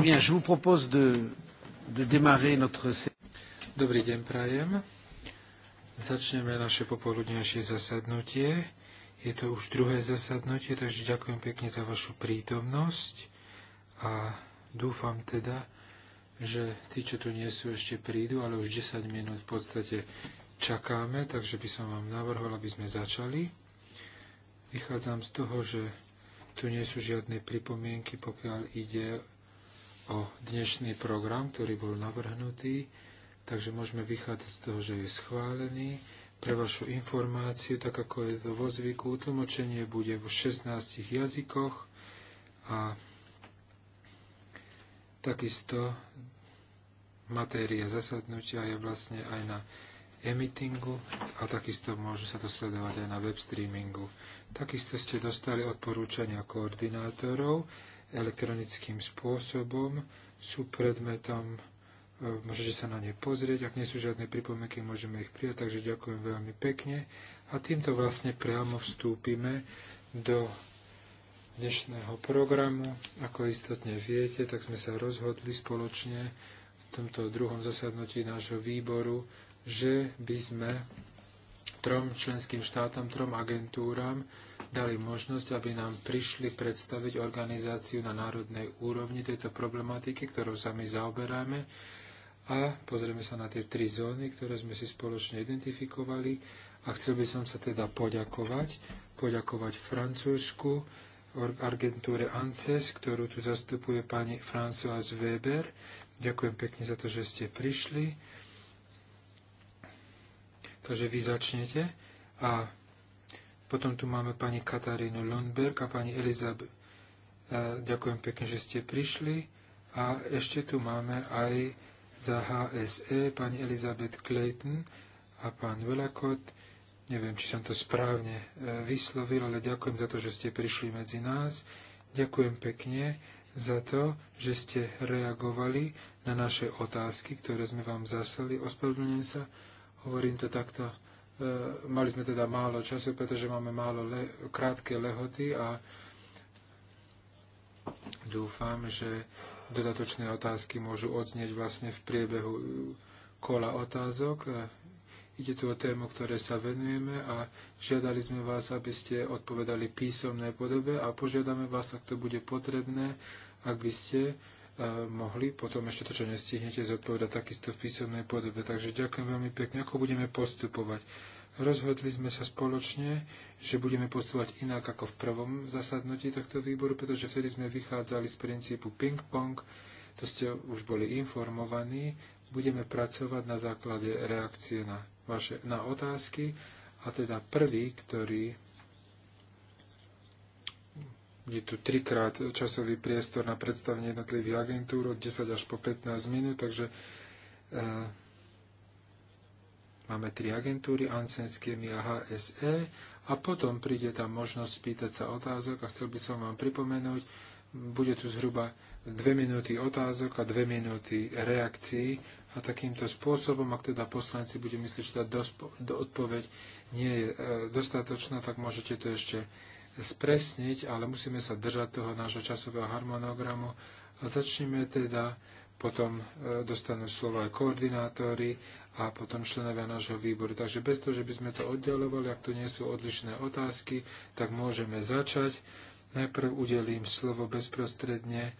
Eh Dobrý deň, prajem. Začneme naše popoludnejšie zasadnutie. Je to už druhé zasadnutie, takže ďakujem pekne za vašu prítomnosť a dúfam teda, že tí, čo tu nie sú, ešte prídu, ale už 10 minút v podstate čakáme, takže by som vám navrhol, aby sme začali. Vychádzam z toho, že tu nie sú žiadne pripomienky, pokiaľ ide o dnešný program, ktorý bol navrhnutý, takže môžeme vychádzať z toho, že je schválený. Pre vašu informáciu, tak ako je to vo zvyku, utlmočenie bude v 16 jazykoch a takisto matéria zasadnutia je vlastne aj na emittingu a takisto môže sa to sledovať aj na web streamingu. Takisto ste dostali odporúčania koordinátorov elektronickým spôsobom, sú predmetom, e, môžete sa na ne pozrieť, ak nie sú žiadne pripomienky, môžeme ich prijať, takže ďakujem veľmi pekne. A týmto vlastne priamo vstúpime do dnešného programu. Ako istotne viete, tak sme sa rozhodli spoločne v tomto druhom zasadnutí nášho výboru, že by sme trom členským štátom, trom agentúram dali možnosť, aby nám prišli predstaviť organizáciu na národnej úrovni tejto problematiky, ktorou sa my zaoberáme a pozrieme sa na tie tri zóny, ktoré sme si spoločne identifikovali a chcel by som sa teda poďakovať, poďakovať Francúzsku, agentúre ANCES, ktorú tu zastupuje pani Françoise Weber. Ďakujem pekne za to, že ste prišli Takže vy začnete a potom tu máme pani Katarínu Lundberg a pani Elizabeth. Ďakujem pekne, že ste prišli. A ešte tu máme aj za HSE pani Elizabeth Clayton a pán Velakot. Neviem, či som to správne e, vyslovil, ale ďakujem za to, že ste prišli medzi nás. Ďakujem pekne za to, že ste reagovali na naše otázky, ktoré sme vám zaslali. Ospravedlňujem sa, hovorím to takto, e, mali sme teda málo času, pretože máme málo le, krátke lehoty a dúfam, že dodatočné otázky môžu odznieť vlastne v priebehu kola otázok. E, ide tu o tému, ktoré sa venujeme a žiadali sme vás, aby ste odpovedali písomnej podobe a požiadame vás, ak to bude potrebné, ak by ste mohli potom ešte to, čo nestihnete, zodpovedať takisto v písomnej podobe. Takže ďakujem veľmi pekne, ako budeme postupovať. Rozhodli sme sa spoločne, že budeme postupovať inak ako v prvom zasadnutí tohto výboru, pretože vtedy sme vychádzali z princípu ping-pong, to ste už boli informovaní, budeme pracovať na základe reakcie na, vaše, na otázky a teda prvý, ktorý je tu trikrát časový priestor na predstavenie jednotlivých agentúr od 10 až po 15 minút, takže e, máme tri agentúry, Ansenské, a HSE, a potom príde tam možnosť spýtať sa otázok a chcel by som vám pripomenúť, bude tu zhruba dve minúty otázok a dve minúty reakcií a takýmto spôsobom, ak teda poslanci budú myslieť, že tá do odpoveď nie je e, dostatočná, tak môžete to ešte spresniť, ale musíme sa držať toho nášho časového harmonogramu a začneme teda, potom e, dostanú slovo aj koordinátori a potom členovia nášho výboru. Takže bez toho, že by sme to oddelovali, ak to nie sú odlišné otázky, tak môžeme začať. Najprv udelím slovo bezprostredne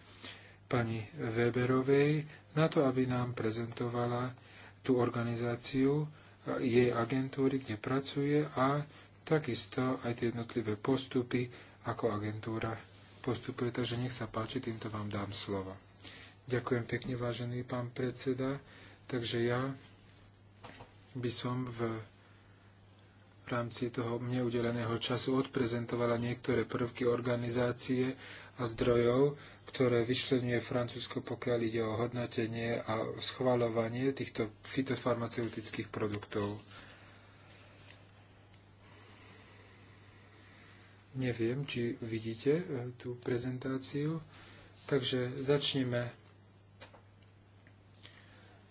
pani Weberovej na to, aby nám prezentovala tú organizáciu, e, jej agentúry, kde pracuje a takisto aj tie jednotlivé postupy, ako agentúra postupuje. Takže nech sa páči, týmto vám dám slovo. Ďakujem pekne, vážený pán predseda. Takže ja by som v rámci toho mne udeleného času odprezentovala niektoré prvky organizácie a zdrojov, ktoré vyšlenuje Francúzsko, pokiaľ ide o hodnotenie a schvaľovanie týchto fitofarmaceutických produktov. Neviem, či vidíte e, tú prezentáciu. Takže začneme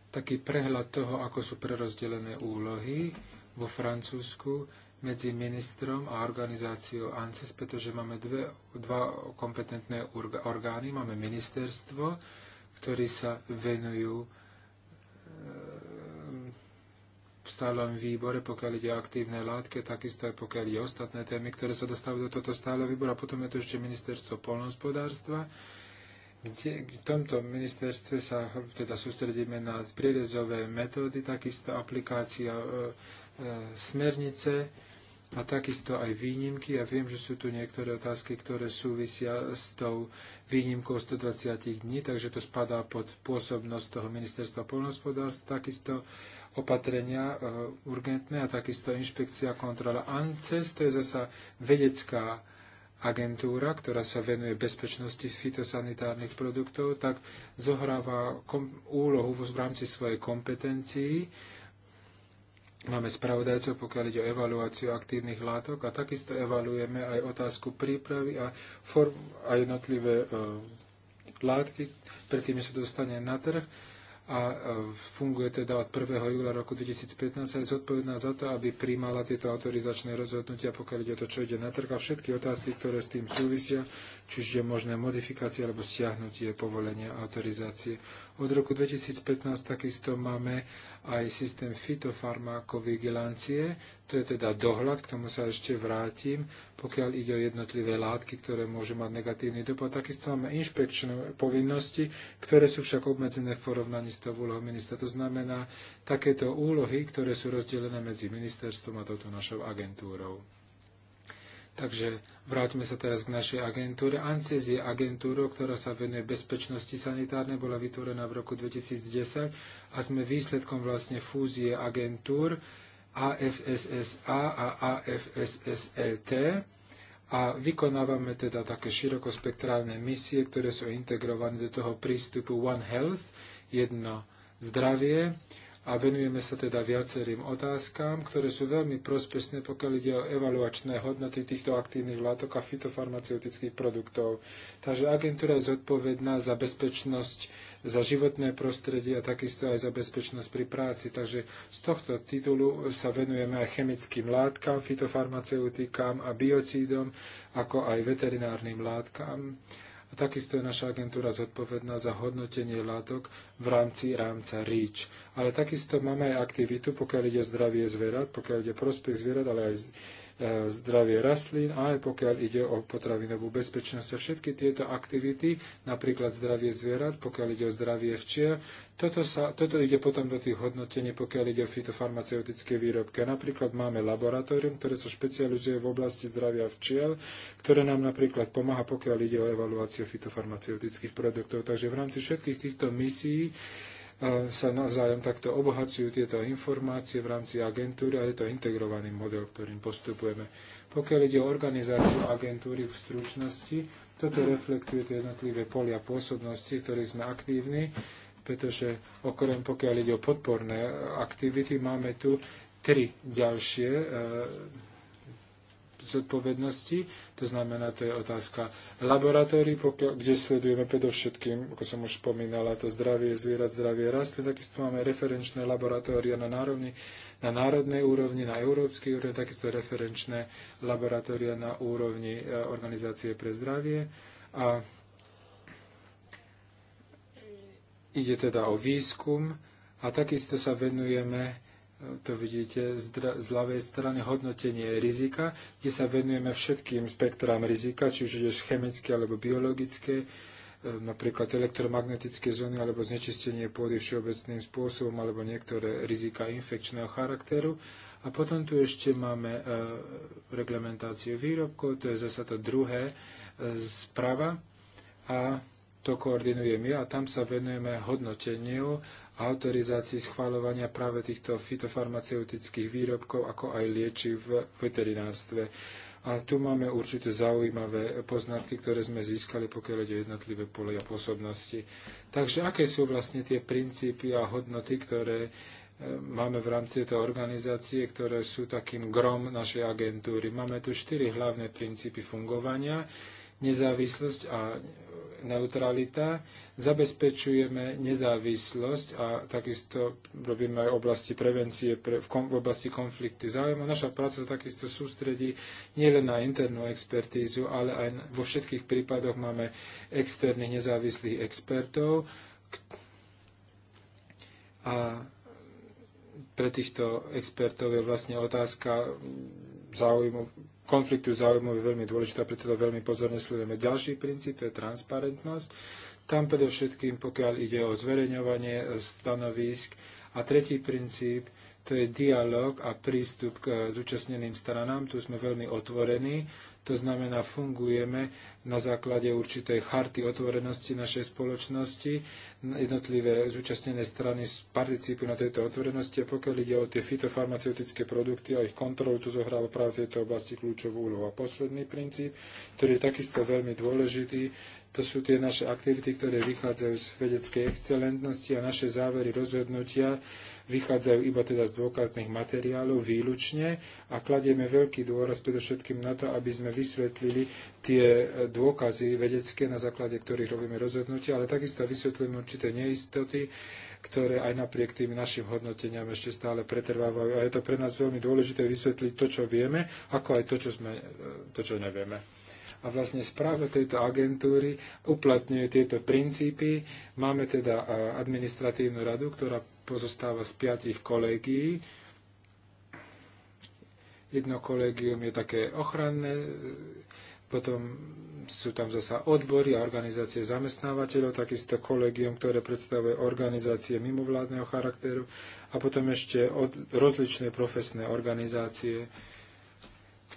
taký prehľad toho, ako sú prerozdelené úlohy vo Francúzsku medzi ministrom a organizáciou ANCES, pretože máme dve, dva kompetentné orgány. Máme ministerstvo, ktorí sa venujú e, stálom výbore, pokiaľ ide o aktívne látky, takisto aj pokiaľ ide o ostatné témy, ktoré sa dostávajú do tohto stáleho výboru. A potom je to ešte ministerstvo polnohospodárstva, kde v tomto ministerstve sa teda sústredíme na prierezové metódy, takisto aplikácia e, e, smernice a takisto aj výnimky. Ja viem, že sú tu niektoré otázky, ktoré súvisia s tou výnimkou 120 dní, takže to spadá pod pôsobnosť toho ministerstva polnohospodárstva. Takisto opatrenia e, urgentné a takisto inšpekcia kontrola ANCES, to je zasa vedecká agentúra, ktorá sa venuje bezpečnosti fitosanitárnych produktov, tak zohráva úlohu v rámci svojej kompetencií. Máme spravodajcov, pokiaľ ide o evaluáciu aktívnych látok a takisto evaluujeme aj otázku prípravy a, form- a jednotlivé e, látky, predtým, že sa dostane na trh a e, funguje teda od 1. júla roku 2015 a je zodpovedná za to, aby príjmala tieto autorizačné rozhodnutia, pokiaľ ide o to, čo ide na trh a všetky otázky, ktoré s tým súvisia, čiže možné modifikácie alebo stiahnutie povolenia autorizácie. Od roku 2015 takisto máme aj systém fitofarmakovigilancie, to je teda dohľad, k tomu sa ešte vrátim, pokiaľ ide o jednotlivé látky, ktoré môžu mať negatívny dopad. Takisto máme inšpekčné povinnosti, ktoré sú však obmedzené v porovnaní s tou úlohou ministra. To znamená takéto úlohy, ktoré sú rozdelené medzi ministerstvom a touto našou agentúrou. Takže vráťme sa teraz k našej agentúre. ANSES je agentúrou, ktorá sa venuje bezpečnosti sanitárnej, bola vytvorená v roku 2010 a sme výsledkom vlastne fúzie agentúr AFSSA a AFSSLT. E a vykonávame teda také širokospektrálne misie, ktoré sú integrované do toho prístupu One Health, jedno zdravie, a venujeme sa teda viacerým otázkam, ktoré sú veľmi prospešné, pokiaľ ide o evaluačné hodnoty týchto aktívnych látok a fitofarmaceutických produktov. Takže agentúra je zodpovedná za bezpečnosť, za životné prostredie a takisto aj za bezpečnosť pri práci. Takže z tohto titulu sa venujeme aj chemickým látkam, fitofarmaceutikám a biocídom, ako aj veterinárnym látkam takisto je naša agentúra zodpovedná za hodnotenie látok v rámci rámca REACH. Ale takisto máme aj aktivitu, pokiaľ ide o zdravie zvierat, pokiaľ ide prospech zvierat, ale aj E, zdravie rastlín aj pokiaľ ide o potravinovú bezpečnosť. A všetky tieto aktivity, napríklad zdravie zvierat, pokiaľ ide o zdravie včiel, toto, sa, toto ide potom do tých hodnotení, pokiaľ ide o fitofarmaceutické výrobky. Napríklad máme laboratórium, ktoré sa špecializuje v oblasti zdravia včiel, ktoré nám napríklad pomáha, pokiaľ ide o evaluáciu fitofarmaceutických produktov. Takže v rámci všetkých týchto misií sa navzájom takto obohacujú tieto informácie v rámci agentúry a je to integrovaný model, ktorým postupujeme. Pokiaľ ide o organizáciu agentúry v stručnosti, toto reflektuje tie jednotlivé polia pôsobnosti, v ktorých sme aktívni, pretože okrem pokiaľ ide o podporné aktivity, máme tu tri ďalšie e, zodpovednosti, to znamená, to je otázka laboratórií, pokiaľ, kde sledujeme predovšetkým, ako som už spomínala, to zdravie zvierat, zdravie rastlín, takisto máme referenčné laboratória na, národni, na národnej úrovni, na európskej úrovni, takisto referenčné laboratória na úrovni e, Organizácie pre zdravie. A ide teda o výskum a takisto sa venujeme to vidíte z ľavej strany, hodnotenie rizika, kde sa venujeme všetkým spektrám rizika, či už ideš chemické alebo biologické, e, napríklad elektromagnetické zóny alebo znečistenie pôdy všeobecným spôsobom alebo niektoré rizika infekčného charakteru. A potom tu ešte máme e, reglementáciu výrobkov, to je zase to druhé zprava e, a to koordinujem ja a tam sa venujeme hodnoteniu autorizácii schváľovania práve týchto fitofarmaceutických výrobkov, ako aj lieči v veterinárstve. A tu máme určité zaujímavé poznatky, ktoré sme získali, pokiaľ ide jednotlivé polia pôsobnosti. Takže aké sú vlastne tie princípy a hodnoty, ktoré e, máme v rámci tejto organizácie, ktoré sú takým grom našej agentúry. Máme tu štyri hlavné princípy fungovania, nezávislosť a neutralita, zabezpečujeme nezávislosť a takisto robíme aj v oblasti prevencie pre, v, kom, v oblasti konfliktu záujmu. Naša práca sa takisto sústredí nielen na internú expertízu, ale aj vo všetkých prípadoch máme externých nezávislých expertov a pre týchto expertov je vlastne otázka záujmu konfliktu záujmov je veľmi dôležitá, preto to veľmi pozorne sledujeme. Ďalší princíp to je transparentnosť. Tam predovšetkým, pokiaľ ide o zverejňovanie e, stanovísk. A tretí princíp, to je dialog a prístup k e, zúčastneným stranám. Tu sme veľmi otvorení to znamená, fungujeme na základe určitej charty otvorenosti našej spoločnosti. Jednotlivé zúčastnené strany participujú na tejto otvorenosti a pokiaľ ide o tie fitofarmaceutické produkty a ich kontrolu, tu zohráva práve v tejto oblasti kľúčovú úlohu. A posledný princíp, ktorý je takisto veľmi dôležitý, to sú tie naše aktivity, ktoré vychádzajú z vedeckej excelentnosti a naše závery rozhodnutia vychádzajú iba teda z dôkazných materiálov výlučne a kladieme veľký dôraz predovšetkým na to, aby sme vysvetlili tie e, dôkazy vedecké, na základe ktorých robíme rozhodnutia, ale takisto vysvetlíme určité neistoty, ktoré aj napriek tým našim hodnoteniam ešte stále pretrvávajú. A je to pre nás veľmi dôležité vysvetliť to, čo vieme, ako aj to, čo, sme, e, to, čo nevieme. A vlastne správa tejto agentúry uplatňuje tieto princípy. Máme teda e, administratívnu radu, ktorá pozostáva z piatich kolegií. Jedno kolegium je také ochranné, potom sú tam zasa odbory a organizácie zamestnávateľov, takisto kolegium, ktoré predstavuje organizácie mimovládneho charakteru a potom ešte od, rozličné profesné organizácie,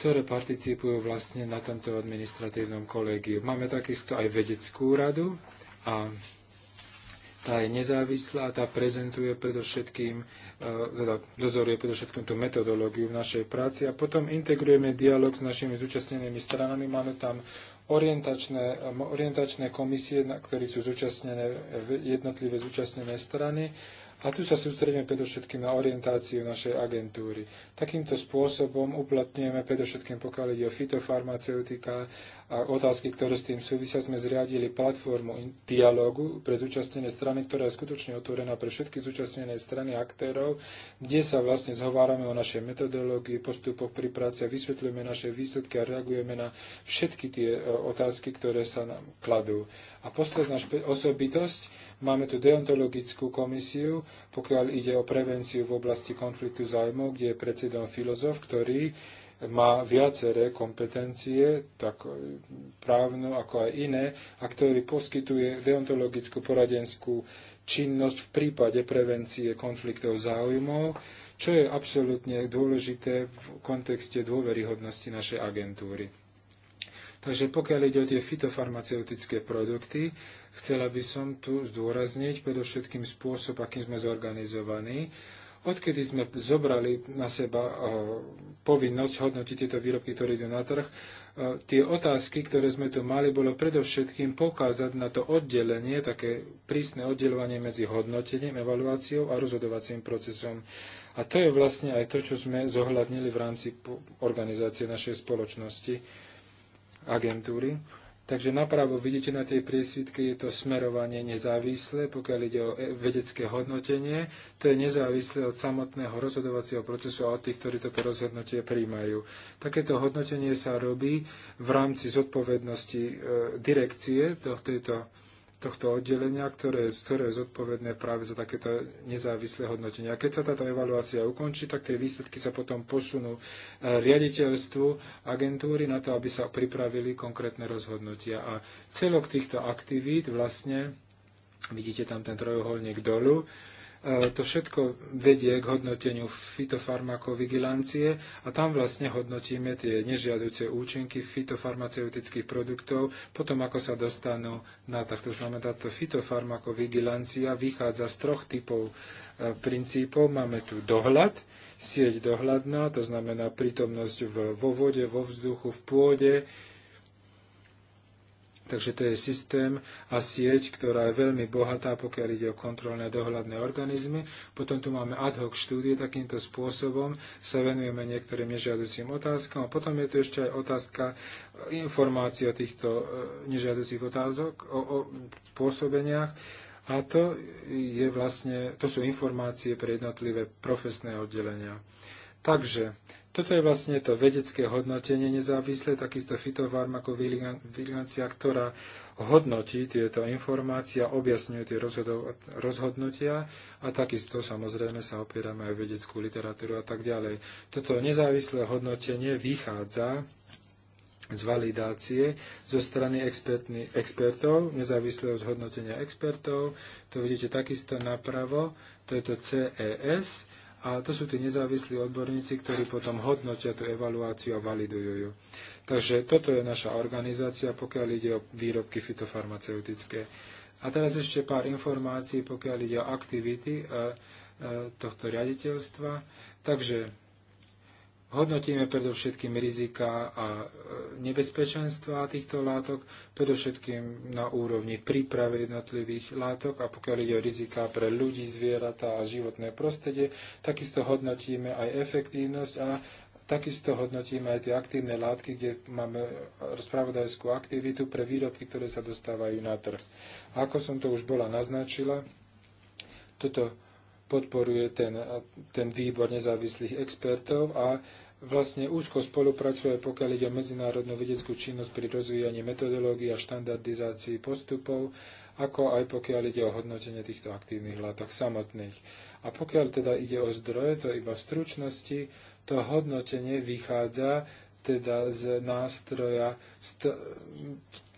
ktoré participujú vlastne na tomto administratívnom kolegiu. Máme takisto aj vedeckú radu a tá je nezávislá a tá prezentuje predovšetkým, e, teda dozoruje predovšetkým tú metodológiu v našej práci a potom integrujeme dialog s našimi zúčastnenými stranami. Máme tam orientačné, orientačné komisie, na ktorých sú zúčastnené jednotlivé zúčastnené strany a tu sa sústredíme predovšetkým na orientáciu našej agentúry. Takýmto spôsobom uplatňujeme predovšetkým, pokiaľ ide o fitofarmaceutika a otázky, ktoré s tým súvisia, sme zriadili platformu dialogu pre zúčastnené strany, ktorá je skutočne otvorená pre všetky zúčastnené strany aktérov, kde sa vlastne zhovárame o našej metodológii, postupoch pri práci, vysvetľujeme naše výsledky a reagujeme na všetky tie e, otázky, ktoré sa nám kladú. A posledná osobitosť, Máme tu deontologickú komisiu, pokiaľ ide o prevenciu v oblasti konfliktu zájmov, kde je predsedom filozof, ktorý má viaceré kompetencie, tak e, právnu ako aj iné, a ktorý poskytuje deontologickú poradenskú činnosť v prípade prevencie konfliktov záujmov, čo je absolútne dôležité v kontexte dôveryhodnosti našej agentúry. Takže pokiaľ ide o tie fitofarmaceutické produkty, chcela by som tu zdôrazniť predovšetkým spôsob, akým sme zorganizovaní. Odkedy sme zobrali na seba eh, povinnosť hodnotiť tieto výrobky, ktoré idú na trh, eh, tie otázky, ktoré sme tu mali, bolo predovšetkým poukázať na to oddelenie, také prísne oddelovanie medzi hodnotením, evaluáciou a rozhodovacím procesom. A to je vlastne aj to, čo sme zohľadnili v rámci organizácie našej spoločnosti agentúry. Takže napravo vidíte na tej priesvitke, je to smerovanie nezávislé, pokiaľ ide o e- vedecké hodnotenie. To je nezávislé od samotného rozhodovacieho procesu a od tých, ktorí toto rozhodnutie príjmajú. Takéto hodnotenie sa robí v rámci zodpovednosti e, direkcie tohto tohto oddelenia, ktoré, ktoré je zodpovedné práve za takéto nezávislé hodnotenia. keď sa táto evaluácia ukončí, tak tie výsledky sa potom posunú e, riaditeľstvu agentúry na to, aby sa pripravili konkrétne rozhodnutia. A celok týchto aktivít vlastne, vidíte tam ten trojuholník dolu, E, to všetko vedie k hodnoteniu fitofarmakovigilancie a tam vlastne hodnotíme tie nežiaduce účinky fitofarmaceutických produktov, potom ako sa dostanú na takto To znamená, táto fitofarmakovigilancia vychádza z troch typov e, princípov. Máme tu dohľad, sieť dohľadná, to znamená prítomnosť vo vode, vo vzduchu, v pôde, Takže to je systém a sieť, ktorá je veľmi bohatá, pokiaľ ide o kontrolné a dohľadné organizmy. Potom tu máme ad hoc štúdie, takýmto spôsobom sa venujeme niektorým nežiaducím otázkam. A potom je tu ešte aj otázka eh, informácií o týchto eh, nežiaducích otázok, o, o pôsobeniach. A to, je vlastne, to sú informácie pre jednotlivé profesné oddelenia. Takže toto je vlastne to vedecké hodnotenie nezávislé, takisto fitofarmakovigilancia, ktorá hodnotí tieto informácie a objasňuje tie rozhodnutia a takisto samozrejme sa opierame aj vedeckú literatúru a tak ďalej. Toto nezávislé hodnotenie vychádza z validácie zo strany expertov, nezávislého zhodnotenia expertov. To vidíte takisto napravo, to je to CES a to sú tí nezávislí odborníci, ktorí potom hodnotia tú evaluáciu a validujú ju. Takže toto je naša organizácia, pokiaľ ide o výrobky fitofarmaceutické. A teraz ešte pár informácií, pokiaľ ide o aktivity e, e, tohto riaditeľstva. Takže Hodnotíme predovšetkým rizika a e, nebezpečenstva týchto látok, predovšetkým na úrovni prípravy jednotlivých látok a pokiaľ ide o rizika pre ľudí, zvieratá a životné prostredie, takisto hodnotíme aj efektívnosť a takisto hodnotíme aj tie aktívne látky, kde máme spravodajskú aktivitu pre výrobky, ktoré sa dostávajú na trh. A ako som to už bola naznačila, toto podporuje ten, ten výbor nezávislých expertov a vlastne úzko spolupracuje, pokiaľ ide o medzinárodnú vedeckú činnosť pri rozvíjaní metodológií a štandardizácii postupov, ako aj pokiaľ ide o hodnotenie týchto aktívnych látok samotných. A pokiaľ teda ide o zdroje, to iba v stručnosti, to hodnotenie vychádza teda z nástroja st-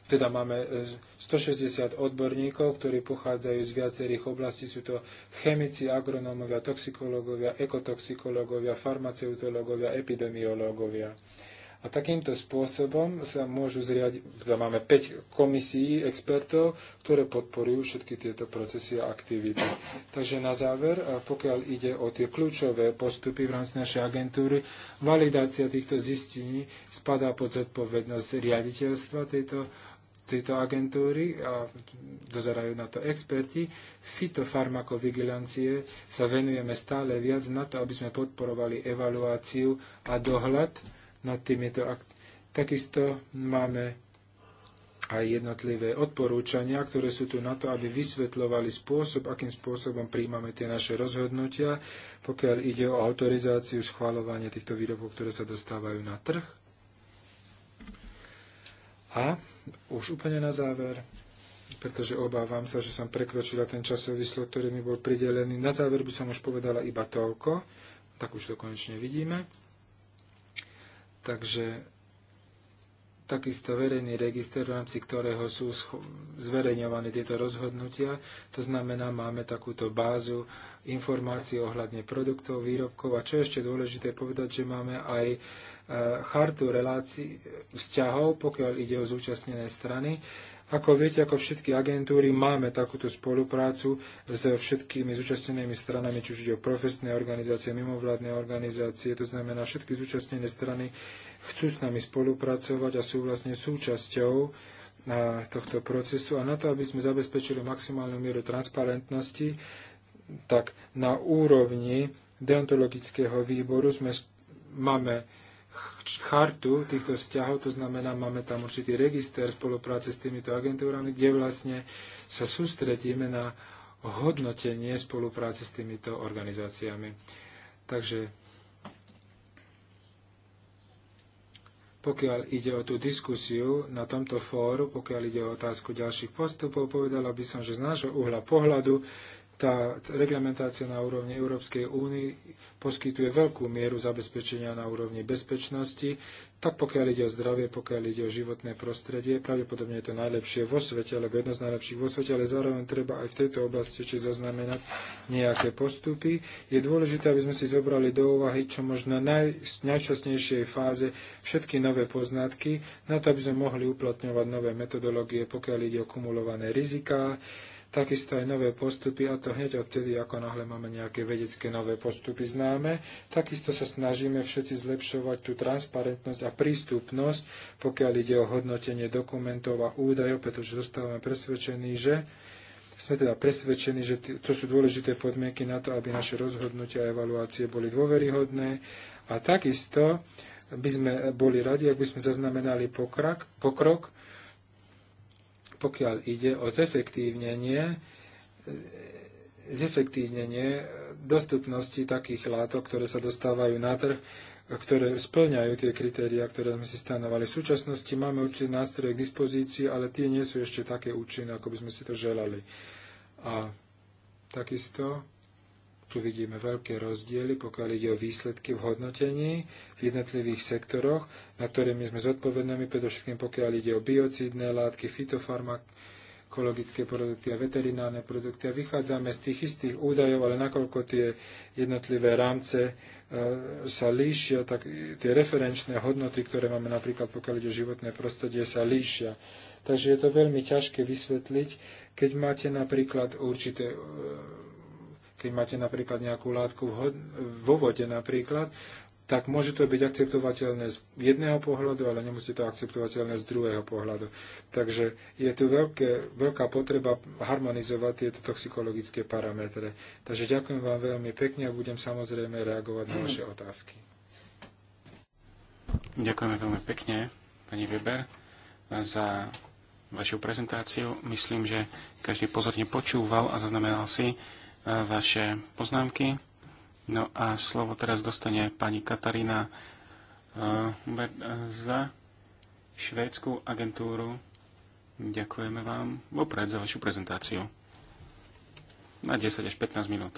teda máme 160 e, odborníkov, ktorí pochádzajú z viacerých oblastí. Sú to chemici, agronómovia, toxikológovia, ekotoxikológovia, farmaceutológovia, epidemiológovia. A takýmto spôsobom sa môžu zriadiť, teda máme 5 komisií expertov, ktoré podporujú všetky tieto procesy a aktivity. Takže na záver, pokiaľ ide o tie kľúčové postupy v rámci našej agentúry, validácia týchto zistení spadá pod zodpovednosť riaditeľstva tejto tejto agentúry a dozerajú na to experti. Fitofarmakovigilancie sa venujeme stále viac na to, aby sme podporovali evaluáciu a dohľad nad týmito ak- Takisto máme aj jednotlivé odporúčania, ktoré sú tu na to, aby vysvetľovali spôsob, akým spôsobom príjmame tie naše rozhodnutia, pokiaľ ide o autorizáciu, schvaľovanie týchto výrobov, ktoré sa dostávajú na trh. A už úplne na záver, pretože obávam sa, že som prekročila ten časový slot, ktorý mi bol pridelený. Na záver by som už povedala iba toľko, tak už to konečne vidíme. Takže takisto verejný register, v rámci ktorého sú zverejňované tieto rozhodnutia. To znamená, máme takúto bázu informácií ohľadne produktov, výrobkov a čo je ešte dôležité povedať, že máme aj e, chartu relácií vzťahov, pokiaľ ide o zúčastnené strany. Ako viete, ako všetky agentúry, máme takúto spoluprácu s všetkými zúčastnenými stranami, či už ide o profesné organizácie, mimovládne organizácie, to znamená všetky zúčastnené strany chcú s nami spolupracovať a sú vlastne súčasťou tohto procesu. A na to, aby sme zabezpečili maximálnu mieru transparentnosti, tak na úrovni deontologického výboru sme, máme chartu týchto vzťahov, to znamená, máme tam určitý register spolupráce s týmito agentúrami, kde vlastne sa sústredíme na hodnotenie spolupráce s týmito organizáciami. Takže pokiaľ ide o tú diskusiu na tomto fóru, pokiaľ ide o otázku ďalších postupov, povedala by som, že z nášho uhla pohľadu tá reglementácia na úrovni Európskej únie poskytuje veľkú mieru zabezpečenia na úrovni bezpečnosti, tak pokiaľ ide o zdravie, pokiaľ ide o životné prostredie, pravdepodobne je to najlepšie vo svete, alebo jedno z najlepších vo svete, ale zároveň treba aj v tejto oblasti či zaznamenať nejaké postupy. Je dôležité, aby sme si zobrali do úvahy čo možno naj, najčasnejšej fáze všetky nové poznatky, na to, aby sme mohli uplatňovať nové metodológie, pokiaľ ide o kumulované riziká, takisto aj nové postupy, a to hneď odtedy, ako náhle máme nejaké vedecké nové postupy známe. Takisto sa snažíme všetci zlepšovať tú transparentnosť a prístupnosť, pokiaľ ide o hodnotenie dokumentov a údajov, pretože zostávame presvedčení, že sme teda presvedčení, že to sú dôležité podmienky na to, aby naše rozhodnutia a evaluácie boli dôveryhodné. A takisto by sme boli radi, ak by sme zaznamenali pokrak, pokrok pokiaľ ide o zefektívnenie, zefektívnenie dostupnosti takých látok, ktoré sa dostávajú na trh, ktoré splňajú tie kritéria, ktoré sme si stanovali. V súčasnosti máme určite nástroje k dispozícii, ale tie nie sú ešte také účinné, ako by sme si to želali. A takisto tu vidíme veľké rozdiely, pokiaľ ide o výsledky v hodnotení v jednotlivých sektoroch, na my sme zodpovednými, predovšetkým pokiaľ ide o biocídne látky, fitofarmakologické produkty a veterinárne produkty. A vychádzame z tých istých údajov, ale nakoľko tie jednotlivé rámce e, sa líšia, tak tie referenčné hodnoty, ktoré máme napríklad pokiaľ ide o životné prostredie, sa líšia. Takže je to veľmi ťažké vysvetliť, keď máte napríklad určité e, keď máte napríklad nejakú látku vo vode napríklad, tak môže to byť akceptovateľné z jedného pohľadu, ale nemusí to akceptovateľné z druhého pohľadu. Takže je tu veľké, veľká potreba harmonizovať tieto toxikologické parametre. Takže ďakujem vám veľmi pekne a budem samozrejme reagovať na vaše otázky. Ďakujeme veľmi pekne, pani Weber, za vašu prezentáciu. Myslím, že každý pozorne počúval a zaznamenal si vaše poznámky. No a slovo teraz dostane pani Katarína eh, eh, za švédsku agentúru. Ďakujeme vám vopred za vašu prezentáciu. Na 10 až 15 minút.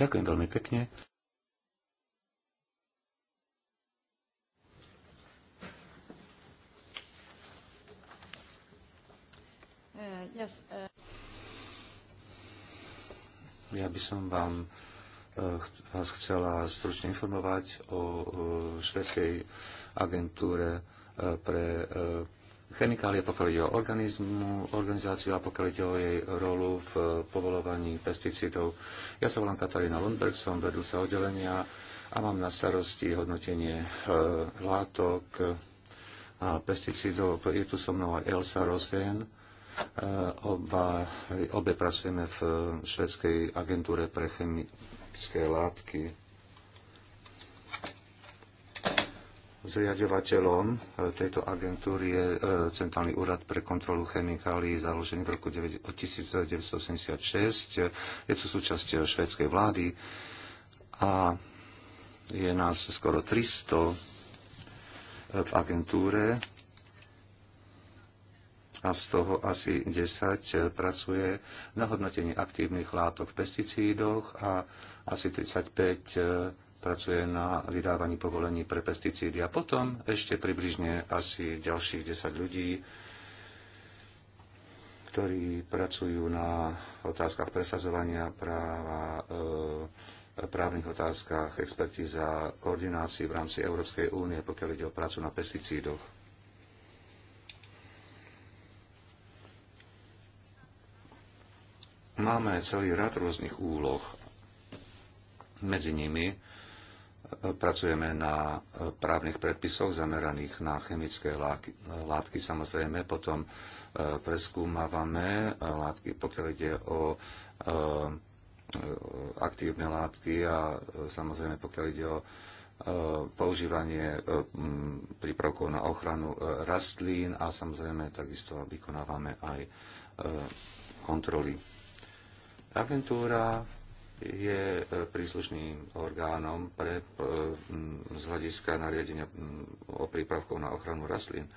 Ďakujem veľmi pekne. yes, uh... Ja by som vám uh, vás chcela stručne informovať o švedskej agentúre uh, pre uh, chemikálie, pokiaľ ide o organizmu, organizáciu a pokiaľ ide o jej rolu v povolovaní pesticídov. Ja sa volám Katarína Lundberg, som vedúca oddelenia a mám na starosti hodnotenie látok a pesticídov. Je tu so mnou aj Elsa Rosén, Eh, oba, obe pracujeme v eh, švedskej agentúre pre chemické látky. Zriadovateľom eh, tejto agentúry je Centrálny úrad pre kontrolu chemikálií založený v roku 1986. Je to súčasť švedskej vlády a je nás skoro 300 v agentúre a z toho asi 10 eh, pracuje na hodnotení aktívnych látok v pesticídoch a asi 35 eh, pracuje na vydávaní povolení pre pesticídy. A potom ešte približne asi ďalších 10 ľudí, ktorí pracujú na otázkach presazovania práva, eh, právnych otázkach, expertíza, koordinácii v rámci Európskej únie, pokiaľ ide o prácu na pesticídoch. Máme celý rad rôznych úloh. Medzi nimi e, pracujeme na e, právnych predpisoch zameraných na chemické látky, látky samozrejme, potom e, preskúmavame látky, pokiaľ ide o aktívne látky a samozrejme pokiaľ ide o používanie prípravkov na ochranu rastlín a samozrejme takisto vykonávame aj kontroly Agentúra je e, príslušným orgánom pre, e, z hľadiska nariadenia o prípravkov na ochranu rastlín.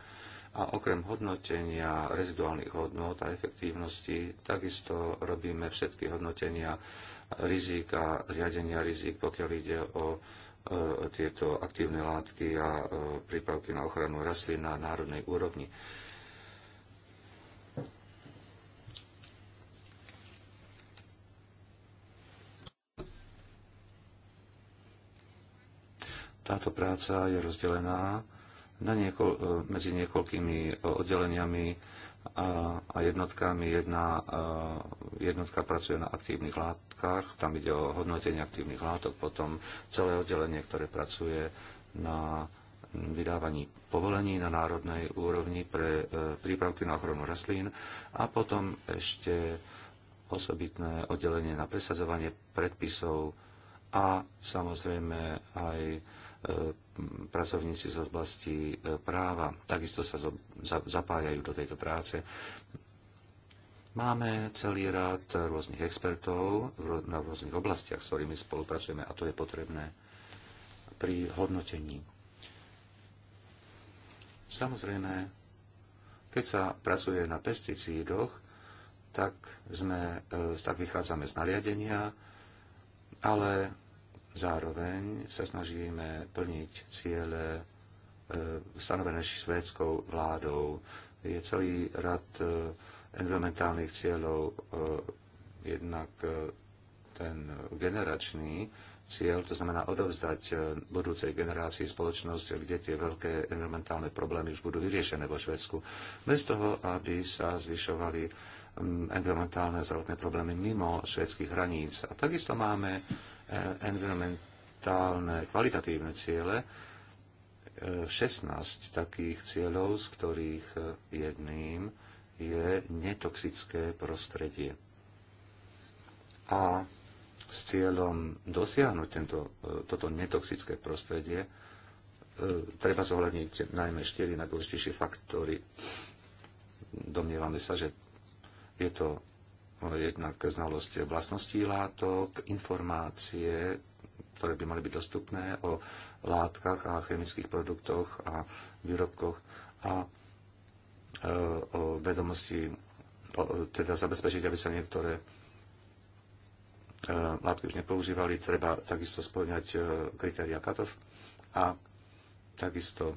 A okrem hodnotenia reziduálnych hodnot a efektívnosti, takisto robíme všetky hodnotenia rizik a riadenia rizik, pokiaľ ide o e, tieto aktívne látky a prípravky na ochranu rastlín na národnej úrovni. Táto práca je rozdelená na niekoľ, e, medzi niekoľkými oddeleniami a, a jednotkami. Jedna e, jednotka pracuje na aktívnych látkach, tam ide o hodnotenie aktívnych látok, potom celé oddelenie, ktoré pracuje na vydávaní povolení na národnej úrovni pre e, prípravky na ochranu rastlín a potom ešte osobitné oddelenie na presadzovanie predpisov a samozrejme aj E, pracovníci z oblasti e, práva takisto sa zapájajú do tejto práce. Máme celý rád rôznych expertov na rôznych oblastiach, s ktorými spolupracujeme a to je potrebné pri hodnotení. Samozrejme, keď sa pracuje na pesticídoch, tak, sme, e, tak vychádzame z nariadenia, ale Zároveň sa snažíme plniť ciele e, stanovené švédskou vládou. Je celý rad e, environmentálnych cieľov, e, jednak ten generačný cieľ, to znamená odovzdať budúcej generácii spoločnosť, kde tie veľké environmentálne problémy už budú vyriešené vo Švedsku, bez toho, aby sa zvyšovali environmentálne a zdravotné problémy mimo švedských hraníc. A takisto máme Eh, environmentálne kvalitatívne ciele, 16 eh, takých cieľov, z ktorých eh, jedným je netoxické prostredie. A s cieľom dosiahnuť tento, toto netoxické prostredie treba zohľadniť najmä 4 najdôležitejšie faktory. Domnievame sa, že je to jednak znalosť vlastností látok, informácie, ktoré by mali byť dostupné o látkach a chemických produktoch a výrobkoch a e, o vedomosti, teda zabezpečiť, aby sa niektoré e, látky už nepoužívali, treba takisto splňať e, kritéria katov a takisto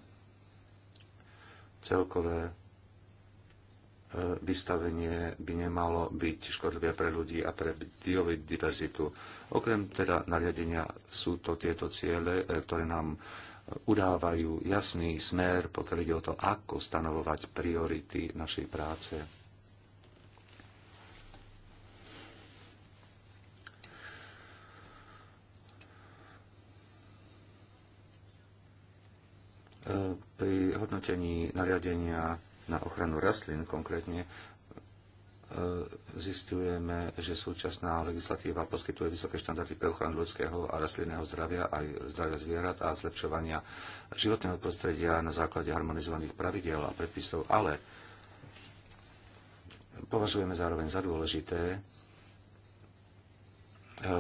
celkové vystavenie by nemalo byť škodlivé pre ľudí a pre diverzitu. Okrem teda nariadenia sú to tieto ciele, e, ktoré nám udávajú jasný smer, pokiaľ ide o to, ako stanovovať priority našej práce. E, pri hodnotení nariadenia na ochranu rastlín konkrétne, e, zistujeme, že súčasná legislatíva poskytuje vysoké štandardy pre ochranu ľudského a rastlinného zdravia aj zdravia zvierat a zlepšovania životného prostredia na základe harmonizovaných pravidel a predpisov, ale považujeme zároveň za dôležité e,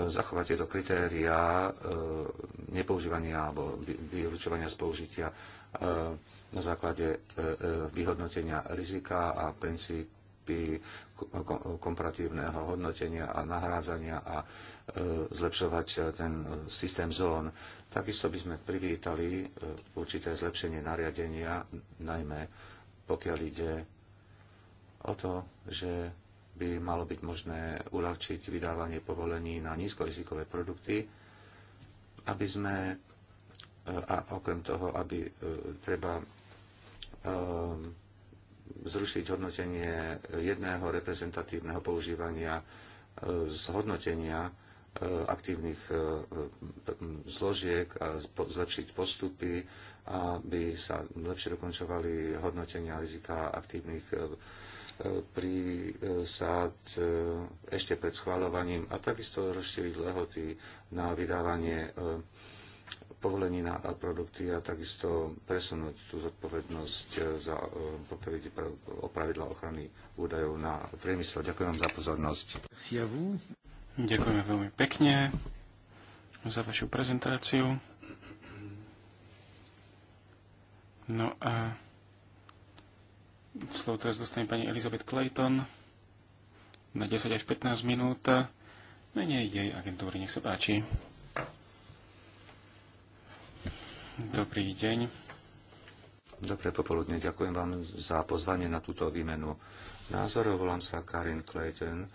zachovať tieto kritériá e, nepoužívania alebo vylučovania z použitia na základe e, e, vyhodnotenia rizika a princípy komparatívneho hodnotenia a nahrádzania a e, zlepšovať ten systém zón. Takisto by sme privítali určité zlepšenie nariadenia, najmä pokiaľ ide o to, že by malo byť možné uľahčiť vydávanie povolení na nízkorizikové produkty, aby sme a okrem toho, aby treba Ehm, zrušiť hodnotenie jedného reprezentatívneho používania e, zhodnotenia e, aktívnych e, zložiek a zlepšiť postupy, aby sa lepšie dokončovali hodnotenia rizika aktívnych prísad ešte pred schváľovaním a takisto rozšíriť lehoty na vydávanie povolení na produkty a takisto presunúť tú zodpovednosť e, za e, o pravidla ochrany údajov na priemysel. Ďakujem vám za pozornosť. Ďakujeme veľmi pekne za vašu prezentáciu. No a slovo teraz dostane pani Elizabeth Clayton na 10 až 15 minút menej jej agentúry. Nech sa páči. Dobrý deň. Dobré popoludne, ďakujem vám za pozvanie na túto výmenu názorov. Volám sa Karin Clayton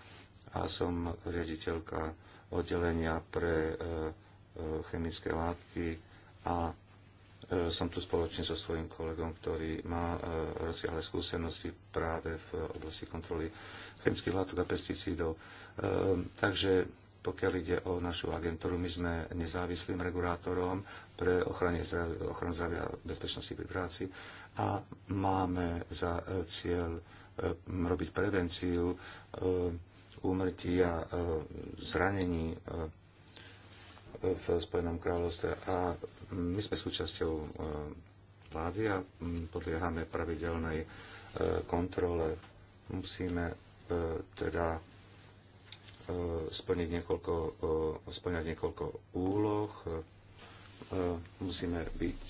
a som riaditeľka oddelenia pre e, e, chemické látky a e, som tu spoločne so svojím kolegom, ktorý má rozsiahle skúsenosti práve v oblasti kontroly chemických látok a pesticídov. Takže pokiaľ ide o našu agentúru, my sme nezávislým regulátorom pre ochranu zdravia, ochranu zdravia a bezpečnosti pri práci a máme za e, cieľ e, robiť prevenciu e, úmrtí a zranení v Spojenom kráľovstve. A my sme súčasťou vlády a podliehame pravidelnej kontrole. Musíme teda E, splniť niekoľko, e, splňať niekoľko úloh. E, musíme byť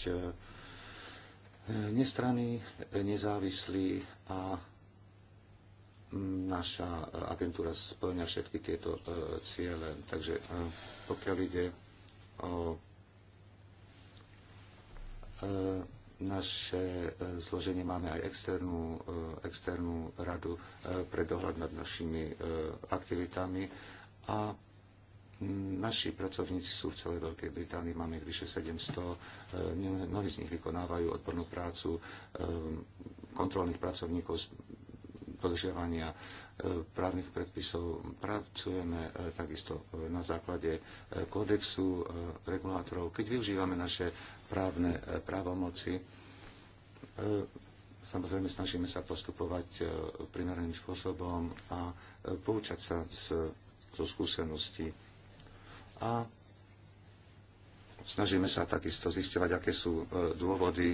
nestranní, nezávislí a naša agentúra splňa všetky tieto ciele. Takže pokiaľ ide o naše e, zloženie máme aj externú, e, externú radu e, pre dohľad nad našimi aktivitami a naši pracovníci sú v celej Veľkej Británii, máme ich vyše 700, mnohí z nich vykonávajú odbornú prácu kontrolných pracovníkov podržiavania právnych predpisov. Pracujeme takisto na základe kódexu regulátorov. Keď využívame naše právne e, právomoci. E, samozrejme, snažíme sa postupovať e, primeraným spôsobom a poučať sa z, zo skúseností. A snažíme sa takisto zistovať, aké sú dôvody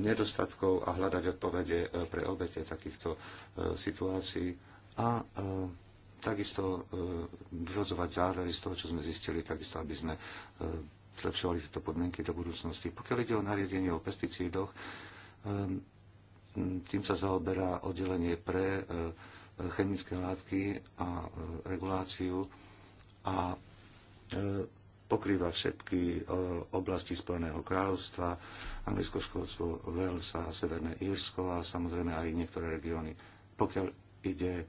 nedostatkov a hľadať odpovede pre obete takýchto situácií. A takisto vyhodzovať závery z toho, čo sme zistili, takisto, aby sme zlepšovali tieto podmienky do budúcnosti. Pokiaľ ide o nariadenie o pesticídoch, ehm, tým sa zaoberá oddelenie pre ehm, chemické látky a ehm, reguláciu a pokrýva všetky oblasti Spojeného kráľovstva, Anglicko, Škótsko, Wales a Severné Írsko a samozrejme aj niektoré regióny. Pokiaľ ide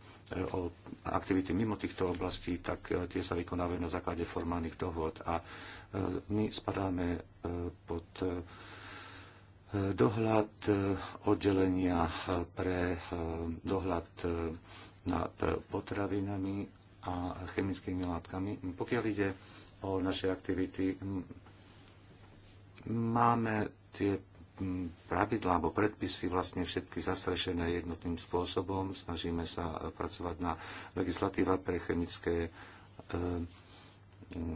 o aktivity mimo týchto oblastí, tak tie sa vykonávajú na základe formálnych dohôd a E, my spadáme e, pod e, dohľad oddelenia pre dohľad nad potravinami a chemickými látkami. Pokiaľ ide o naše aktivity, máme tie pravidlá alebo predpisy vlastne všetky zastrešené jednotným spôsobom. Snažíme sa pracovať na legislatíva pre chemické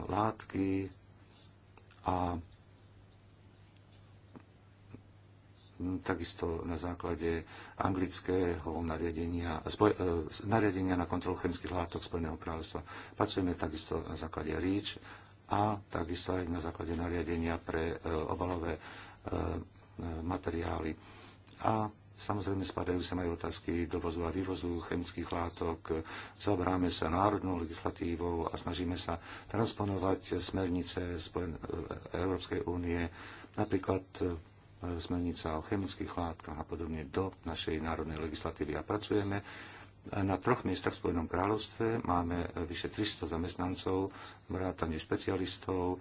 látky, a takisto na základe anglického nariadenia, zboj, e, nariadenia na kontrolu chemických látok Spojeného kráľovstva. Pracujeme takisto na základe REACH a takisto aj na základe nariadenia pre e, obalové e, materiály. A Samozrejme spadajú sa aj otázky dovozu a vývozu chemických látok. Zaoberáme sa národnou legislatívou a snažíme sa transponovať smernice Európskej únie, napríklad e, smernica o chemických látkach a podobne do našej národnej legislatívy. A pracujeme na troch miestach v Spojenom kráľovstve máme vyše 300 zamestnancov, vrátane špecialistov,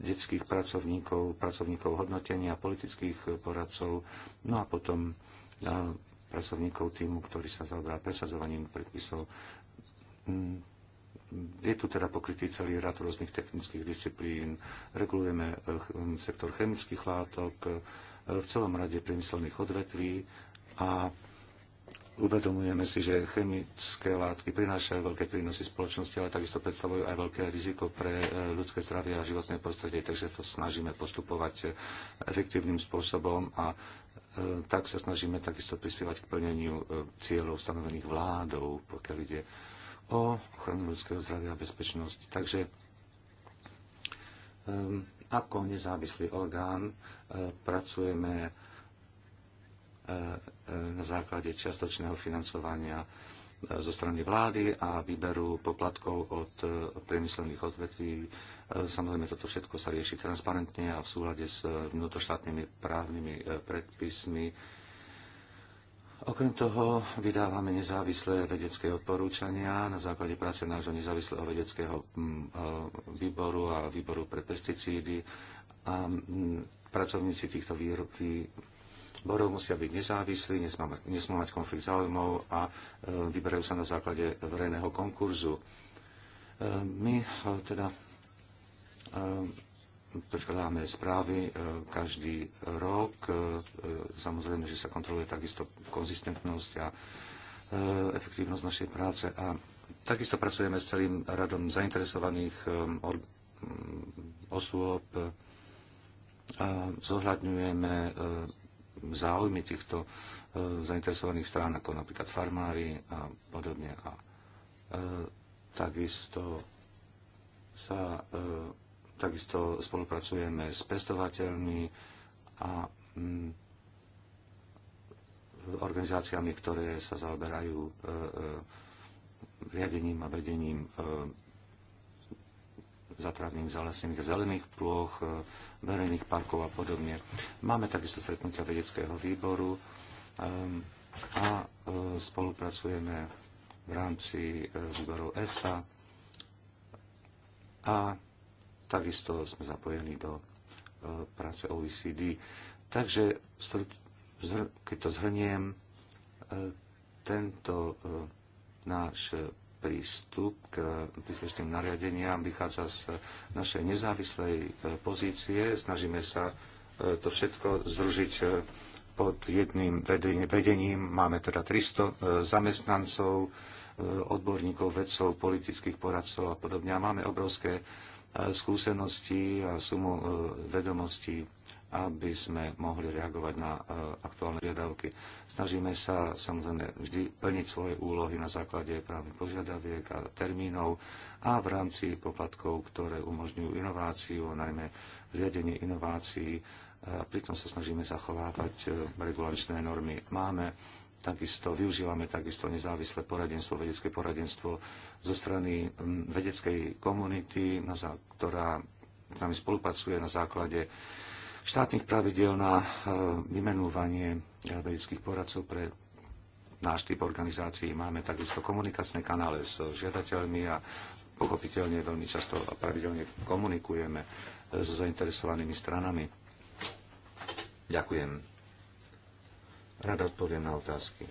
detských pracovníkov, pracovníkov hodnotenia, politických poradcov, no a potom pracovníkov týmu, ktorý sa zaoberá presadzovaním predpisov. Mm, je tu teda pokrytý celý rad rôznych technických disciplín. Regulujeme eh, sektor chemických látok eh, v celom rade priemyselných odvetví a uvedomujeme si, že chemické látky prinášajú veľké prínosy spoločnosti, ale takisto predstavujú aj veľké riziko pre eh, ľudské zdravie a životné prostredie, takže to snažíme postupovať efektívnym spôsobom a E, tak sa snažíme takisto prispievať k plneniu e, cieľov stanovených vládou, pokiaľ ide o ochranu ľudského zdravia a bezpečnosť. Takže ako nezávislý orgán e, pracujeme na základe čiastočného financovania zo strany vlády a výberu poplatkov od priemyselných odvetví. E, Samozrejme, toto všetko sa rieši transparentne a v súlade s vnútoštátnymi právnymi e, predpismi. Okrem toho vydávame nezávislé vedecké odporúčania na základe práce nášho nezávislého vedeckého e, výboru a výboru pre pesticídy. A pracovníci týchto výrobky borov musia byť nezávislí, nesmú mať konflikt záujmov a e, vyberajú sa na základe verejného konkurzu. E, my e, teda predkladáme správy každý rok. Samozrejme, že sa kontroluje takisto konzistentnosť a efektívnosť našej práce a takisto pracujeme s celým radom zainteresovaných osôb, zohľadňujeme záujmy týchto e, zainteresovaných strán, ako napríklad farmári a podobne. A e, takisto sa e, takisto spolupracujeme s pestovateľmi a mm, organizáciami, ktoré sa zaoberajú riadením a vedením zatravných zalesených, zelených plôch, e, verejných parkov a podobne. Máme takisto stretnutia vedeckého výboru a e, spolupracujeme v rámci e, výboru EFSA a takisto sme zapojení do práce OECD. Takže keď to zhrniem, tento náš prístup k príslušným nariadeniam vychádza z našej nezávislej e, pozície. Snažíme sa e, to všetko združiť e, pod jedným vedením. Máme teda 300 zamestnancov, odborníkov, vedcov, politických poradcov a podobne. A máme obrovské skúseností a sumu e, vedomostí, aby sme mohli reagovať na e, aktuálne žiadavky. Snažíme sa samozrejme vždy plniť svoje úlohy na základe právnych požiadaviek a termínov a v rámci poplatkov, ktoré umožňujú inováciu, najmä riadenie inovácií. pritom sa snažíme zachovávať e, regulačné normy. Máme takisto využívame takisto nezávislé poradenstvo, vedecké poradenstvo zo strany vedeckej komunity, ktorá s nami spolupracuje na základe štátnych pravidel na e, vymenúvanie e, vedeckých poradcov pre náš typ organizácií. Máme takisto komunikačné kanály s žiadateľmi a pochopiteľne veľmi často a pravidelne komunikujeme e, so zainteresovanými stranami. Ďakujem rád odpoviem na otázky.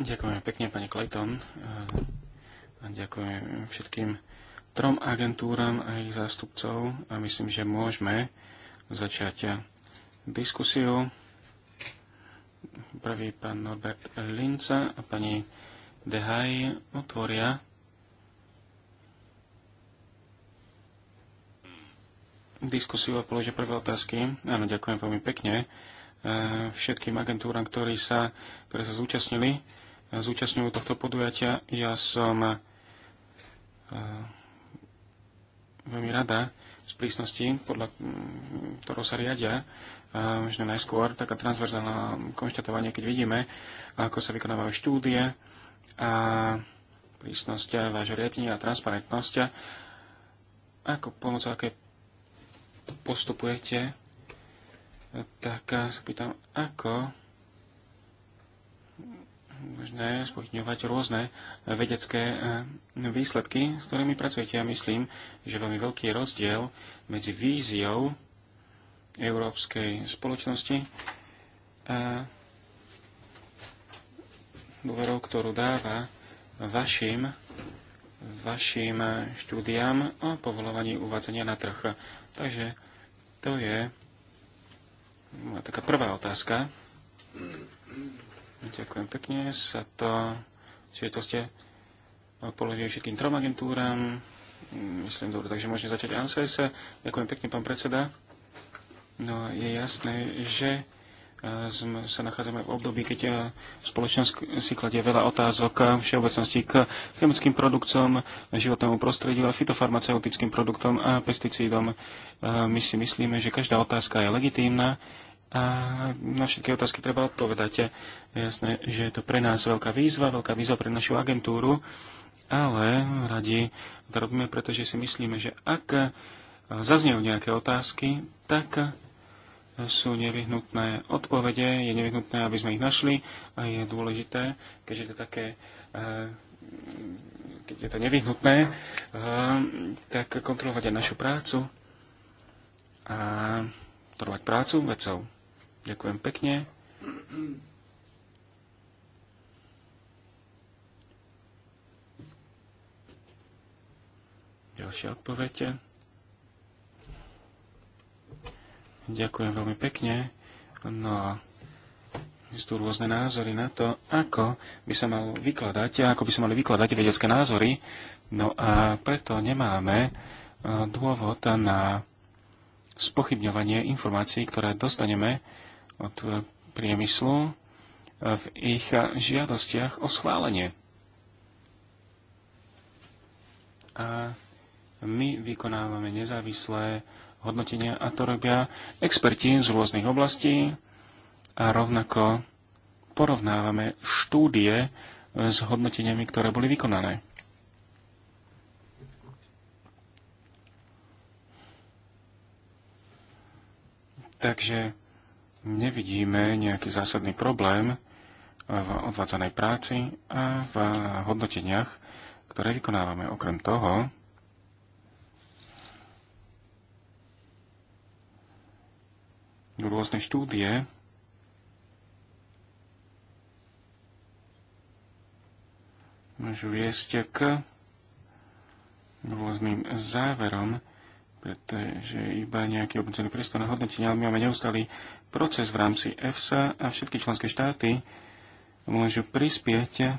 Ďakujem pekne, pani Clayton. A ďakujem všetkým trom agentúram a ich zástupcov a myslím, že môžeme začať diskusiu. Prvý pán Norbert Linca a pani Dehaj otvoria diskusiu a položia prvé otázky. Áno, ďakujem veľmi pekne e, všetkým agentúram, ktorí sa, ktoré sa zúčastnili, e, zúčastňujú tohto podujatia. Ja som e, veľmi rada z prísnosti, podľa ktorou sa riadia, možno najskôr taká transverzálna konštatovanie, keď vidíme, ako sa vykonávajú štúdie a prísnosť vášho riadenia a transparentnosť, ako pomocou aké postupujete, tak sa pýtam, ako možné spochybňovať rôzne vedecké eh, výsledky, s ktorými pracujete. Ja myslím, že veľmi veľký je rozdiel medzi víziou európskej spoločnosti a dôverou, ktorú dáva vašim, vašim eh, štúdiám o povolovaní uvádzania na trh. Takže to je moja taká prvá otázka. Ďakujem pekne sa to, čiže to ste položili všetkým trom agentúram. Myslím, dobre, takže môžeme začať ANSES. Ďakujem pekne, pán predseda. No, je jasné, že sme, sa nachádzame v období, keď e, spoločnosť si kladie veľa otázok e, všeobecnosti k chemickým produktom, životnému prostrediu a fitofarmaceutickým produktom a pesticídom. E, my si myslíme, že každá otázka je legitímna a na všetky otázky treba odpovedať. Je Jasné, že je to pre nás veľká výzva, veľká výzva pre našu agentúru, ale radi to robíme, pretože si myslíme, že ak zaznejú nejaké otázky, tak sú nevyhnutné odpovede, je nevyhnutné, aby sme ich našli a je dôležité, keď je to také eh, keď je to nevyhnutné, eh, tak kontrolovať aj našu prácu a trvať prácu vecou. Ďakujem pekne. Ďalšia odpoveď. Ďakujem veľmi pekne. No a sú tu rôzne názory na to, ako by sa mal vykladať, ako by sa mali vykladať vedecké názory. No a preto nemáme e, dôvod na spochybňovanie informácií, ktoré dostaneme od priemyslu e, v ich žiadostiach o schválenie. A my vykonávame nezávislé hodnotenia a to robia experti z rôznych oblastí a rovnako porovnávame štúdie s hodnoteniami, ktoré boli vykonané. Takže nevidíme nejaký zásadný problém v odvádzanej práci a v hodnoteniach, ktoré vykonávame. Okrem toho, rôzne štúdie, môžu viesť k rôznym záverom, pretože iba nejaký obmedzený priestor na hodnotenie, ale my máme neustály proces v rámci EFSA a všetky členské štáty môžu prispieť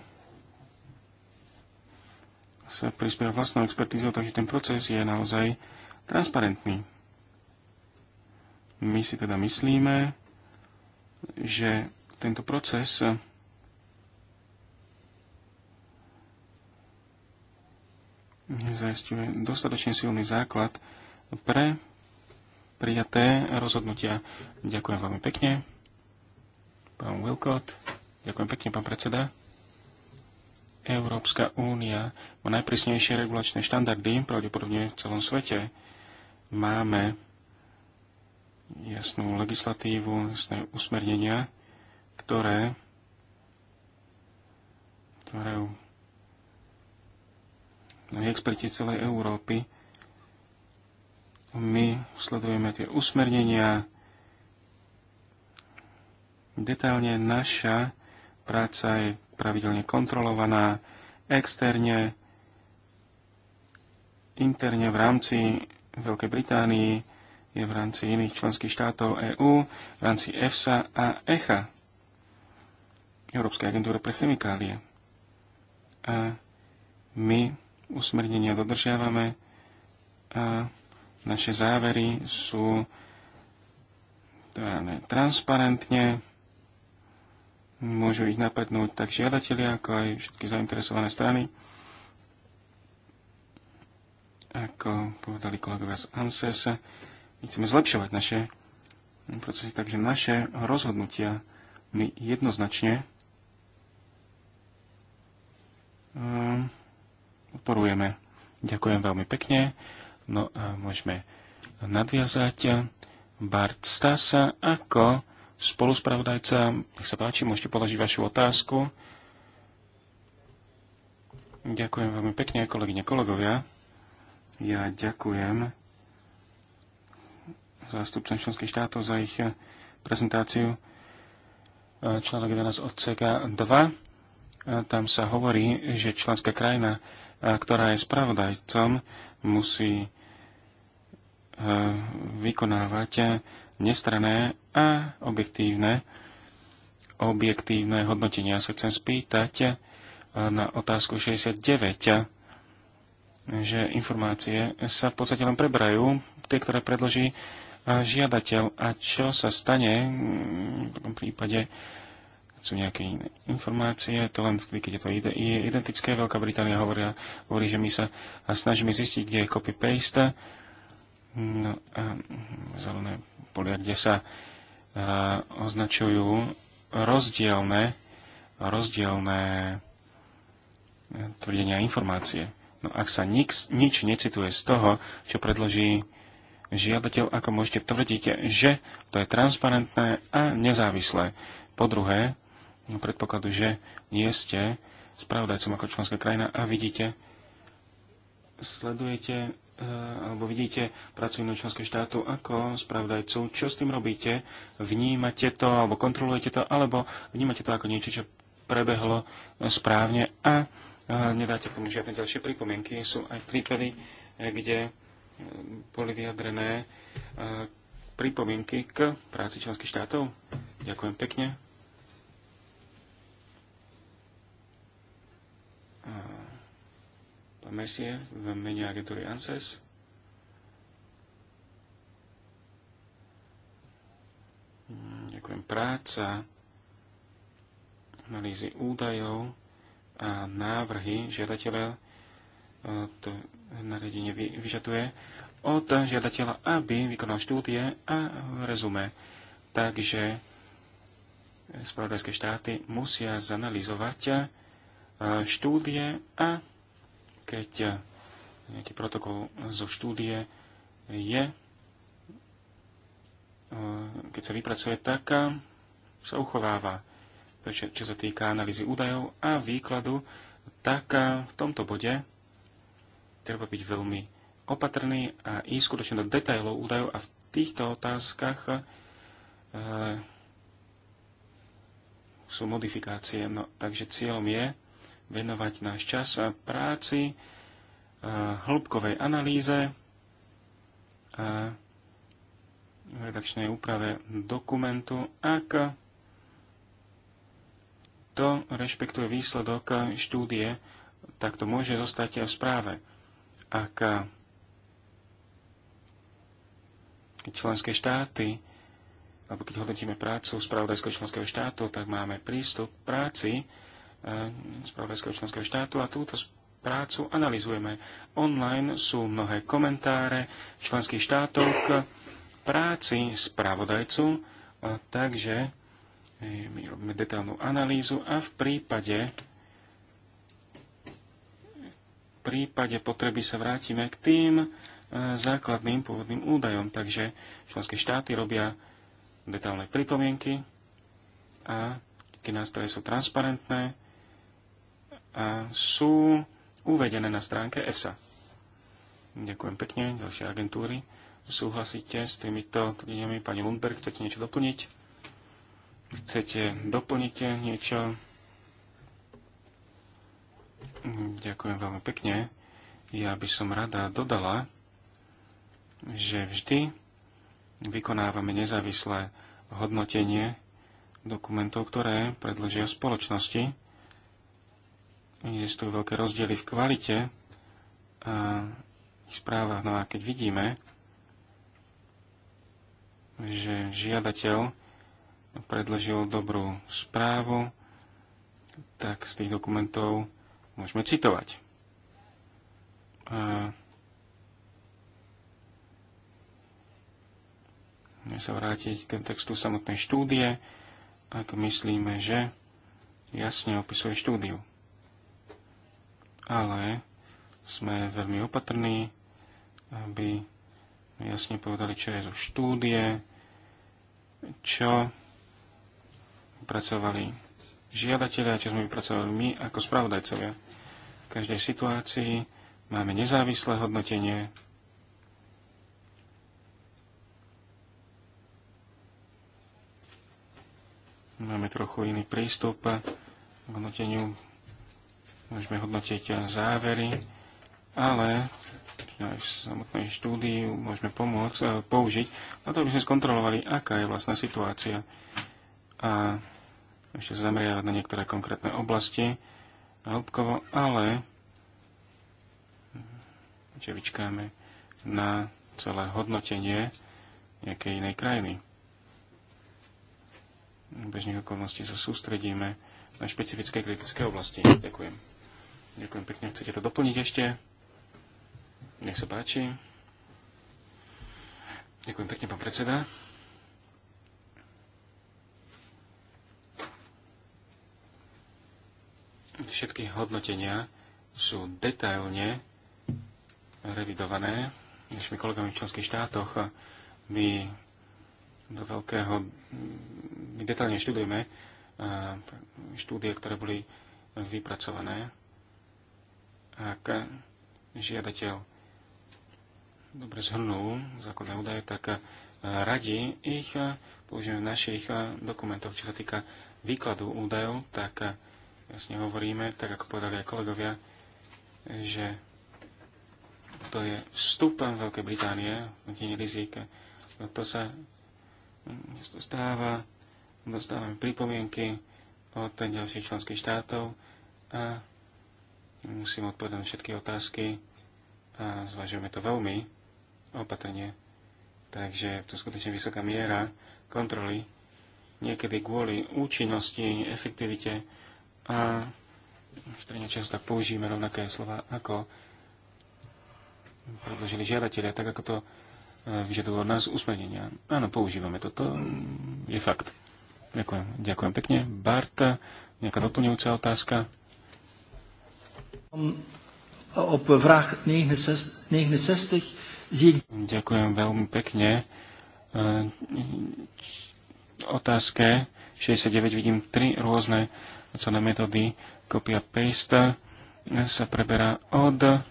sa prispieva vlastnou expertízou, takže ten proces je naozaj transparentný. My si teda myslíme, že tento proces zaistuje dostatočne silný základ pre prijaté rozhodnutia. Ďakujem veľmi pekne. Pán Wilcott, ďakujem pekne, pán predseda. Európska únia má najprísnejšie regulačné štandardy, pravdepodobne v celom svete. Máme jasnú legislatívu, jasné usmernenia, ktoré tvárajú mnohí experti celej Európy. My sledujeme tie usmernenia. Detálne naša práca je pravidelne kontrolovaná externe, interne v rámci Veľkej Británii je v rámci iných členských štátov EÚ, v rámci EFSA a ECHA, Európskej agentúry pre chemikálie. A my usmernenia dodržiavame a naše závery sú dané transparentne, môžu ich napadnúť tak žiadatelia, ako aj všetky zainteresované strany. Ako povedali kolegovia z ANSES, chceme zlepšovať naše procesy, takže naše rozhodnutia my jednoznačne ehm, podporujeme. Ďakujem veľmi pekne. No a môžeme nadviazať Bart Stasa ako spoluspravodajca. Nech sa páči, môžete položiť vašu otázku. Ďakujem veľmi pekne, kolegyne, kolegovia. Ja ďakujem zástupcom členských štátov za ich eh, prezentáciu. Eh, článok 11 odseka 2. Tam sa hovorí, že členská krajina, eh, ktorá je spravodajcom, musí vykonávať nestrané a objektívne, objektívne hodnotenia. Ja sa chcem spýtať na otázku 69, že informácie sa v podstate len preberajú, tie, ktoré predloží žiadateľ a čo sa stane mm, v takom prípade, sú nejaké iné informácie, to len vtedy, keď je to ide, je identické. Veľká Británia hovorí, hovorí že my sa snažíme zistiť, kde je copy-paste, no a zelené polia, kde sa a, označujú rozdielne, rozdielne e, tvrdenia informácie. No ak sa nič, nič necituje z toho, čo predloží žiadateľ, ako môžete tvrdiť, že to je transparentné a nezávislé. Po druhé, no, predpokladu, že nie ste spravodajcom ako členská krajina a vidíte, sledujete eh, alebo vidíte pracujú členského štátu ako spravodajcu, čo s tým robíte, vnímate to alebo kontrolujete to, alebo vnímate to ako niečo, čo prebehlo správne a eh, nedáte tomu žiadne ďalšie pripomienky. Sú aj prípady, eh, kde boli vyjadrené e, pripomienky k práci členských štátov. Ďakujem pekne. Pán Mesie v mene agentúry ANSES. Mm, ďakujem. Práca, analýzy údajov a návrhy žiadateľa e, to nariadenie vyžaduje od žiadateľa, aby vykonal štúdie a rezume. Takže spravodajské štáty musia zanalizovať e, štúdie a keď nejaký protokol zo štúdie je, e, keď sa vypracuje, tak e, sa uchováva. čo, čo sa týka analýzy údajov a výkladu, tak v tomto bode treba byť veľmi opatrný a ísť skutočne do detajlov údajov a v týchto otázkach e, sú modifikácie. No, takže cieľom je venovať náš čas a práci, e, hĺbkovej analýze a redakčnej úprave dokumentu, ak to rešpektuje výsledok štúdie, tak to môže zostať v správe ak eh, členské štáty, alebo keď hodnotíme prácu spravodajského členského štátu, tak máme prístup k práci eh, spravodajského členského štátu a túto prácu analizujeme. Online sú mnohé komentáre členských štátov k práci spravodajcu, eh, takže my robíme detailnú analýzu a v prípade prípade potreby sa vrátime k tým e, základným pôvodným údajom. Takže členské štáty robia detálne pripomienky a tie nástroje sú transparentné a sú uvedené na stránke EFSA. Ďakujem pekne, ďalšie agentúry. Súhlasíte s týmito tvrdeniami? Pani Lundberg, chcete niečo doplniť? Chcete doplniť niečo? Ďakujem veľmi pekne. Ja by som rada dodala, že vždy vykonávame nezávislé hodnotenie dokumentov, ktoré predložia spoločnosti. Existujú veľké rozdiely v kvalite a ich správach. No a keď vidíme, že žiadateľ predložil dobrú správu, tak z tých dokumentov môžeme citovať. A sa vrátiť k textu samotnej štúdie, ak myslíme, že jasne opisuje štúdiu. Ale sme veľmi opatrní, aby jasne povedali, čo je zo štúdie, čo pracovali žiadatelia, čo sme vypracovali my ako spravodajcovia každej situácii, máme nezávislé hodnotenie, máme trochu iný prístup k hodnoteniu, môžeme hodnotiť závery, ale aj v samotnej štúdii môžeme pomôcť, eh, použiť na to, aby sme skontrolovali, aká je vlastná situácia a ešte zameriavať na niektoré konkrétne oblasti, hĺbkovo, ale že vyčkáme na celé hodnotenie nejakej inej krajiny. V bežných okolností sa sústredíme na špecifické kritické oblasti. Ďakujem. Ďakujem pekne. Chcete to doplniť ešte? Nech sa páči. Ďakujem pekne, pán predseda. Všetky hodnotenia sú detailne revidované našimi kolegami v členských štátoch. My do veľkého, my detailne študujeme štúdie, ktoré boli vypracované. Ak žiadateľ dobre zhrnul základné údaje, tak radi ich použijeme v našich dokumentoch, čo sa týka výkladu údajov, tak jasne hovoríme, tak ako povedali aj kolegovia, že to je vstup Veľkej Británie, hodnotenie rizik. To sa mm, stáva, dostávame pripomienky od ďalších členských štátov a musím odpovedať na všetky otázky a zvažujeme to veľmi opatrne. Takže tu skutočne vysoká miera kontroly, niekedy kvôli účinnosti, efektivite a v Trine často tak použijeme rovnaké slova ako predložili žiadatelia, tak ako to e, vyžadujú od nás usmernenia. Áno, používame toto, je fakt. Ďakujem, ďakujem pekne. Bart, nejaká doplňujúca otázka? Ďakujem veľmi pekne. E, otázke 69 vidím tri rôzne celé metódy. Copy a paste sa preberá od, eh,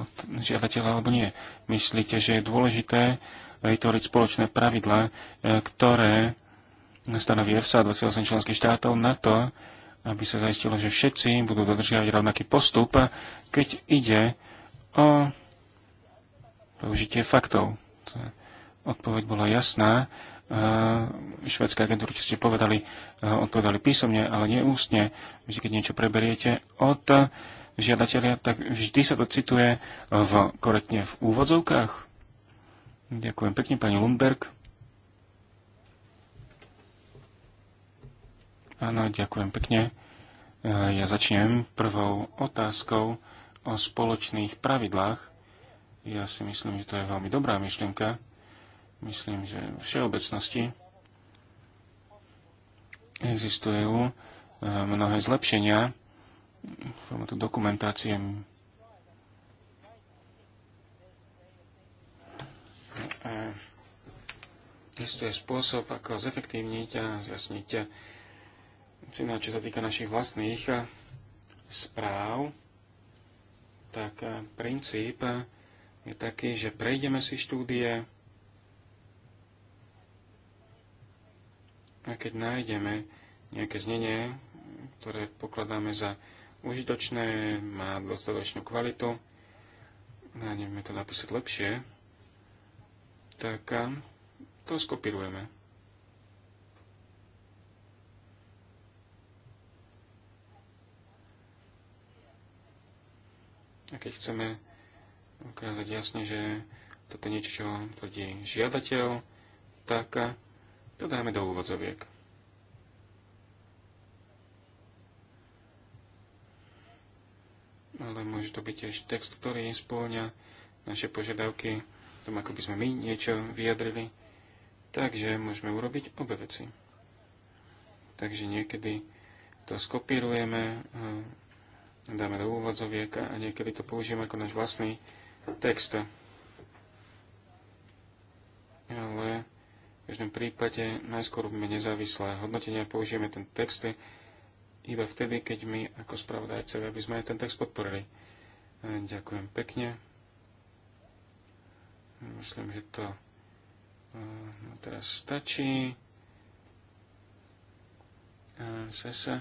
od žiadateľa alebo nie. Myslíte, že je dôležité vytvoriť spoločné pravidlá, eh, ktoré stanoví EFSA 28 členských štátov na to, aby sa zaistilo, že všetci budú dodržiavať rovnaký postup, keď ide o použitie faktov. Odpoveď bola jasná Eh, švedské agentúry, čo ste povedali, eh, odpovedali písomne, ale nie ústne. keď niečo preberiete od žiadateľia, tak vždy sa to cituje v, korektne v úvodzovkách. Ďakujem pekne, pani Lundberg. Áno, ďakujem pekne. Eh, ja začnem prvou otázkou o spoločných pravidlách. Ja si myslím, že to je veľmi dobrá myšlienka Myslím, že v všeobecnosti existujú eh, mnohé zlepšenia formátu dokumentácie existuje spôsob, ako zefektívniť a zjasniť cena, čo sa týka našich vlastných eh, správ, tak eh, princíp je taký, že prejdeme si štúdie, A keď nájdeme nejaké znenie, ktoré pokladáme za užitočné, má dostatočnú kvalitu, a nevieme to napísať lepšie, tak um, to skopírujeme. A keď chceme ukázať jasne, že toto je niečo, čo tvrdí žiadateľ, tak to dáme do úvodzoviek. Ale môže to byť tiež text, ktorý spĺňa naše požiadavky, tom, ako by sme my niečo vyjadrili. Takže môžeme urobiť obe veci. Takže niekedy to skopírujeme, eh, dáme do úvodzoviek a niekedy to použijeme ako náš vlastný text. Ale každom prípade najskôr robíme nezávislé hodnotenie a použijeme ten text iba vtedy, keď my ako spravodajcovia by sme aj ten text podporili. E, ďakujem pekne. Myslím, že to e, no, teraz stačí. Sese.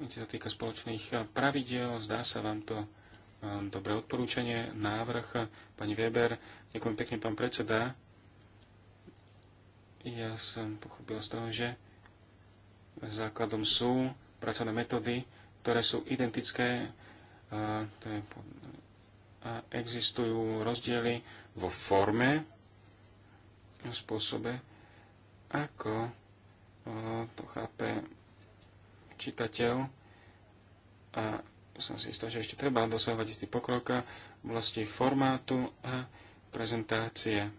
Čo sa týka spoločných pravidel, zdá sa vám to e, dobré odporúčanie, návrh. Pani Weber, ďakujem pekne, pán predseda ja som pochopil z toho, že základom sú pracovné metódy, ktoré sú identické a, to je, a existujú rozdiely vo forme, spôsobe, ako to chápe čitateľ a som si istá, že ešte treba dosahovať istý pokrok v oblasti formátu a prezentácie.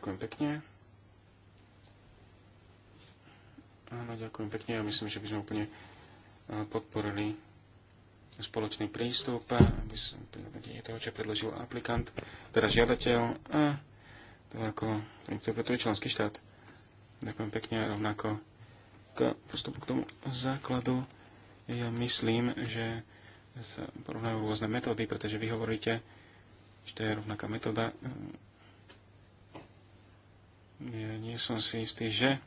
Ďakujem pekne. Áno, ďakujem pekne. Ja myslím, že by sme úplne e, podporili spoločný prístup, aby som pri toho, čo predložil aplikant, teda žiadateľ a to ako interpretuje členský štát. Ďakujem pekne a rovnako k postupu k tomu základu. Ja myslím, že sa porovnajú rôzne metódy, pretože vy hovoríte, že to je rovnaká metóda ja nie som si istý, že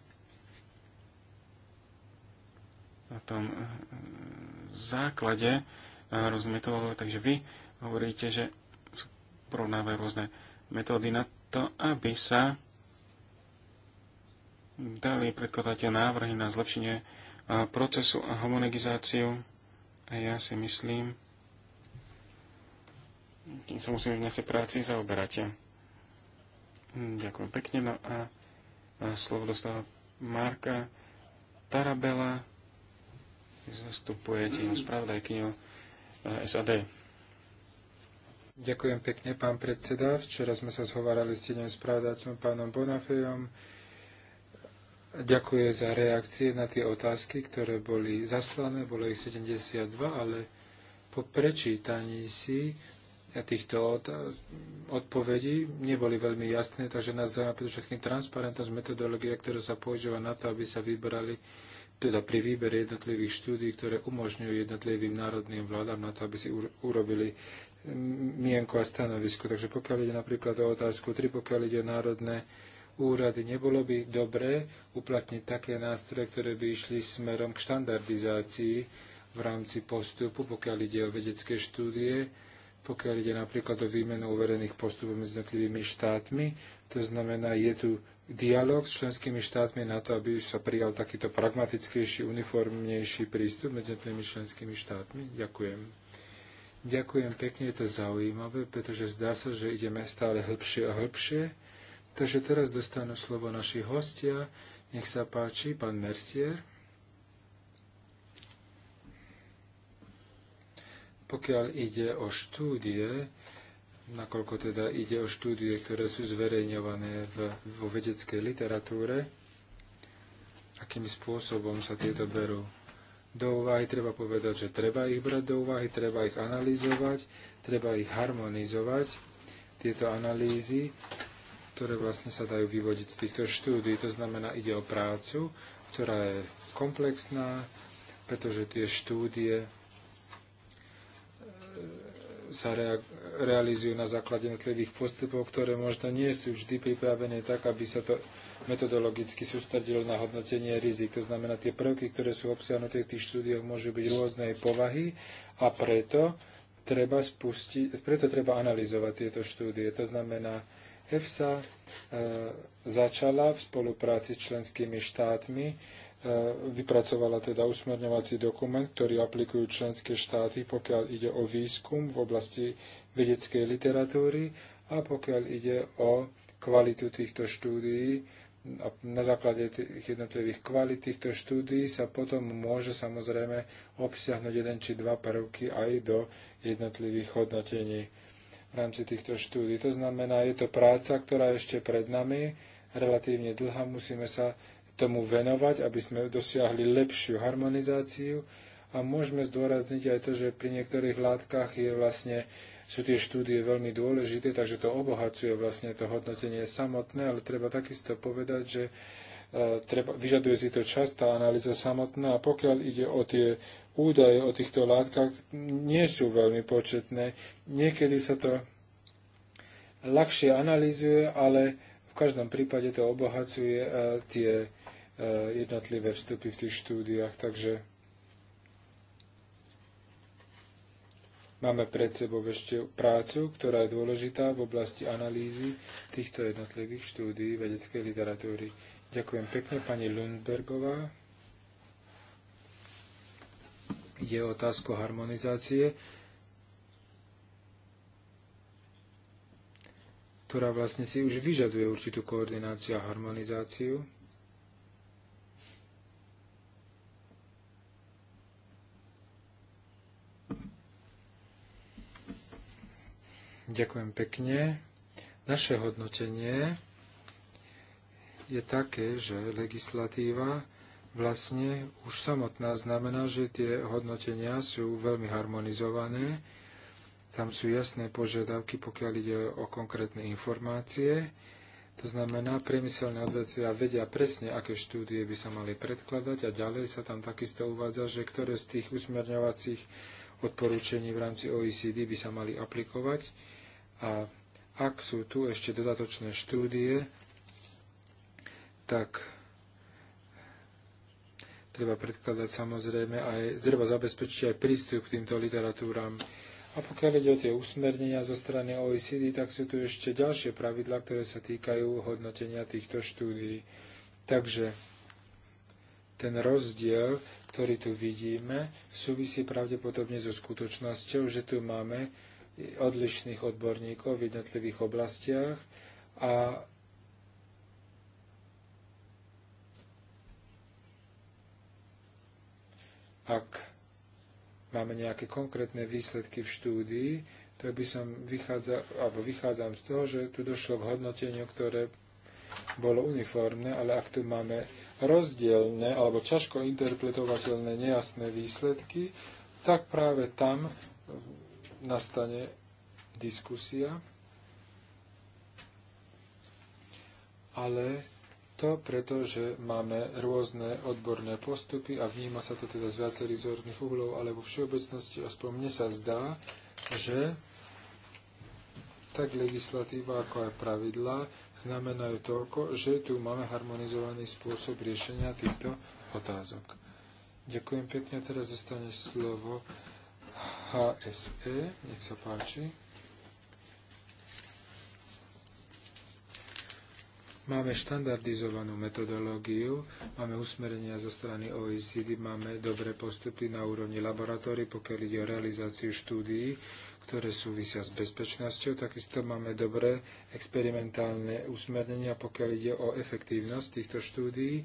na tom eh, základe eh, rozmetovalo, takže vy hovoríte, že porovnávajú rôzne metódy na to, aby sa dali predkladateľ návrhy na zlepšenie eh, procesu a homologizáciu. A ja si myslím, tým sa musíme v práci zaoberať. Hm, ďakujem pekne. No a, slovo dostáva Marka Tarabela. Zastupuje tým spravodajkyňou e, SAD. Ďakujem pekne, pán predseda. Včera sme sa zhovárali s tým spravodajcom pánom Bonafejom. Ďakujem za reakcie na tie otázky, ktoré boli zaslané. Bolo ich 72, ale po prečítaní si týchto odpovedí neboli veľmi jasné, takže nás zaujíma predovšetkým transparentnosť metodológia, ktorá sa používa na to, aby sa vybrali teda pri výbere jednotlivých štúdí, ktoré umožňujú jednotlivým národným vládam na to, aby si urobili mm, mienku a stanovisko. Takže pokiaľ ide napríklad o otázku 3, pokiaľ ide o národné úrady, nebolo by dobré uplatniť také nástroje, ktoré by išli smerom k štandardizácii v rámci postupu, pokiaľ ide o vedecké štúdie, pokiaľ ide napríklad o výmenu overených postupov medzi jednotlivými štátmi. To znamená, je tu dialog s členskými štátmi na to, aby sa prijal takýto pragmatickejší, uniformnejší prístup medzi jednotlivými členskými štátmi. Ďakujem. Ďakujem pekne, je to zaujímavé, pretože zdá sa, že ideme stále hĺbšie a hĺbšie. Takže teraz dostanú slovo naši hostia. Nech sa páči, pán Mercier. Pokiaľ ide o štúdie, nakoľko teda ide o štúdie, ktoré sú zverejňované v, vo vedeckej literatúre, akým spôsobom sa tieto berú do úvahy, treba povedať, že treba ich brať do úvahy, treba ich analyzovať, treba ich harmonizovať, tieto analýzy, ktoré vlastne sa dajú vyvodiť z týchto štúdí. To znamená, ide o prácu, ktorá je komplexná, pretože tie štúdie sa realizujú na základe jednotlivých postupov, ktoré možno nie sú vždy pripravené tak, aby sa to metodologicky sústredilo na hodnotenie rizik. To znamená, tie prvky, ktoré sú obsiahnuté v tých štúdiách, môžu byť rôznej povahy a preto treba, spustiť, preto treba analyzovať tieto štúdie. To znamená, EFSA e, začala v spolupráci s členskými štátmi E, vypracovala teda usmerňovací dokument, ktorý aplikujú členské štáty, pokiaľ ide o výskum v oblasti vedeckej literatúry a pokiaľ ide o kvalitu týchto štúdií. A na základe tých jednotlivých kvalit týchto štúdií sa potom môže samozrejme obsiahnuť jeden či dva prvky aj do jednotlivých hodnotení v rámci týchto štúdií. To znamená, je to práca, ktorá je ešte pred nami, relatívne dlhá, musíme sa tomu venovať, aby sme dosiahli lepšiu harmonizáciu a môžeme zdôrazniť aj to, že pri niektorých látkach je vlastne, sú tie štúdie veľmi dôležité, takže to obohacuje vlastne to hodnotenie samotné, ale treba takisto povedať, že e, treba, vyžaduje si to čas tá analýza samotná a pokiaľ ide o tie údaje o týchto látkach, nie sú veľmi početné. Niekedy sa to ľahšie analýzuje, ale v každom prípade to obohacuje e, tie Eh, jednotlivé vstupy v tých štúdiách. Takže máme pred sebou ešte prácu, ktorá je dôležitá v oblasti analýzy týchto jednotlivých štúdií vedeckej literatúry. Ďakujem pekne pani Lundbergová. Je otázka harmonizácie. ktorá vlastne si už vyžaduje určitú koordináciu a harmonizáciu. Ďakujem pekne. Naše hodnotenie je také, že legislatíva vlastne už samotná znamená, že tie hodnotenia sú veľmi harmonizované. Tam sú jasné požiadavky, pokiaľ ide o konkrétne informácie. To znamená, priemyselné odvetvia vedia presne, aké štúdie by sa mali predkladať a ďalej sa tam takisto uvádza, že ktoré z tých usmerňovacích odporúčení v rámci OECD by sa mali aplikovať. A ak sú tu ešte dodatočné štúdie, tak treba predkladať samozrejme aj, treba zabezpečiť aj prístup k týmto literatúram. A pokiaľ ide o tie usmernenia zo strany OECD, tak sú tu ešte ďalšie pravidlá, ktoré sa týkajú hodnotenia týchto štúdií. Takže ten rozdiel ktorý tu vidíme, súvisí pravdepodobne so skutočnosťou, že tu máme odlišných odborníkov v jednotlivých oblastiach a ak máme nejaké konkrétne výsledky v štúdii, tak by som vychádzal alebo vychádzam z toho, že tu došlo k hodnoteniu, ktoré bolo uniformné, ale ak tu máme rozdielne alebo ťažko interpretovateľné nejasné výsledky, tak práve tam nastane diskusia. Ale to preto, že máme rôzne odborné postupy a vníma sa to teda z viacerých zorných uhlov, ale vo všeobecnosti aspoň mne sa zdá, že tak legislatíva ako aj pravidlá znamenajú toľko, že tu máme harmonizovaný spôsob riešenia týchto otázok. Ďakujem pekne, teraz zostane slovo HSE, nech sa páči. Máme štandardizovanú metodológiu, máme usmerenia zo strany OECD, máme dobré postupy na úrovni laboratórií, pokiaľ ide o realizáciu štúdií, ktoré súvisia s bezpečnosťou. Takisto máme dobré experimentálne usmernenia, pokiaľ ide o efektívnosť týchto štúdií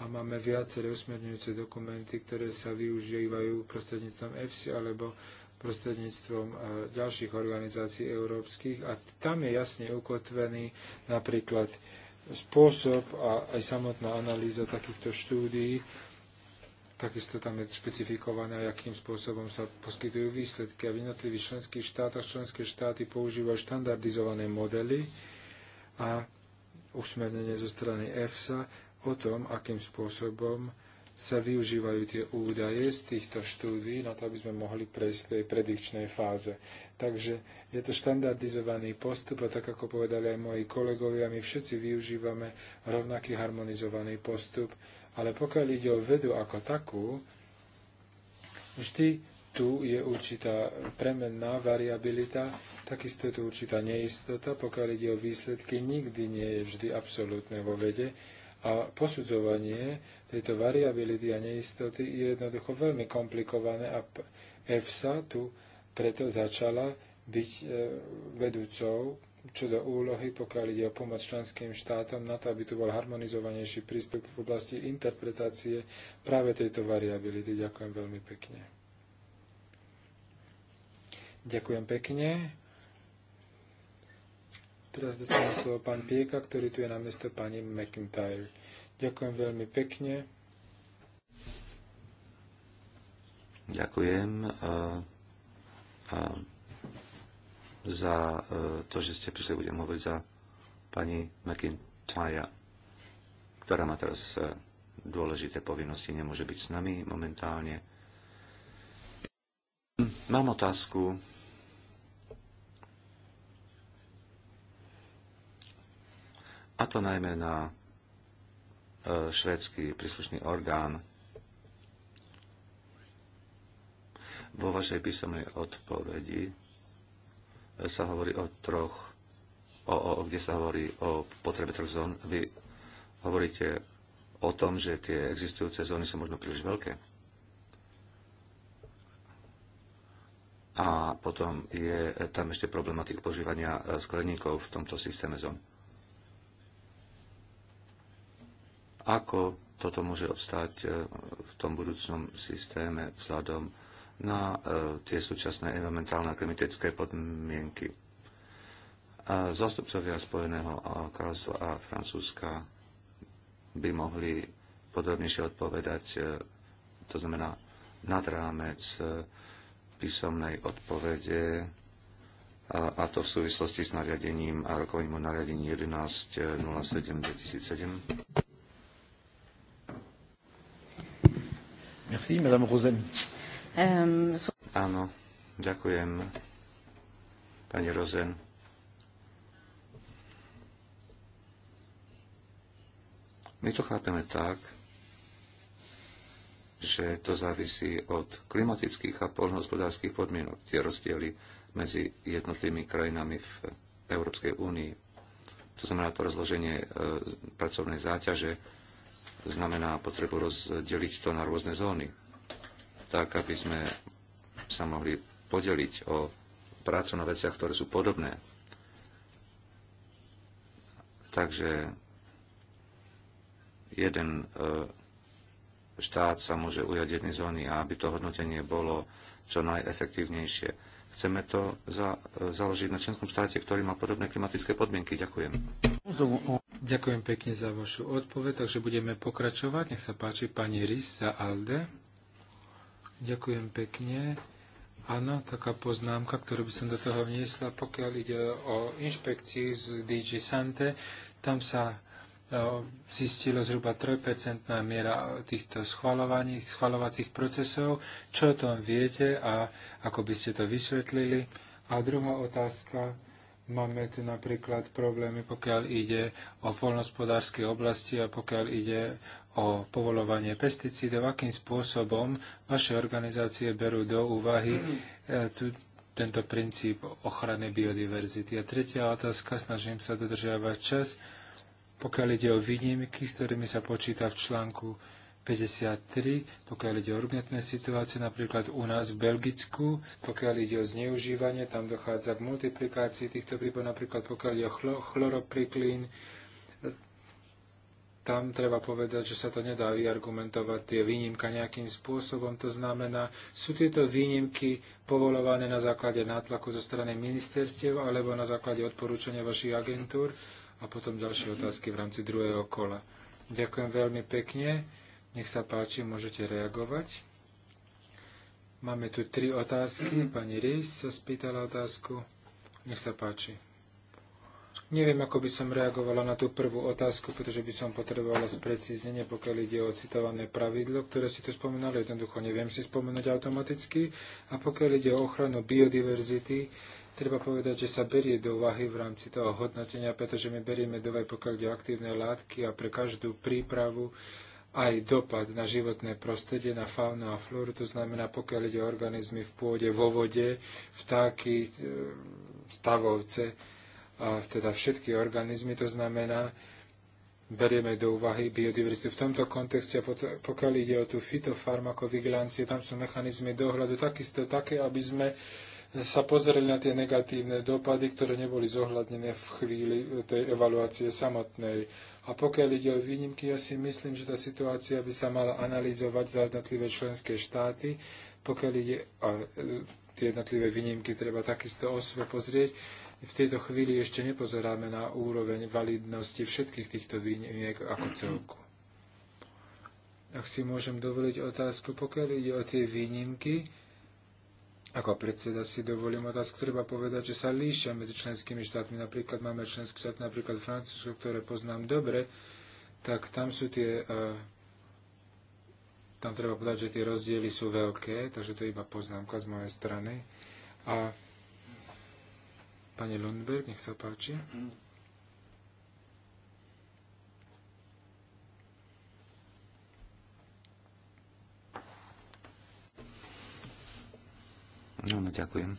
a máme viaceré usmerňujúce dokumenty, ktoré sa využívajú prostredníctvom EFSI alebo prostredníctvom e, ďalších organizácií európskych a tam je jasne ukotvený napríklad spôsob a aj samotná analýza takýchto štúdií Takisto tam je špecifikované, akým spôsobom sa poskytujú výsledky. A v jednotlivých členských štátoch členské štáty používajú štandardizované modely a usmernenie zo strany EFSA o tom, akým spôsobom sa využívajú tie údaje z týchto štúdí na to, aby sme mohli prejsť v tej predikčnej fáze. Takže je to štandardizovaný postup a tak ako povedali aj moji kolegovia, my všetci využívame rovnaký harmonizovaný postup ale pokiaľ ide o vedu ako takú, vždy tu je určitá premenná variabilita, takisto je tu určitá neistota, pokiaľ ide o výsledky, nikdy nie je vždy absolútne vo vede a posudzovanie tejto variability a neistoty je jednoducho veľmi komplikované a EFSA tu preto začala byť e, vedúcou čo do úlohy, pokiaľ ide o pomoc členským štátom na to, aby tu bol harmonizovanejší prístup v oblasti interpretácie práve tejto variability. Ďakujem veľmi pekne. Ďakujem pekne. Teraz dostane slovo pán Pieka, ktorý tu je na mesto pani McIntyre. Ďakujem veľmi pekne. Ďakujem. Uh, uh za e, to, že ste prišli. Budem hovoriť za pani McIntyre, ktorá má teraz e, dôležité povinnosti, nemôže byť s nami momentálne. Mám otázku. A to najmä na e, švédsky príslušný orgán. Vo vašej písomnej odpovedi sa hovorí o troch, o, o, kde sa hovorí o potrebe troch zón. Vy hovoríte o tom, že tie existujúce zóny sú možno príliš veľké. A potom je tam ešte problematik požívania e, skleníkov v tomto systéme zón. Ako toto môže obstáť e, v tom budúcnom systéme vzhľadom na e, tie súčasné environmentálne a klimatické podmienky. Zastupcovia Spojeného kráľovstva a Francúzska by mohli podrobnejšie odpovedať, e, to znamená nad rámec e, písomnej odpovede, a to v súvislosti s nariadením a rokovým nariadením nariadení 11.07.2007. Merci, Madame Rosen. Um, ehm, so... Áno, ďakujem, pani Rozen. My to chápeme tak, že to závisí od klimatických a poľnohospodárskych podmienok, tie rozdiely medzi jednotlivými krajinami v Európskej únii. To znamená, to rozloženie e, pracovnej záťaže znamená potrebu rozdeliť to na rôzne zóny tak aby sme sa mohli podeliť o prácu na veciach, ktoré sú podobné. Takže jeden e, štát sa môže ujať jednej zóny a aby to hodnotenie bolo čo najefektívnejšie. Chceme to za, e, založiť na členskom štáte, ktorý má podobné klimatické podmienky. Ďakujem. Ďakujem pekne za vašu odpoveď, takže budeme pokračovať. Nech sa páči pani Risa ALDE. Ďakujem pekne. Áno, taká poznámka, ktorú by som do toho vniesla, pokiaľ ide o inšpekciu z DG Sante, tam sa e, zistilo zhruba 3% miera týchto schvalovaní, schvalovacích procesov. Čo o tom viete a ako by ste to vysvetlili? A druhá otázka, Máme tu napríklad problémy, pokiaľ ide o polnospodárskej oblasti a pokiaľ ide o povolovanie pesticídov, akým spôsobom vaše organizácie berú do úvahy eh, tu, tento princíp ochrany biodiverzity. A tretia otázka, snažím sa dodržiavať čas, pokiaľ ide o výnimky, s ktorými sa počíta v článku 53, pokiaľ ide o urgentné situácie, napríklad u nás v Belgicku, pokiaľ ide o zneužívanie, tam dochádza k multiplikácii týchto prípadov, napríklad pokiaľ ide o chlo, chloropriklín, tam treba povedať, že sa to nedá vyargumentovať, tie výnimka nejakým spôsobom. To znamená, sú tieto výnimky povolované na základe nátlaku zo strany ministerstiev alebo na základe odporúčania vašich agentúr? A potom ďalšie otázky v rámci druhého kola. Ďakujem veľmi pekne. Nech sa páči, môžete reagovať. Máme tu tri otázky. Pani Rejs sa spýtala otázku. Nech sa páči. Neviem, ako by som reagovala na tú prvú otázku, pretože by som potrebovala sprecíznenie, pokiaľ ide o citované pravidlo, ktoré si tu spomínali. Jednoducho neviem si spomenúť automaticky. A pokiaľ ide o ochranu biodiverzity, treba povedať, že sa berie do úvahy v rámci toho hodnotenia, pretože my berieme do úvahy, pokiaľ ide o aktívne látky a pre každú prípravu aj dopad na životné prostredie, na faunu a flóru, to znamená, pokiaľ ide o organizmy v pôde, vo vode, vtáky, e, stavovce, a teda všetky organizmy, to znamená, berieme do úvahy biodiverzitu. V tomto kontexte, pokiaľ ide o tú fitofarmakovigilanciu, tam sú mechanizmy dohľadu takisto také, aby sme sa pozreli na tie negatívne dopady, ktoré neboli zohľadnené v chvíli e, tej evaluácie samotnej. A pokiaľ ide o výnimky, ja si myslím, že tá situácia by sa mala analyzovať za jednotlivé členské štáty. Pokiaľ ide o e, tie jednotlivé výnimky, treba takisto o sebe pozrieť. V tejto chvíli ešte nepozeráme na úroveň validnosti všetkých týchto výnimiek ako celku. Ak si môžem dovoliť otázku, pokiaľ ide o tie výnimky, ako predseda si dovolím otázku, treba povedať, že sa líšia medzi členskými štátmi. Napríklad máme členský štát, napríklad Francúzsko, ktoré poznám dobre, tak tam sú tie, eh, tam treba povedať, že tie rozdiely sú veľké, takže to je iba poznámka z mojej strany. A pani Lundberg, nech sa páči. Mm. Áno, no, ďakujem.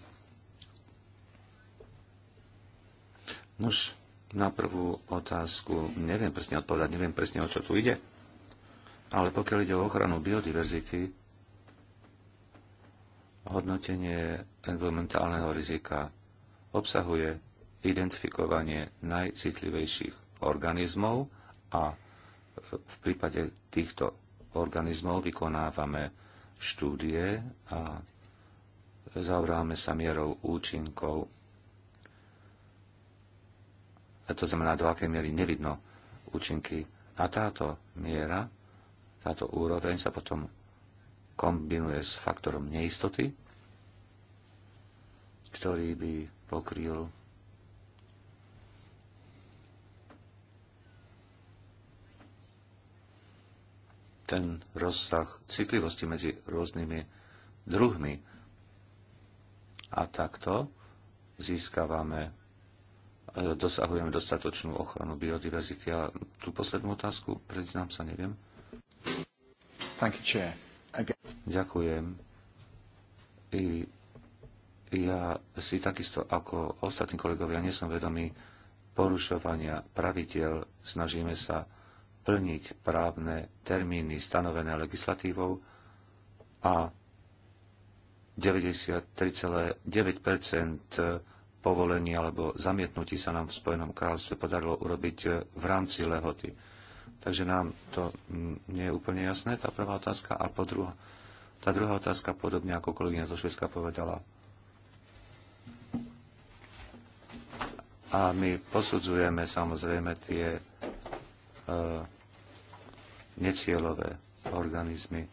Nož, na prvú otázku neviem presne odpovedať, neviem presne o čo tu ide, ale pokiaľ ide o ochranu biodiverzity, hodnotenie environmentálneho rizika obsahuje identifikovanie najcitlivejších organizmov a e, v prípade týchto organizmov vykonávame štúdie a zaoberáme sa mierou účinkov. A to znamená, do akej miery nevidno účinky. A táto miera, táto úroveň sa potom kombinuje s faktorom neistoty, ktorý by pokryl ten rozsah citlivosti medzi rôznymi druhmi a takto získavame, e, dosahujeme dostatočnú ochranu biodiverzity. A tú poslednú otázku, predznám sa, neviem. Thank you, Chair. Again. Ďakujem. I ja si takisto ako ostatní kolegovia nie som vedomý porušovania pravidel. Snažíme sa plniť právne termíny stanovené legislatívou a 93,9 povolení alebo zamietnutí sa nám v Spojenom kráľstve podarilo urobiť e, v rámci lehoty. Takže nám to nie je úplne jasné, tá prvá otázka. A podruha, tá druhá otázka, podobne ako kolegyňa zo Švedska povedala, A my posudzujeme samozrejme tie e, necielové organizmy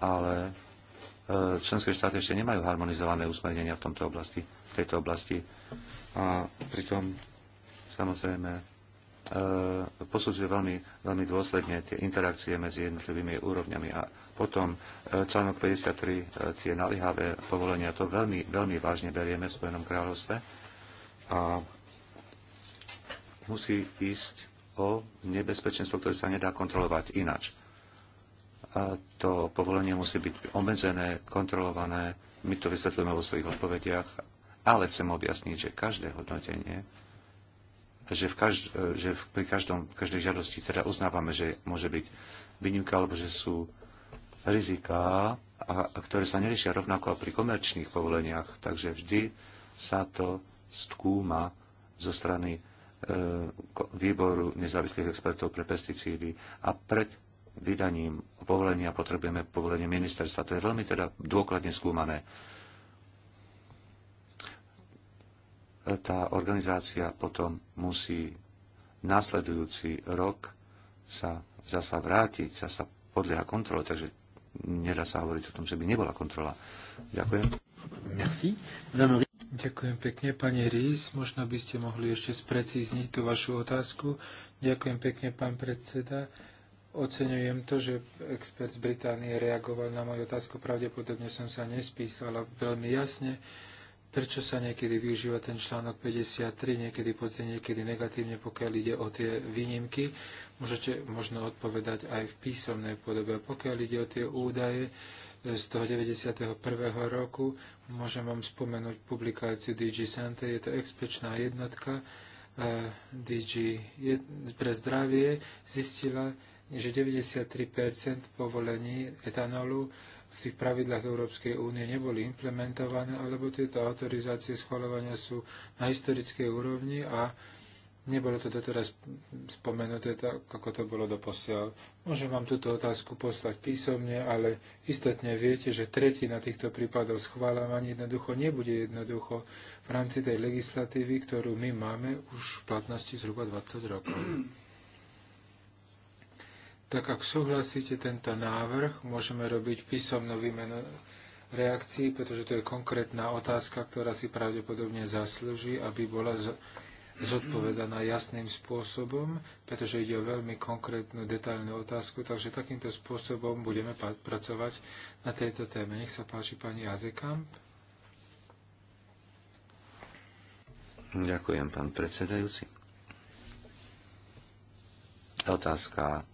ale e, členské štáty ešte nemajú harmonizované usmernenia v, tomto oblasti, v tejto oblasti. A pritom samozrejme e, posudzuje veľmi, veľmi dôsledne tie interakcie medzi jednotlivými úrovňami. A potom e, článok 53, tie nalihavé povolenia, to veľmi, veľmi vážne berieme v Spojenom kráľovstve. A musí ísť o nebezpečenstvo, ktoré sa nedá kontrolovať ináč. A to povolenie musí byť obmedzené, kontrolované. My to vysvetlíme vo svojich odpovediach, ale chcem objasniť, že každé hodnotenie, že, v každ- že pri každom, každej žiadosti teda uznávame, že môže byť výnimka alebo že sú riziká, a, ktoré sa neriešia rovnako pri komerčných povoleniach. Takže vždy sa to skúma zo strany e, výboru nezávislých expertov pre pesticídy a pred vydaním povolenia potrebujeme povolenie ministerstva. To je veľmi teda dôkladne skúmané. Tá organizácia potom musí následujúci rok sa zasa vrátiť, zasa podlieha kontrole, takže nedá sa hovoriť o tom, že by nebola kontrola. Ďakujem. Merci. Ďakujem pekne, pani Rís. Možno by ste mohli ešte sprecízniť tú vašu otázku. Ďakujem pekne, pán predseda. Oceňujem to, že expert z Británie reagoval na moju otázku. Pravdepodobne som sa nespísala veľmi jasne, prečo sa niekedy využíva ten článok 53, niekedy pozitívne, niekedy negatívne, pokiaľ ide o tie výnimky. Môžete možno odpovedať aj v písomnej podobe. Pokiaľ ide o tie údaje z toho 91. roku, môžem vám spomenúť publikáciu DG Sante, je to expečná jednotka, eh, DG pre zdravie zistila, že 93% povolení etanolu v tých pravidlách Európskej únie neboli implementované, alebo tieto autorizácie schvaľovania sú na historickej úrovni a nebolo to doteraz spomenuté tak, ako to bolo doposiaľ. Môžem vám túto otázku poslať písomne, ale istotne viete, že tretina týchto prípadov schváľovaní jednoducho nebude jednoducho v rámci tej legislatívy, ktorú my máme už v platnosti zhruba 20 rokov. Tak ak súhlasíte tento návrh, môžeme robiť písomnú výmenu reakcií, pretože to je konkrétna otázka, ktorá si pravdepodobne zaslúži, aby bola zodpovedaná jasným spôsobom, pretože ide o veľmi konkrétnu, detailnú otázku, takže takýmto spôsobom budeme pracovať na tejto téme. Nech sa páči pani Azekamp. Ďakujem, pán predsedajúci. Otázka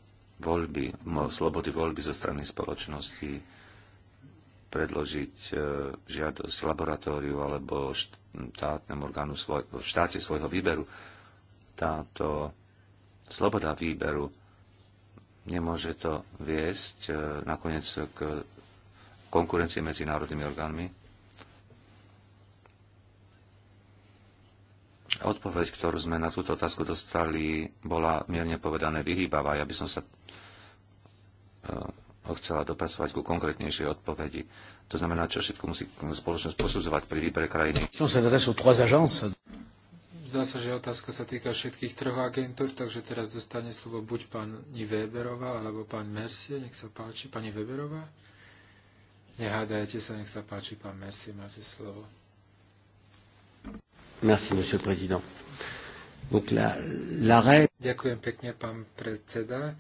voľby, slobody voľby zo strany spoločnosti predložiť e, žiadosť laboratóriu alebo štátnemu orgánu svoj, v štáte svojho výberu. Táto sloboda výberu nemôže to viesť e, nakoniec k konkurencii medzi národnými orgánmi? Odpoveď, ktorú sme na túto otázku dostali, bola mierne povedané vyhýbavá. Ja by som sa ho eh, chcela dopracovať ku konkrétnejšej odpovedi. To znamená, čo všetko musí spoločnosť posudzovať pri výbere krajiny. Zdá sa, že otázka sa týka všetkých troch agentúr, takže teraz dostane slovo buď pani Weberová, alebo pán Mercier, nech sa páči. Pani Weberová? Nehádajte sa, nech sa páči, pán Mercier, máte slovo. Merci, monsieur le président. Ďakujem pekne, pán predseda.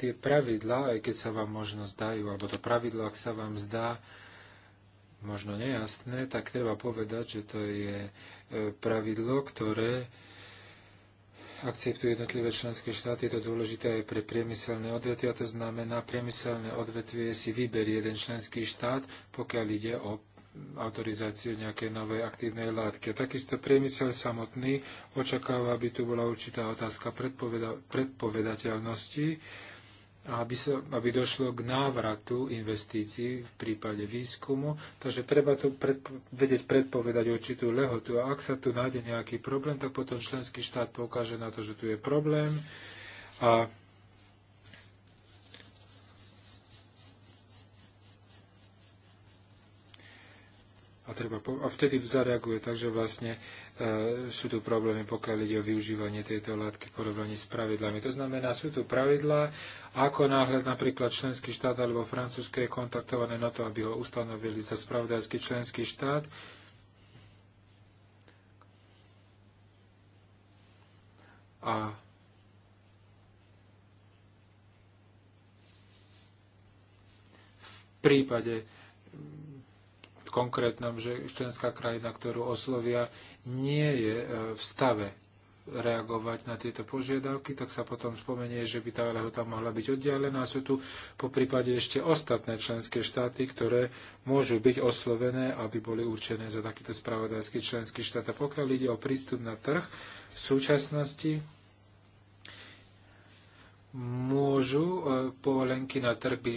Tie pravidlá, aj keď sa vám možno zdajú, alebo to pravidlo, ak sa vám zdá možno nejasné, tak treba povedať, že to je e, pravidlo, ktoré akceptujú jednotlivé členské štáty. Je to dôležité aj pre priemyselné a To znamená, priemyselné odvetvie si vyberie jeden členský štát, pokiaľ ide o autorizáciu nejakej novej aktívnej látky. A takisto priemysel samotný očakáva, aby tu bola určitá otázka predpoveda- predpovedateľnosti, aby, sa, aby došlo k návratu investícií v prípade výskumu. Takže treba tu pred, vedieť predpovedať určitú lehotu. A ak sa tu nájde nejaký problém, tak potom členský štát poukáže na to, že tu je problém a a, treba po- a vtedy zareaguje, takže vlastne e, sú tu problémy, pokiaľ ide o využívanie tejto látky v porovnaní s pravidlami. To znamená, sú tu pravidlá, ako náhle napríklad členský štát alebo francúzske je kontaktované na to, aby ho ustanovili za spravodajský členský štát, a v prípade konkrétnom, že členská krajina, ktorú oslovia, nie je e, v stave reagovať na tieto požiadavky, tak sa potom spomenie, že by tá lehota mohla byť oddialená. Sú tu po prípade ešte ostatné členské štáty, ktoré môžu byť oslovené, aby boli určené za takýto spravodajský členský štát. A pokiaľ ide o prístup na trh v súčasnosti, môžu e, povolenky na trh byť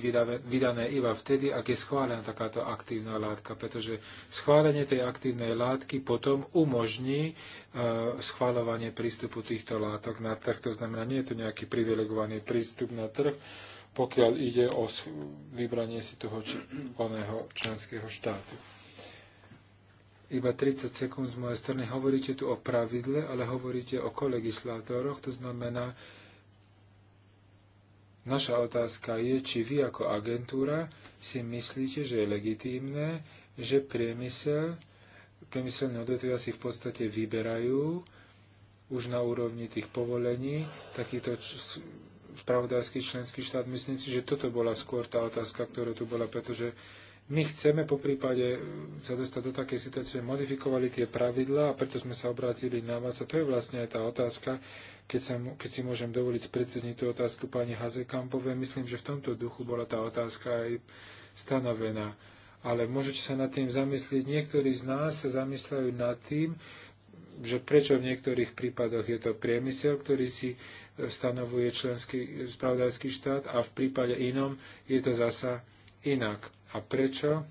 vydané iba vtedy, ak je schválená takáto aktívna látka, pretože schválenie tej aktívnej látky potom umožní e, schváľovanie prístupu týchto látok na trh. To znamená, nie je to nejaký privilegovaný prístup na trh, pokiaľ ide o vybranie si toho či oného členského štátu. Iba 30 sekúnd z mojej strany. Hovoríte tu o pravidle, ale hovoríte o kolegislátoroch, to znamená, Naša otázka je, či vy ako agentúra si myslíte, že je legitímne, že priemysel, priemyselné odvetvia si v podstate vyberajú už na úrovni tých povolení takýto spravodajský členský štát. Myslím si, že toto bola skôr tá otázka, ktorá tu bola, pretože my chceme po prípade e, sa dostať do takej situácie, modifikovali tie pravidlá a preto sme sa obrátili na vás. A to je vlastne aj tá otázka, keď, sa, keď si môžem dovoliť sprecizniť tú otázku pani Hazekampove, myslím, že v tomto duchu bola tá otázka aj stanovená. Ale môžete sa nad tým zamyslieť. Niektorí z nás sa zamýšľajú nad tým, že prečo v niektorých prípadoch je to priemysel, ktorý si e, stanovuje členský spravodajský štát a v prípade inom je to zasa inak. A prečo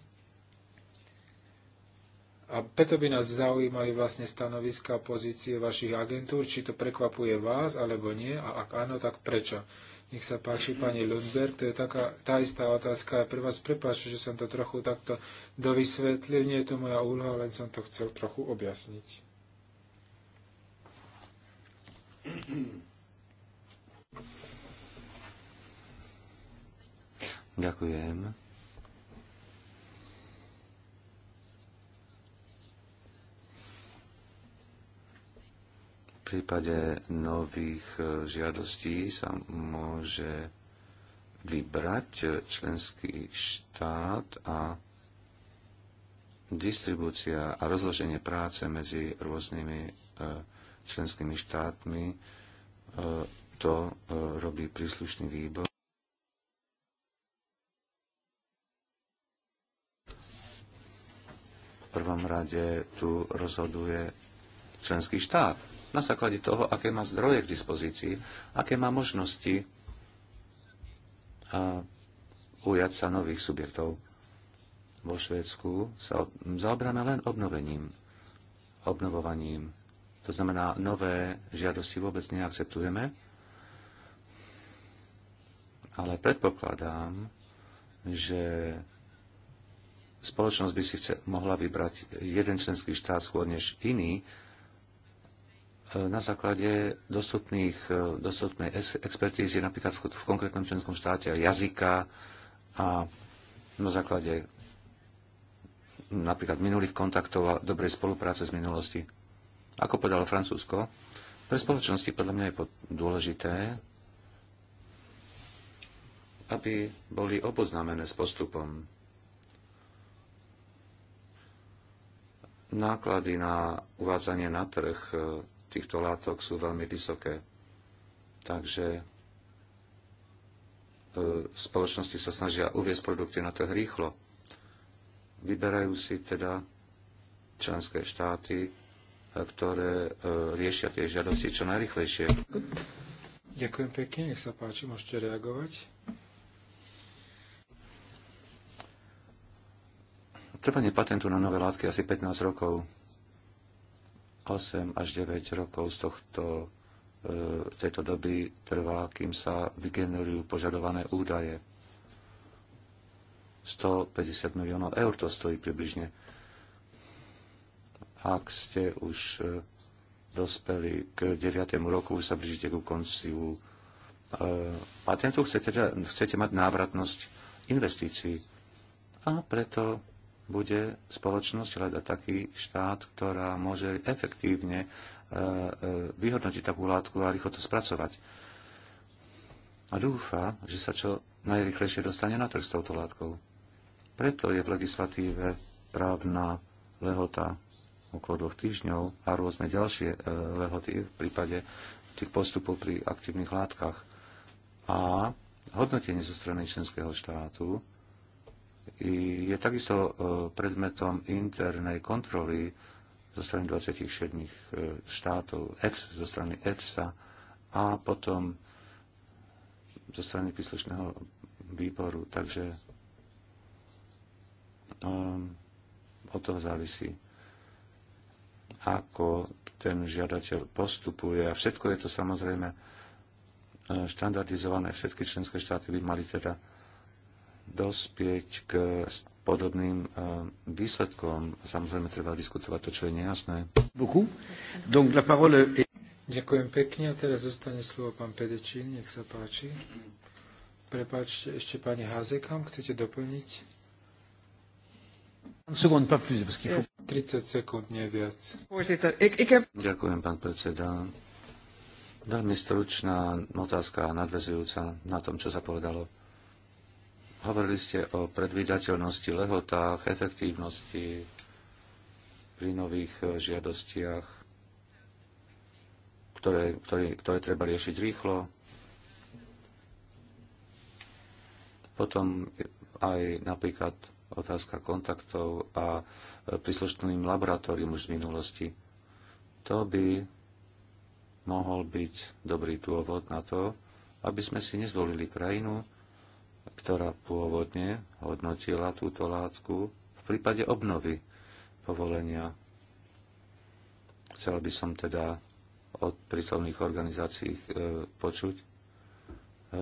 a preto by nás zaujímali vlastne stanoviska a pozície vašich agentúr, či to prekvapuje vás alebo nie, a ak áno, tak prečo. Nech sa páči, mhm. pani Lundberg, to je taká, tá istá otázka aj pre vás. Prepáčte, že som to trochu takto dovysvetlil. Nie je to moja úloha, len som to chcel trochu objasniť. Ďakujem. prípade nových e, žiadostí sa môže vybrať e, členský štát a distribúcia a rozloženie práce medzi rôznymi e, členskými štátmi to robí príslušný výbor. V prvom rade tu rozhoduje členský štát na základe toho, aké má zdroje k dispozícii, aké má možnosti a ujať sa nových subjektov. Vo Švédsku sa zaoberáme len obnovením, obnovovaním. To znamená, nové žiadosti vôbec neakceptujeme, ale predpokladám, že spoločnosť by si chce, mohla vybrať jeden členský štát skôr než iný, na základe dostupných, e, dostupnej expertízy napríklad v, v konkrétnom členskom štáte a jazyka a na základe napríklad minulých kontaktov a dobrej spolupráce z minulosti. Ako povedalo Francúzsko, pre spoločnosti podľa mňa je dôležité, aby boli oboznámené s postupom. Náklady na uvádzanie na trh e, týchto látok sú veľmi vysoké. Takže v e, spoločnosti sa snažia uviezť produkty na trh rýchlo. Vyberajú si teda členské štáty, e, ktoré e, riešia tie žiadosti čo najrychlejšie. Ďakujem pekne, nech sa páči, môžete reagovať. Trvanie patentu na nové látky asi 15 rokov 8 až 9 rokov z tohto, e, tejto doby trvá, kým sa vygenerujú požadované údaje. 150 miliónov eur to stojí približne. Ak ste už e, dospeli k 9. roku, už sa blížite ku konciu patentu, e, chcete, teda, chcete mať návratnosť investícií. A preto bude spoločnosť hľadať taký štát, ktorá môže efektívne e, e, vyhodnotiť takú látku a rýchlo to spracovať. A dúfa, že sa čo najrychlejšie dostane na trh s touto látkou. Preto je v legislatíve právna lehota okolo dvoch týždňov a rôzne ďalšie e, lehoty v prípade tých postupov pri aktívnych látkach. A hodnotenie zo strany členského štátu je takisto e, predmetom internej kontroly zo strany 27 e, štátov, F, zo strany EFSA a potom zo strany príslušného výboru. Takže um, od toho závisí, ako ten žiadateľ postupuje. A všetko je to samozrejme štandardizované. Všetky členské štáty by mali teda dospieť k podobným eh, výsledkom. Samozrejme, treba diskutovať to, čo je nejasné. Ďakujem pekne. A teraz zostane slovo pán Pedečín. Nech sa páči. Prepáčte, ešte pani Hazekam, chcete doplniť? 30 sekúnd, nie viac. Ďakujem, pán predseda. Veľmi stručná otázka nadvezujúca na tom, čo sa povedalo Hovorili ste o predvídateľnosti, lehotách, efektívnosti pri nových eh, žiadostiach, ktoré, ktoré, ktoré treba riešiť rýchlo. Potom aj napríklad otázka kontaktov a eh, príslušným laboratórium už v minulosti. To by mohol byť dobrý dôvod na to, aby sme si nezvolili krajinu, ktorá pôvodne hodnotila túto látku v prípade obnovy povolenia. Chcel by som teda od príslovných organizácií e, počuť, e, e,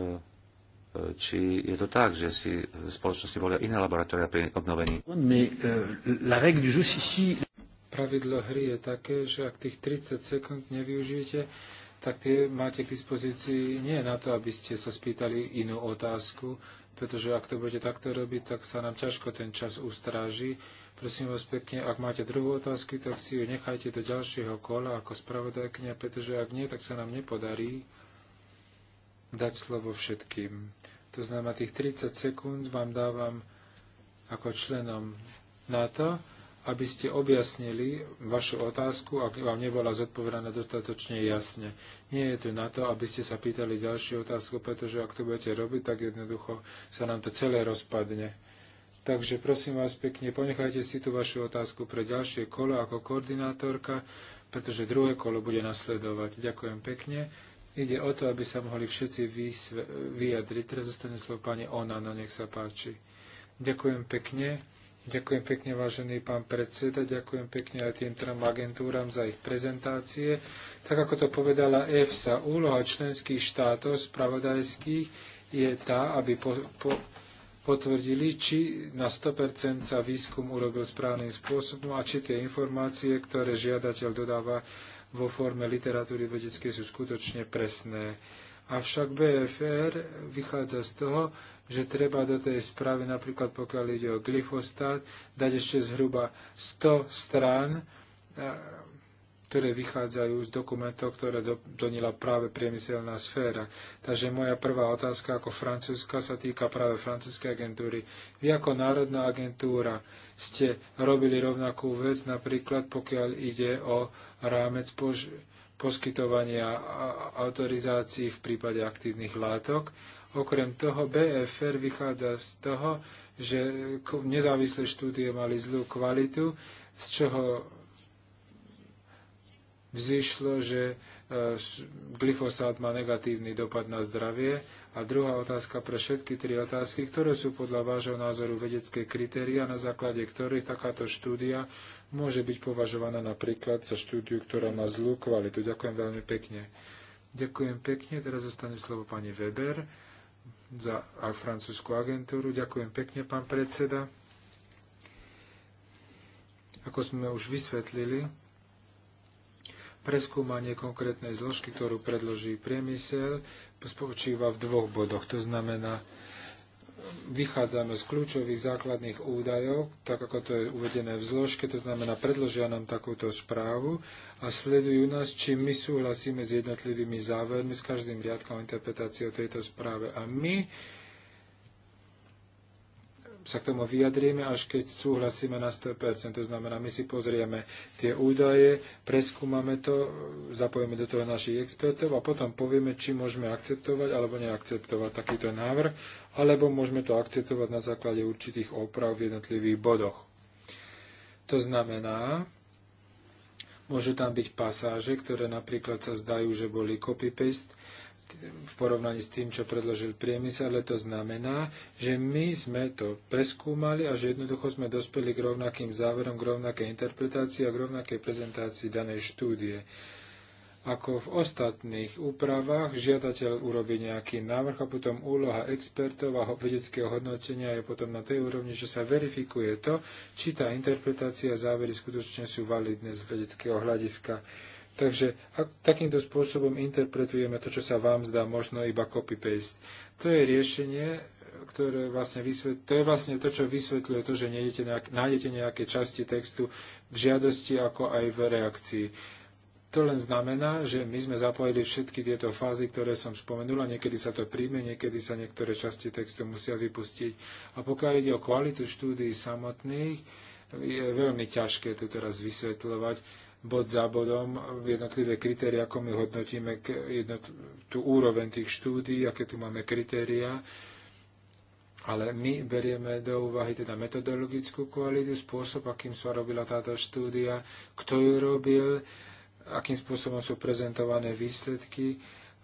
či je to tak, že si spoločnosti volia iné laboratória pri obnovení. Pravidlo hry je také, že ak tých 30 sekúnd nevyužijete, tak tie máte k dispozícii nie na to, aby ste sa spýtali inú otázku, pretože ak to budete takto robiť, tak sa nám ťažko ten čas ustráži. Prosím vás pekne, ak máte druhú otázku, tak si ju nechajte do ďalšieho kola ako spravodajkňa, pretože ak nie, tak sa nám nepodarí dať slovo všetkým. To znamená, tých 30 sekúnd vám dávam ako členom na to, aby ste objasnili vašu otázku, ak vám nebola zodpovedaná dostatočne jasne. Nie je tu na to, aby ste sa pýtali ďalšiu otázku, pretože ak to budete robiť, tak jednoducho sa nám to celé rozpadne. Takže prosím vás pekne, ponechajte si tú vašu otázku pre ďalšie kolo ako koordinátorka, pretože druhé kolo bude nasledovať. Ďakujem pekne. Ide o to, aby sa mohli všetci vyjadriť. Teraz zostane slovo pani Ona, no nech sa páči. Ďakujem pekne. Ďakujem pekne, vážený pán predseda, ďakujem pekne aj tým trom agentúram za ich prezentácie. Tak ako to povedala EFSA, úloha členských štátov spravodajských je tá, aby po, po, potvrdili, či na 100% sa výskum urobil správnym spôsobom a či tie informácie, ktoré žiadateľ dodáva vo forme literatúry vedeckej, sú skutočne presné. Avšak BFR vychádza z toho, že treba do tej správy, napríklad pokiaľ ide o glyfostát, dať ešte zhruba 100 strán, e, ktoré vychádzajú z dokumentov, ktoré donila práve priemyselná sféra. Takže moja prvá otázka ako francúzska sa týka práve francúzskej agentúry. Vy ako národná agentúra ste robili rovnakú vec, napríklad pokiaľ ide o rámec poskytovania autorizácií v prípade aktívnych látok Okrem toho BFR vychádza z toho, že nezávislé štúdie mali zlú kvalitu, z čoho vzýšlo, že e, glyfosát má negatívny dopad na zdravie. A druhá otázka pre všetky tri otázky, ktoré sú podľa vášho názoru vedecké kritéria, na základe ktorých takáto štúdia môže byť považovaná napríklad za štúdiu, ktorá má zlú kvalitu. Ďakujem veľmi pekne. Ďakujem pekne. Teraz zostane slovo pani Weber za francúzsku agentúru. Ďakujem pekne, pán predseda. Ako sme už vysvetlili, preskúmanie konkrétnej zložky, ktorú predloží priemysel, spočíva v dvoch bodoch. To znamená, vychádzame z kľúčových základných údajov, tak ako to je uvedené v zložke, to znamená predložia nám takúto správu a sledujú nás, či my súhlasíme s jednotlivými závermi, s každým riadkom interpretáciou tejto správe. A my sa k tomu vyjadríme, až keď súhlasíme na 100%. To znamená, my si pozrieme tie údaje, preskúmame to, zapojíme do toho našich expertov a potom povieme, či môžeme akceptovať alebo neakceptovať takýto návrh, alebo môžeme to akceptovať na základe určitých oprav v jednotlivých bodoch. To znamená, môžu tam byť pasáže, ktoré napríklad sa zdajú, že boli copy-paste, v porovnaní s tým, čo predložil priemysel, ale to znamená, že my sme to preskúmali a že jednoducho sme dospeli k rovnakým záverom, k rovnakej interpretácii a k rovnakej prezentácii danej štúdie. Ako v ostatných úpravách, žiadateľ urobí nejaký návrh a potom úloha expertov a vedeckého hodnotenia je potom na tej úrovni, že sa verifikuje to, či tá interpretácia a závery skutočne sú validné z vedeckého hľadiska. Takže ak, takýmto spôsobom interpretujeme to, čo sa vám zdá možno iba copy-paste. To je riešenie, ktoré vlastne vysvetľuje, to je vlastne to, čo vysvetľuje to, že nejdete nejak, nájdete nejaké časti textu v žiadosti ako aj v reakcii. To len znamená, že my sme zapojili všetky tieto fázy, ktoré som spomenula. Niekedy sa to príjme, niekedy sa niektoré časti textu musia vypustiť. A pokiaľ ide o kvalitu štúdií samotných, je veľmi ťažké to teraz vysvetľovať, bod za bodom jednotlivé kritéria, ako my hodnotíme jednot, tú úroveň tých štúdí, aké tu máme kritéria, ale my berieme do úvahy teda metodologickú kvalitu, spôsob, akým sa robila táto štúdia, kto ju robil, akým spôsobom sú prezentované výsledky,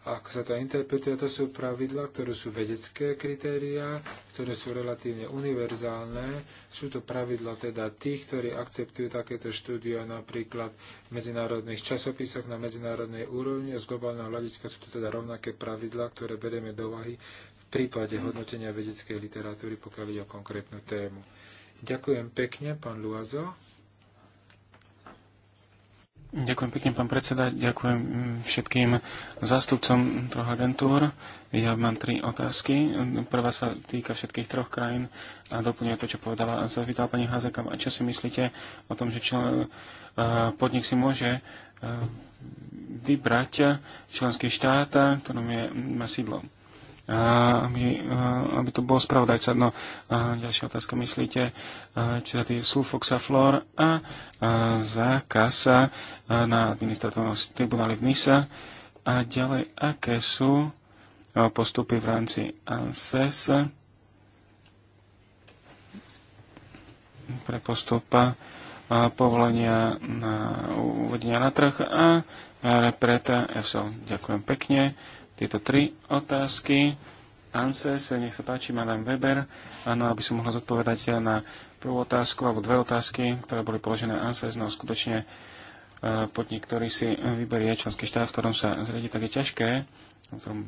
ako sa to interpretuje, to sú pravidla, ktoré sú vedecké kritériá, ktoré sú relatívne univerzálne. Sú to pravidla teda tých, ktorí akceptujú takéto štúdio napríklad v medzinárodných časopisoch na medzinárodnej úrovni. Z globálneho hľadiska sú to teda rovnaké pravidla, ktoré berieme do vahy v prípade hodnotenia vedeckej literatúry, pokiaľ ide o konkrétnu tému. Ďakujem pekne, pán Luazo. Ďakujem pekne, pán predseda. Ďakujem všetkým zástupcom troch agentúr. Ja mám tri otázky. Prvá sa týka všetkých troch krajín a doplňuje to, čo povedala Zavitala pani Hazeka, A čo si myslíte o tom, že člen, e, podnik si môže e, vybrať členský štát, ktorom je, má sídlo? aby, aby to bol spravodajca. No, ďalšia otázka, myslíte, či za tý sulfoxaflor a zákaz na administratívnom tribunáli v NISA a ďalej, aké sú postupy v rámci ANSES pre postupa povolenia na uvedenia na trh a repreta EFSO. Ďakujem pekne tieto tri otázky. ANSES, nech sa páči, Madame Weber. Áno, aby som mohla zodpovedať na prvú otázku, alebo dve otázky, ktoré boli položené ANSES, no skutočne e, podnik, ktorý si vyberie členský štát, v ktorom sa zriadi, také ťažké, v ktorom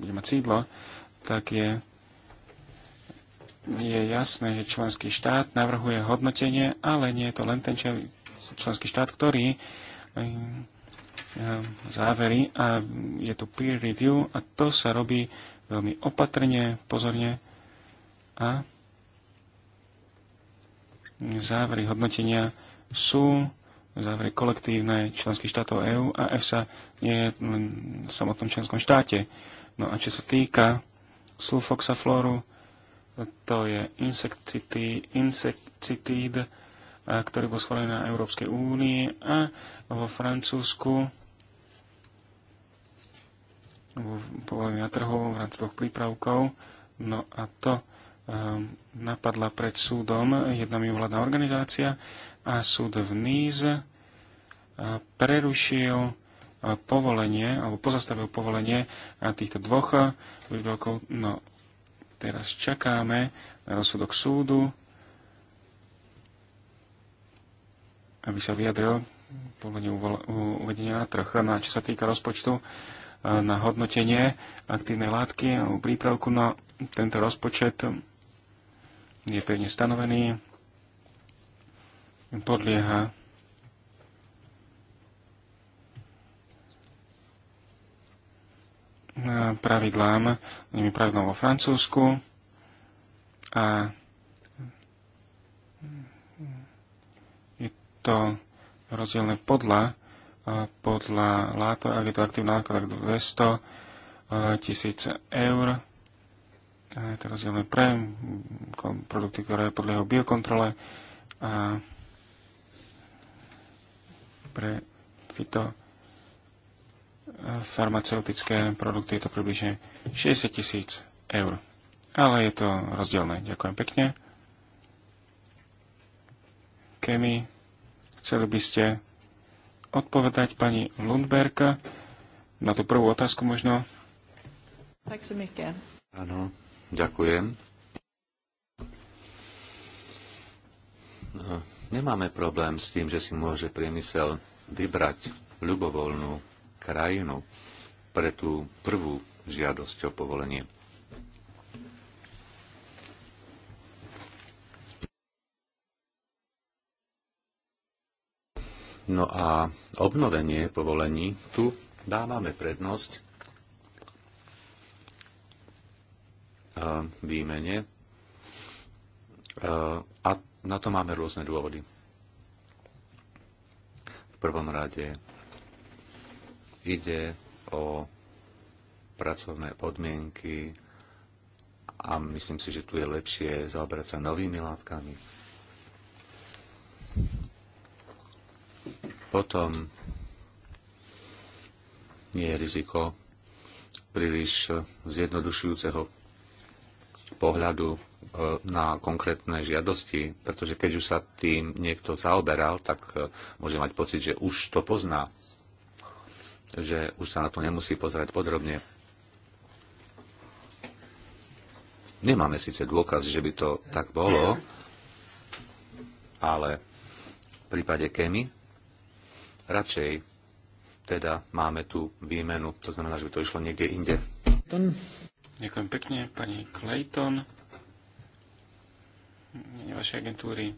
bude mať sídlo, tak je, je jasné, že členský štát navrhuje hodnotenie, ale nie je to len ten členský štát, ktorý e, E, závery a je tu peer review a to sa robí veľmi opatrne, pozorne a závery hodnotenia sú závery kolektívne členských štátov EÚ a EFSA nie je len v samotnom členskom štáte. No a čo sa týka sulfoxaflóru, to je insekticíd, ktorý bol schválený na Európskej únii a vo Francúzsku povolenia na trhu v rámci dvoch prípravkov. No a to ehm, napadla pred súdom jedna mimovládna organizácia a súd v Níze prerušil e, povolenie, alebo pozastavil povolenie e, týchto dvoch e, výrokov. No, teraz čakáme na rozsudok súdu, aby sa vyjadril povolenie uvedenia na trh. No a čo sa týka rozpočtu, na hodnotenie aktívnej látky alebo prípravku. na tento rozpočet je pevne stanovený, podlieha pravidlám, nimi pravidlám vo Francúzsku a je to rozdielne podľa podľa láto, ak je to aktívna látka, tak 200 e, tisíc eur. A je to rozdielne pre produkty, ktoré jeho biokontrole a pre fito e, farmaceutické produkty je to približne 60 tisíc eur. Ale je to rozdielne. Ďakujem pekne. Kemi, chceli by ste odpovedať pani Lundberg na tú prvú otázku možno. Tak Áno, ďakujem. No, nemáme problém s tým, že si môže priemysel vybrať ľubovoľnú krajinu pre tú prvú žiadosť o povolenie. No a obnovenie povolení, tu dávame prednosť eh, výmene eh, a na to máme rôzne dôvody. V prvom rade ide o pracovné podmienky a myslím si, že tu je lepšie zaoberať sa novými látkami, Potom nie je riziko príliš zjednodušujúceho pohľadu e, na konkrétne žiadosti, pretože keď už sa tým niekto zaoberal, tak e, môže mať pocit, že už to pozná, že už sa na to nemusí pozerať podrobne. Nemáme síce dôkaz, že by to tak bolo, ale v prípade Kemy Radšej teda máme tú výmenu, to znamená, že by to išlo niekde inde. Ďakujem pekne, pani Clayton. Vašej agentúry.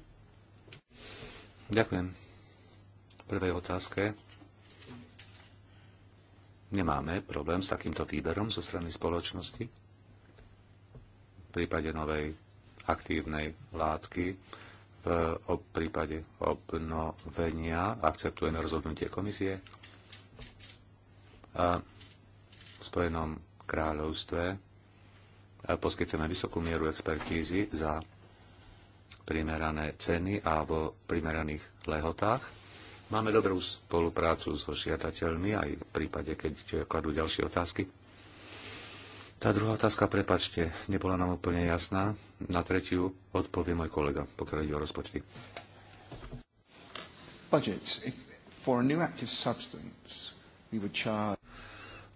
Ďakujem. V prvej otázke. Nemáme problém s takýmto výberom zo strany spoločnosti v prípade novej aktívnej látky v prípade obnovenia akceptujeme rozhodnutie komisie a v Spojenom kráľovstve poskytujeme vysokú mieru expertízy za primerané ceny a vo primeraných lehotách. Máme dobrú spoluprácu so žiadateľmi aj v prípade, keď kladú ďalšie otázky. Tá druhá otázka, prepačte, nebola nám úplne jasná. Na tretiu odpovie môj kolega, pokiaľ ide o rozpočty.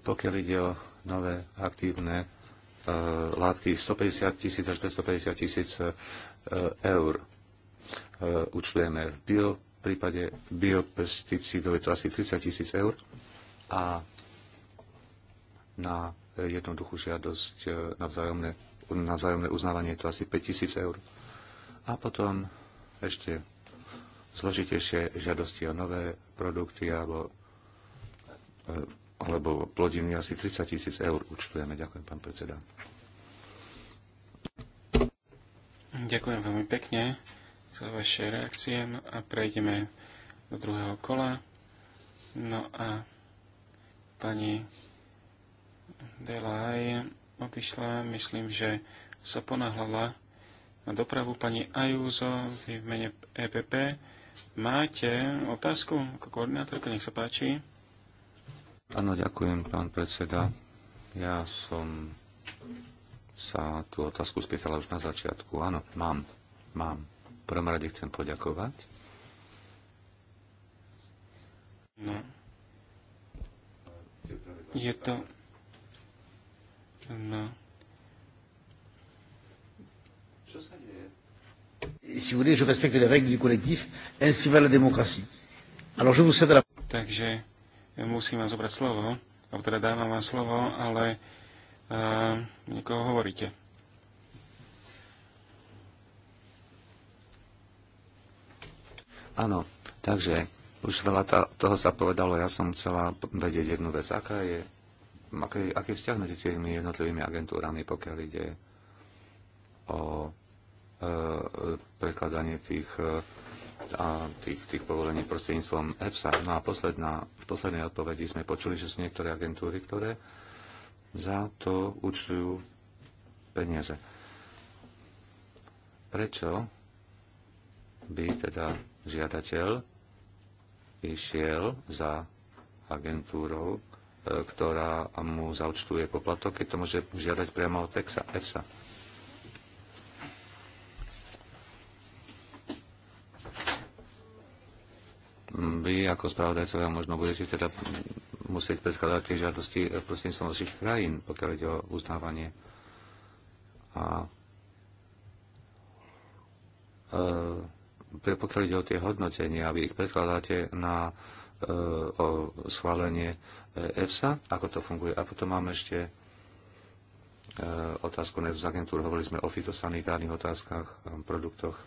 Pokiaľ ide o nové aktívne uh, látky, 150 tisíc až 550 tisíc uh, eur uh, eh, učujeme v bio, v prípade biopesticidov je to asi 30 tisíc eur a na jednoduchú žiadosť e, na vzájomné, na vzájomné uznávanie, to asi 5000 eur. A potom ešte zložitejšie žiadosti o nové produkty alebo, e, alebo plodiny asi 30 tisíc eur účtujeme. Ďakujem, pán predseda. Ďakujem veľmi pekne za vaše reakcie no a prejdeme do druhého kola. No a pani Delaj odišla, myslím, že sa ponáhľala na dopravu pani Ajúzo v mene EPP. Máte otázku ako koordinátorka? Nech sa páči. Áno, ďakujem, pán predseda. Ja som sa tú otázku spýtala už na začiatku. Áno, mám, mám. V prvom rade chcem poďakovať. No. Je to No. Čo sa deje? Si voulez, je respecte les règles du collectif, ainsi va la démocratie. Alors je vous cède la... Takže musím vám zobrať slovo, alebo teda dávam vám slovo, ale uh, niekoho hovoríte. Áno, takže už veľa toho sa povedalo, ja som chcela vedieť jednu vec. Aká je aký, aký vzťah medzi tými jednotlivými agentúrami, pokiaľ ide o e, prekladanie tých, e, tých, tých povolení prostredníctvom EFSA. No a posledná, v poslednej odpovedi sme počuli, že sú niektoré agentúry, ktoré za to účtujú peniaze. Prečo by teda žiadateľ išiel za agentúrou, E, ktorá mu zaučtuje poplatok, keď to môže žiadať priamo od EFSA. Vy ako spravodajcovia možno budete teda musieť predkladať tie žiadosti prostredníctvom našich krajín, pokiaľ ide o uznávanie. A e, pokiaľ ide o tie hodnotenia, vy ich predkladáte na Eh, o schválenie eh, EFSA, ako to funguje. A potom máme ešte eh, otázku na EFSA agentúru. Hovorili sme o fitosanitárnych otázkach, produktoch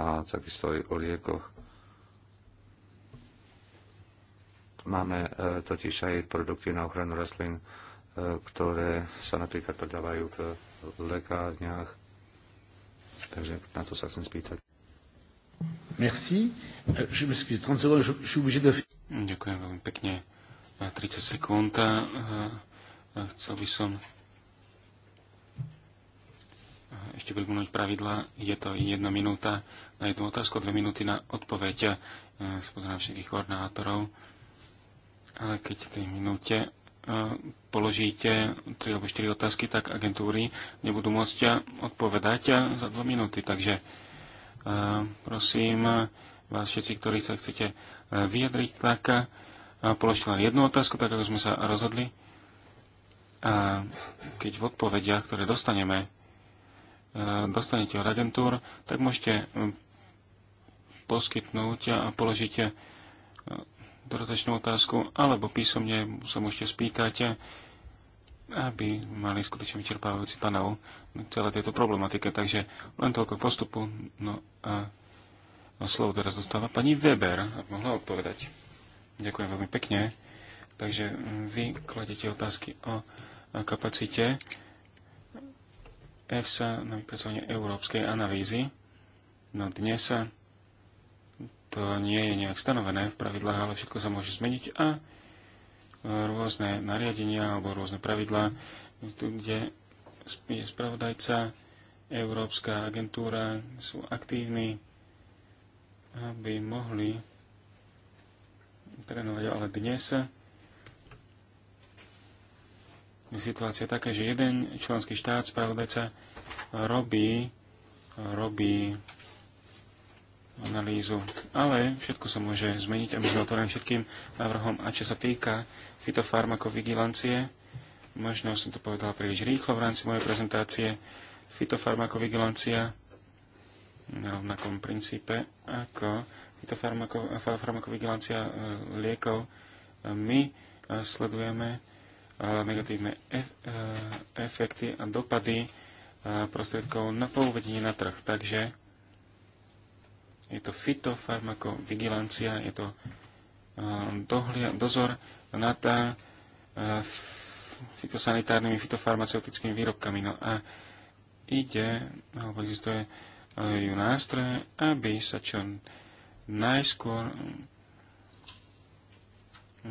a takisto aj o liekoch. Máme totiž aj produkty na ochranu rastlín, ktoré sa napríklad predávajú v lekárniach. Takže na to sa chcem spýtať. Merci. Euh, je m'excuse, 30 secondes, je, je suis obligé de... Ďakujem veľmi pekne. 30 sekúnd. Chcel by som ešte pripomenúť pravidla. Je to jedna minúta na jednu otázku, dve minúty na odpoveď. Spozorám všetkých koordinátorov. Ale keď v tej minúte položíte 3 alebo 4 otázky, tak agentúry nebudú môcť odpovedať za dve minúty. Takže prosím vás všetci, ktorí sa chcete e, vyjadriť, tak e, položte len jednu otázku, tak ako sme sa rozhodli. A keď v odpovediach, ktoré dostaneme, e, dostanete od agentúr, tak môžete poskytnúť a položiť dodatočnú otázku, alebo písomne sa môžete spýtať aby mali skutočne vyčerpávajúci panel celé tejto problematike. Takže len toľko postupu. No a slovo teraz dostáva pani Weber, aby mohla odpovedať. Ďakujem veľmi pekne. Takže mm, vy kladete otázky o kapacite EFSA na vypracovanie európskej analýzy. No dnes sa to nie je nejak stanovené v pravidlách, ale všetko sa môže zmeniť a rôzne nariadenia alebo rôzne pravidlá, kde je spravodajca, Európska agentúra sú aktívni, aby mohli trénovať, ale dnes je situácia taká, že jeden členský štát, spravodajca, robí, robí analýzu. Ale všetko sa môže zmeniť a my sme otvorení všetkým návrhom. A čo sa týka fitofarmakovigilancie, možno som to povedal príliš rýchlo v rámci mojej prezentácie, fitofarmakovigilancia na rovnakom princípe ako fitofarmakovigilancia e, liekov. E, my e, sledujeme negatívne efekty a dopady prostriedkov na pouvedenie na trh. Takže je to fitofarmakovigilancia, je to ehm, dohlia, dozor nad eh, fitosanitárnymi, fitofarmaceutickými výrobkami. No a ide, alebo existuje eh, ju nástroje, aby sa čo najskôr mm,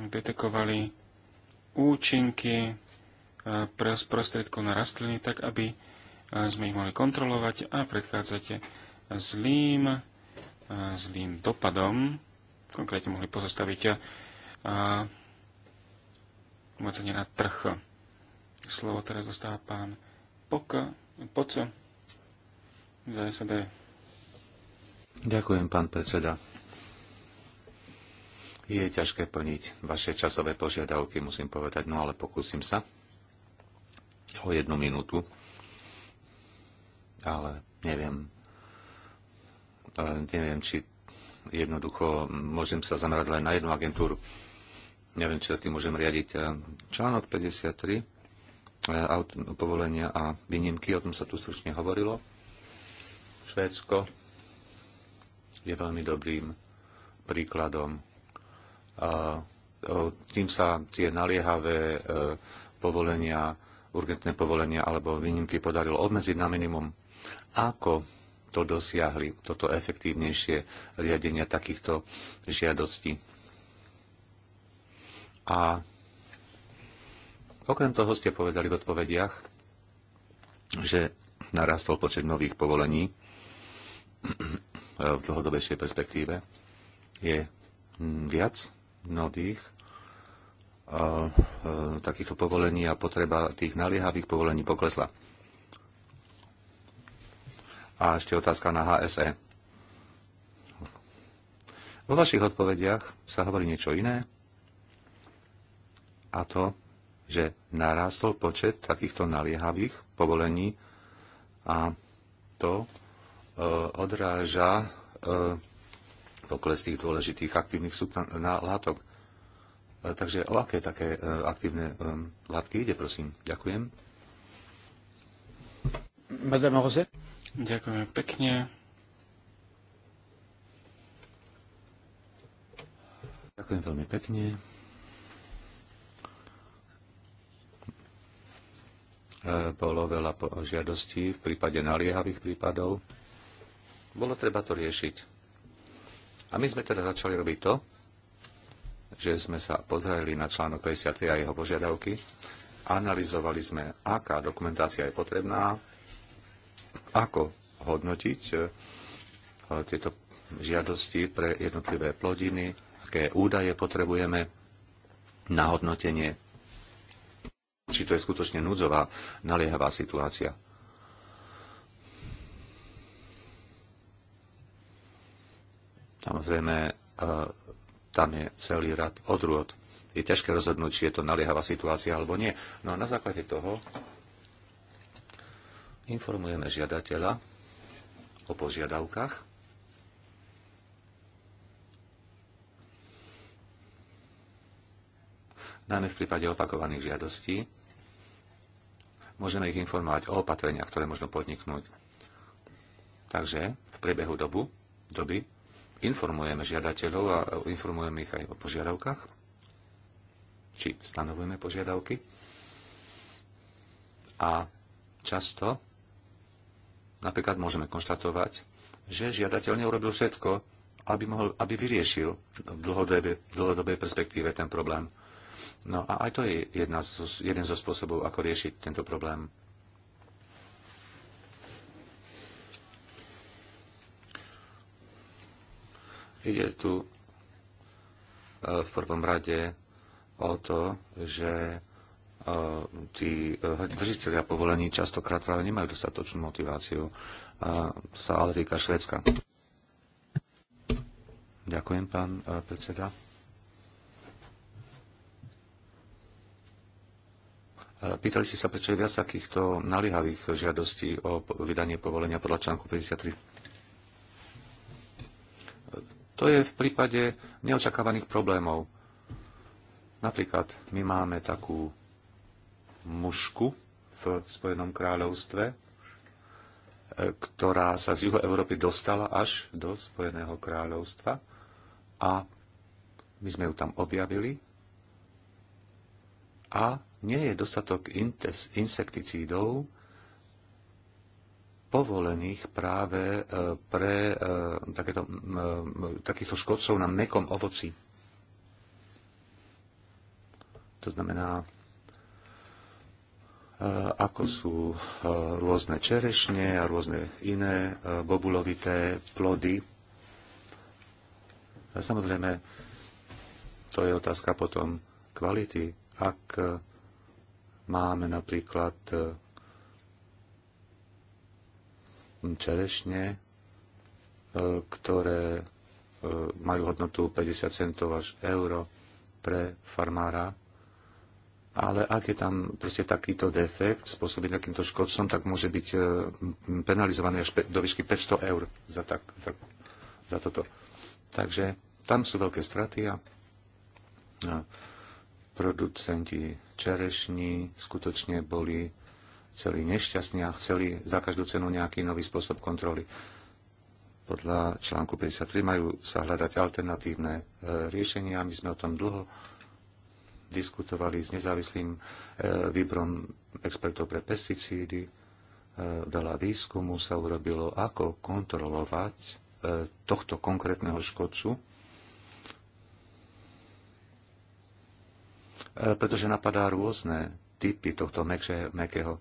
detekovali účinky eh, pre prostriedkov na rastliny, tak aby sme ich mohli kontrolovať a predchádzate zlým zlým dopadom, konkrétne mohli pozastaviť umocenie na trh. Slovo teraz dostáva pán Pok, Poc za SB. Ďakujem, pán predseda. Je ťažké plniť vaše časové požiadavky, musím povedať, no ale pokúsim sa o jednu minútu. Ale neviem, neviem, či jednoducho môžem sa zamerať len na jednu agentúru. Neviem, či sa tým môžem riadiť. Článok 53 e, aut, povolenia a výnimky, o tom sa tu stručne hovorilo. Švédsko je veľmi dobrým príkladom. E, tým sa tie naliehavé e, povolenia, urgentné povolenia alebo výnimky podarilo obmedziť na minimum. Ako to dosiahli, toto efektívnejšie riadenia takýchto žiadostí. A okrem toho ste povedali v odpovediach, že narastol počet nových povolení v dlhodobejšej perspektíve. Je viac nových eh, eh, takýchto povolení a potreba tých naliehavých povolení poklesla. A ešte otázka na HSE. Vo vašich odpovediach sa hovorí niečo iné, a to, že narástol počet takýchto naliehavých povolení a to e, odráža e, pokles tých dôležitých aktívnych látok. E, takže o aké také e, aktívne e, látky ide, prosím? Ďakujem. Madame Rosette? Ďakujem pekne. Ďakujem veľmi pekne. E, bolo veľa žiadostí v prípade naliehavých prípadov. Bolo treba to riešiť. A my sme teda začali robiť to, že sme sa pozreli na článok 53 a jeho požiadavky. Analizovali sme, aká dokumentácia je potrebná, ako hodnotiť e, e, tieto žiadosti pre jednotlivé plodiny, aké údaje potrebujeme na hodnotenie, či to je skutočne núdzová, naliehavá situácia. Samozrejme, e, tam je celý rad odrôd. Je ťažké rozhodnúť, či je to naliehavá situácia alebo nie. No a na základe toho informujeme žiadateľa o požiadavkách najmä v prípade opakovaných žiadostí. Môžeme ich informovať o opatreniach, ktoré možno podniknúť. Takže v priebehu dobu, doby informujeme žiadateľov a informujeme ich aj o požiadavkách, či stanovujeme požiadavky. A často Napríklad môžeme konštatovať, že žiadateľ neurobil všetko, aby, mohol, aby vyriešil v dlhodobej, dlhodobej perspektíve ten problém. No a aj to je jedna z, jeden zo spôsobov, ako riešiť tento problém. Ide tu eh, v prvom rade o to, že tí eh, držiteľia povolení častokrát práve nemajú dostatočnú motiváciu. A to sa ale týka Švedska. Ďakujem, pán eh, predseda. Eh, pýtali ste sa, prečo je viac takýchto naliehavých žiadostí o vydanie povolenia podľa článku 53. To je v prípade neočakávaných problémov. Napríklad my máme takú Mušku v Spojenom kráľovstve, e, ktorá sa z juhu Európy dostala až do Spojeného kráľovstva a my sme ju tam objavili a nie je dostatok insekticídov povolených práve e, pre e, takéto, takýchto škodcov na mekom ovoci. To znamená, Eh, ako sú eh, rôzne čerešne a rôzne iné eh, bobulovité plody. A samozrejme, to je otázka potom kvality. Ak máme napríklad čerešne, ktoré majú hodnotu 50 centov až euro pre farmára, ale ak je tam proste takýto defekt spôsobený takýmto škodcom, tak môže byť e, penalizovaný až do výšky 500 eur za, tak, tak, za toto. Takže tam sú veľké straty a producenti čerešní skutočne boli celí nešťastní a chceli za každú cenu nejaký nový spôsob kontroly. Podľa článku 53 majú sa hľadať alternatívne e, riešenia. My sme o tom dlho diskutovali s nezávislým e, výborom expertov pre pesticídy. E, veľa výskumu sa urobilo, ako kontrolovať e, tohto konkrétneho škodcu, pretože napadá rôzne typy tohto mekého,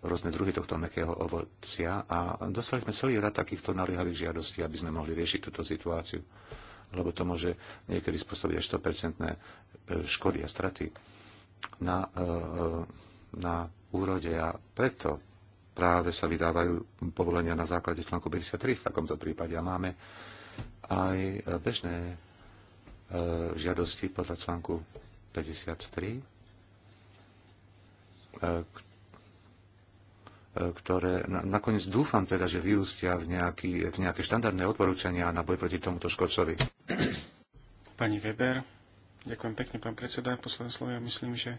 rôzne druhy tohto mekého ovocia a dostali sme celý rad takýchto naliehavých žiadostí, aby sme mohli riešiť túto situáciu lebo to môže niekedy spôsobiť až 100% e, škody a straty na, e, e, na úrode a preto práve sa vydávajú povolenia na základe článku 53 v takomto prípade a máme aj bežné žiadosti podľa článku 53, ktoré na, nakoniec dúfam teda, že vyústia v, nejaký, v nejaké štandardné odporúčania na boj proti tomuto škodcovi. Pani Weber, ďakujem pekne, pán predseda. Posledné slovo, ja myslím, že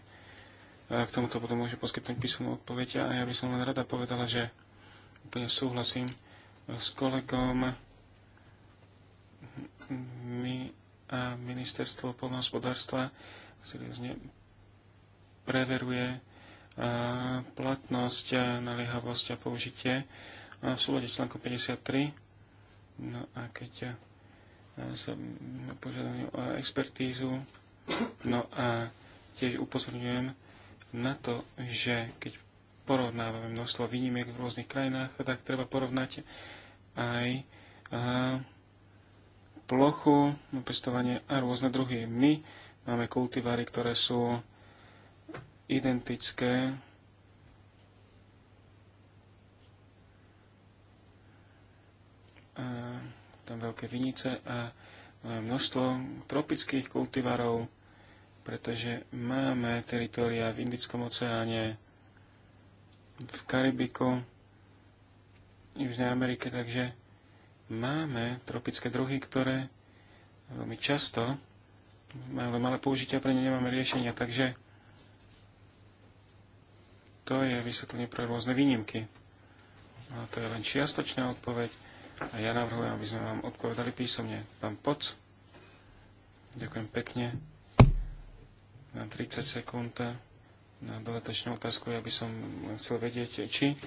e, k tomuto potom môže poskytnúť písomnú odpoveď a ja by som len rada povedala, že úplne súhlasím e, s kolegom. My a ministerstvo poľnohospodárstva seriózne preveruje platnosť, naliehavosť a použitie v súlade článku 53. No a keď sa požiadam o expertízu, no a tiež upozorňujem na to, že keď porovnávame množstvo výnimiek v rôznych krajinách, tak treba porovnať aj plochu, pestovanie a rôzne druhy. My máme kultivary, ktoré sú identické tam veľké vinice a množstvo tropických kultivarov, pretože máme teritoria v Indickom oceáne, v Karibiku, v Južnej Amerike, takže máme tropické druhy, ktoré veľmi často majú malé použitia, pre ne nemáme riešenia, takže to je vysvetlenie pre rôzne výnimky. A to je len čiastočná odpoveď a ja navrhujem, aby sme vám odpovedali písomne. Pán Poc, ďakujem pekne. Na 30 sekúnd na dodatočnú otázku, ja by som chcel vedieť, či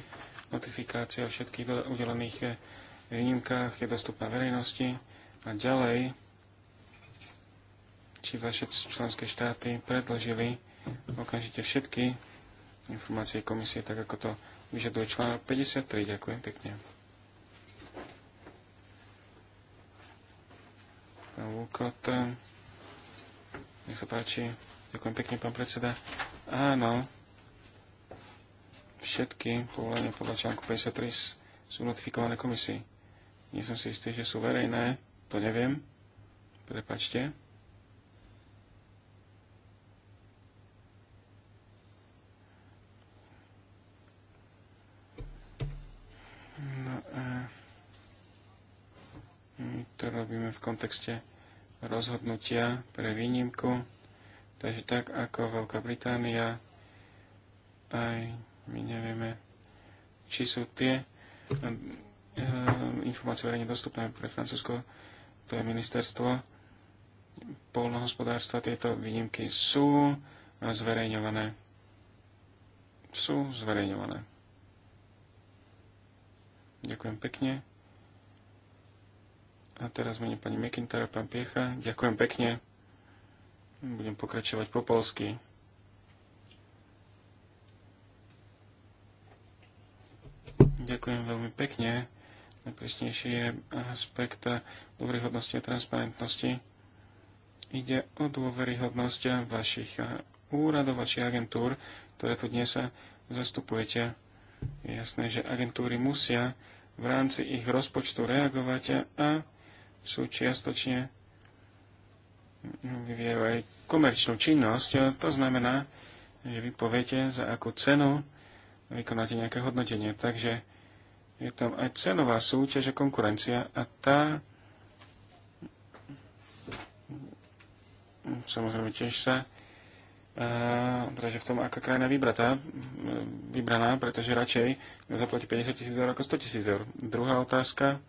notifikácia o všetkých udelených výnimkách je dostupná verejnosti a ďalej, či vaše členské štáty predložili okamžite všetky informácie komisie, tak ako to vyžaduje článok 53. Ďakujem pekne. Pán Vukot, nech sa páči. Ďakujem pekne, pán predseda. Áno, všetky povolenia podľa článku 53 sú notifikované komisii. Nie som si istý, že sú verejné, to neviem. Prepačte. Hm, to robíme v kontexte rozhodnutia pre výnimku. Takže tak ako Veľká Británia, aj my nevieme, či sú tie hm, hm, informácie verejne dostupné pre Francúzsko, to je ministerstvo polnohospodárstva, tieto výnimky sú zverejňované. Sú zverejňované. Ďakujem pekne. A teraz mene pani McIntyre, pán Piecha. Ďakujem pekne. Budem pokračovať po polsky. Ďakujem veľmi pekne. Najpresnejšie je aspekt hodnosti a transparentnosti. Ide o dôveryhodnosť vašich úradov, vašich agentúr, ktoré tu dnes zastupujete. Je jasné, že agentúry musia v rámci ich rozpočtu reagovať a sú čiastočne vyvíjajú aj komerčnú činnosť. To znamená, že vy poviete, za akú cenu vykonáte nejaké hodnotenie. Takže je tam aj cenová súťaž a konkurencia a tá samozrejme tiež sa takže teda, v tom, aká krajina vybratá, vybraná, pretože radšej zaplatí 50 tisíc eur ako 100 tisíc eur. Druhá otázka.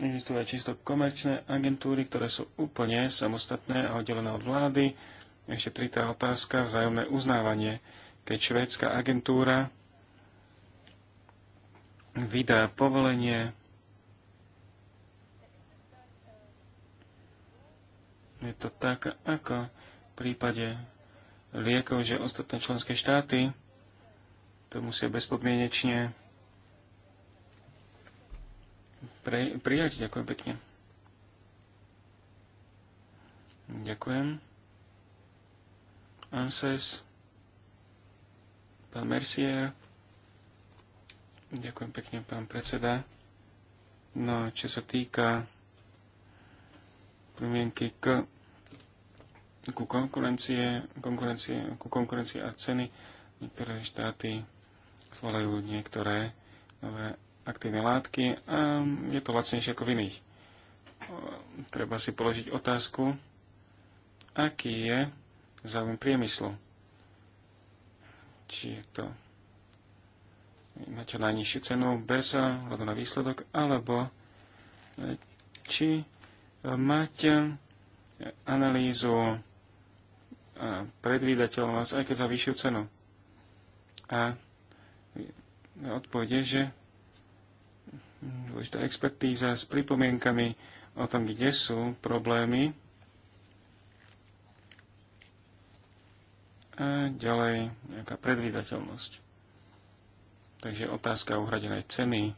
Existujú aj čisto komerčné agentúry, ktoré sú úplne samostatné a oddelené od vlády. Ešte tretá otázka, vzájomné uznávanie. Keď švédska agentúra vydá povolenie je to tak, ako prípade liekov, že ostatné členské štáty to musia bezpodmienečne pre, prijať. Ďakujem pekne. Ďakujem. ANSES, pán Mercier, ďakujem pekne, pán predseda. No, čo sa týka promienky k ku konkurencie, konkurencie, ku konkurencie a ceny. Niektoré štáty zvolajú niektoré nové aktívne látky a je to lacnejšie ako v iných. Treba si položiť otázku, aký je záujem priemyslu. Či je to na čo najnižšiu cenu bez hľadu na výsledok, alebo či mať analýzu predvídateľnosť, aj keď za vyššiu cenu. A odpovede, že dôležitá expertíza s pripomienkami o tom, kde sú problémy. A ďalej nejaká predvídateľnosť. Takže otázka uhradenej ceny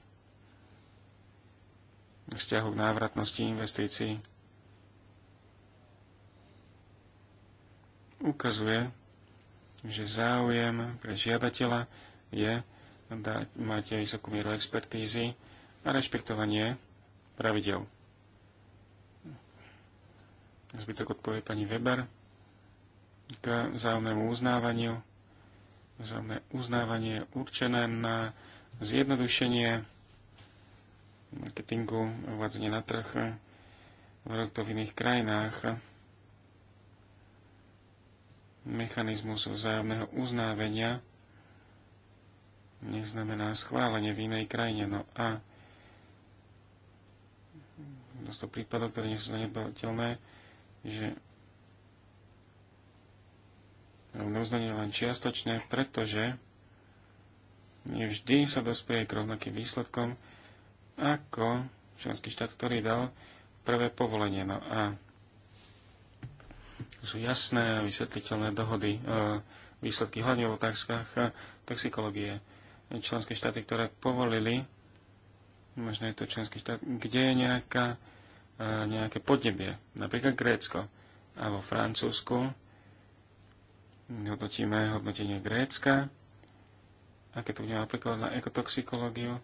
vzťahu k návratnosti investícií ukazuje, že záujem pre žiadateľa je dať, mať vysokú mieru expertízy a rešpektovanie pravidel. Zbytok odpovie pani Weber k vzájomnému uznávaniu. Vzájomné uznávanie je určené na zjednodušenie marketingu, uvádzanie na trh produktov v iných krajinách mechanizmus vzájomného uznávenia neznamená schválenie v inej krajine. No a dosť prípadov, ktoré nie sú zanedbateľné, že rovné uznanie len čiastočné, pretože nevždy sa dospieje k rovnakým výsledkom ako členský štát, ktorý dal prvé povolenie. No a sú jasné a vysvetliteľné dohody, e, výsledky hlavne v otázkach e, toxikológie. Členské štáty, ktoré povolili, možno je to členský štát, kde je nejaká, e, nejaké podnebie, napríklad Grécko a vo Francúzsku hodnotíme hodnotenie Grécka, aké to budeme aplikovať na ekotoxikológiu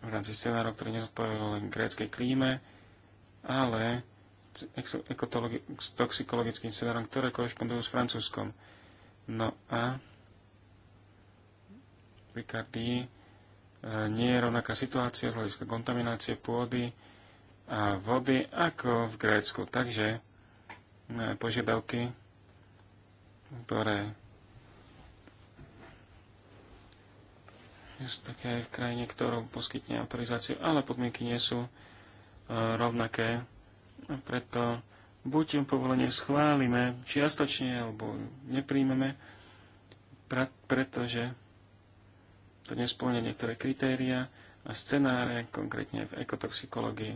v rámci scenárov, ktorý nezodpovedal len gréckej klíme, ale toxikologickým scenárom, ktoré korešpondujú s Francúzskom. No a v Ricardii e, nie je rovnaká situácia z hľadiska kontaminácie pôdy a vody ako v Grécku. Takže e, požiadavky, ktoré sú také v krajine, ktorú poskytne autorizáciu, ale podmienky nie sú e, rovnaké a preto buď povolenie schválime čiastočne, alebo nepríjmeme, pretože to nesplňuje niektoré kritéria a scenáre, konkrétne v ekotoxikológii.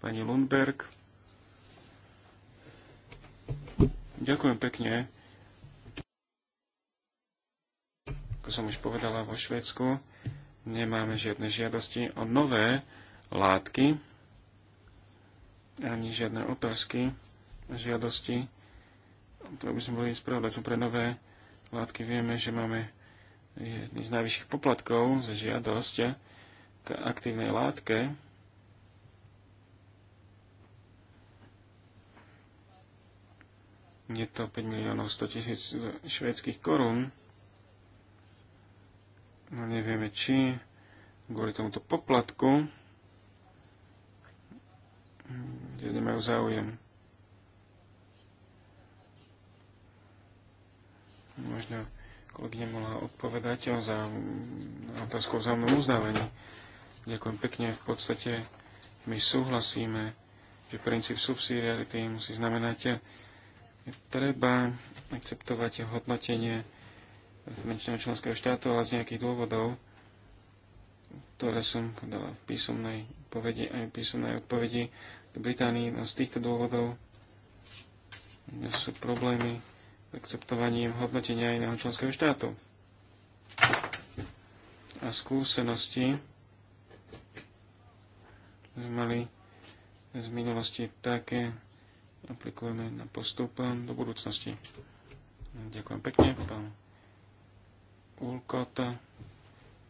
Pani Lundberg. Ďakujem pekne. Ako som už povedala vo Švedsku, nemáme žiadne žiadosti o nové látky, ani žiadne otázky, žiadosti, to by sme boli spravodajcom pre nové látky. Vieme, že máme jedný z najvyšších poplatkov za žiadosť k aktívnej látke. Je to 5 miliónov 100 tisíc švedských korún. No nevieme, či kvôli tomuto poplatku kde nemajú záujem. Možno kolegyňa mohla odpovedať za otázku o vzájomnom uznávaní. Ďakujem pekne. V podstate my súhlasíme, že princíp subsidiarity musí znamenať, treba akceptovať hodnotenie v členského štátu, ale z nejakých dôvodov, ktoré som dala v písomnej povedi, aj v písomnej odpovedi v Británii, no z týchto dôvodov sú problémy s akceptovaním hodnotenia iného členského štátu a skúsenosti sme mali z minulosti také aplikujeme na postup um, do budúcnosti. Ďakujem pekne, pán Ulkota.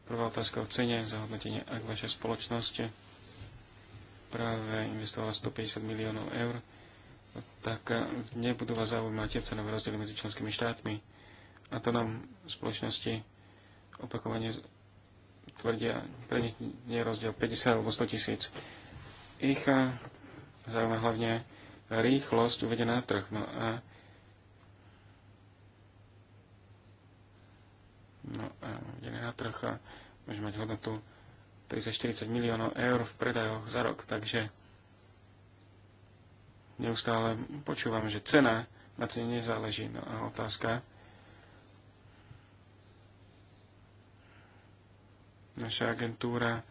Prvá otázka o cene za hodnotenie, ak vaše spoločnosti. práve investovala 150 miliónov eur, tak nebudú vás zaujímať cenové rozdiely medzi členskými štátmi. A to nám spoločnosti opakovane tvrdia, pre nich nie je rozdiel 50 alebo 100 tisíc. Ich zaujíma hlavne rýchlosť uvedená na trh. No a no, na trh môže mať hodnotu 30-40 miliónov eur v predajoch za rok, takže neustále počúvam, že cena na cene nezáleží. No a otázka naša agentúra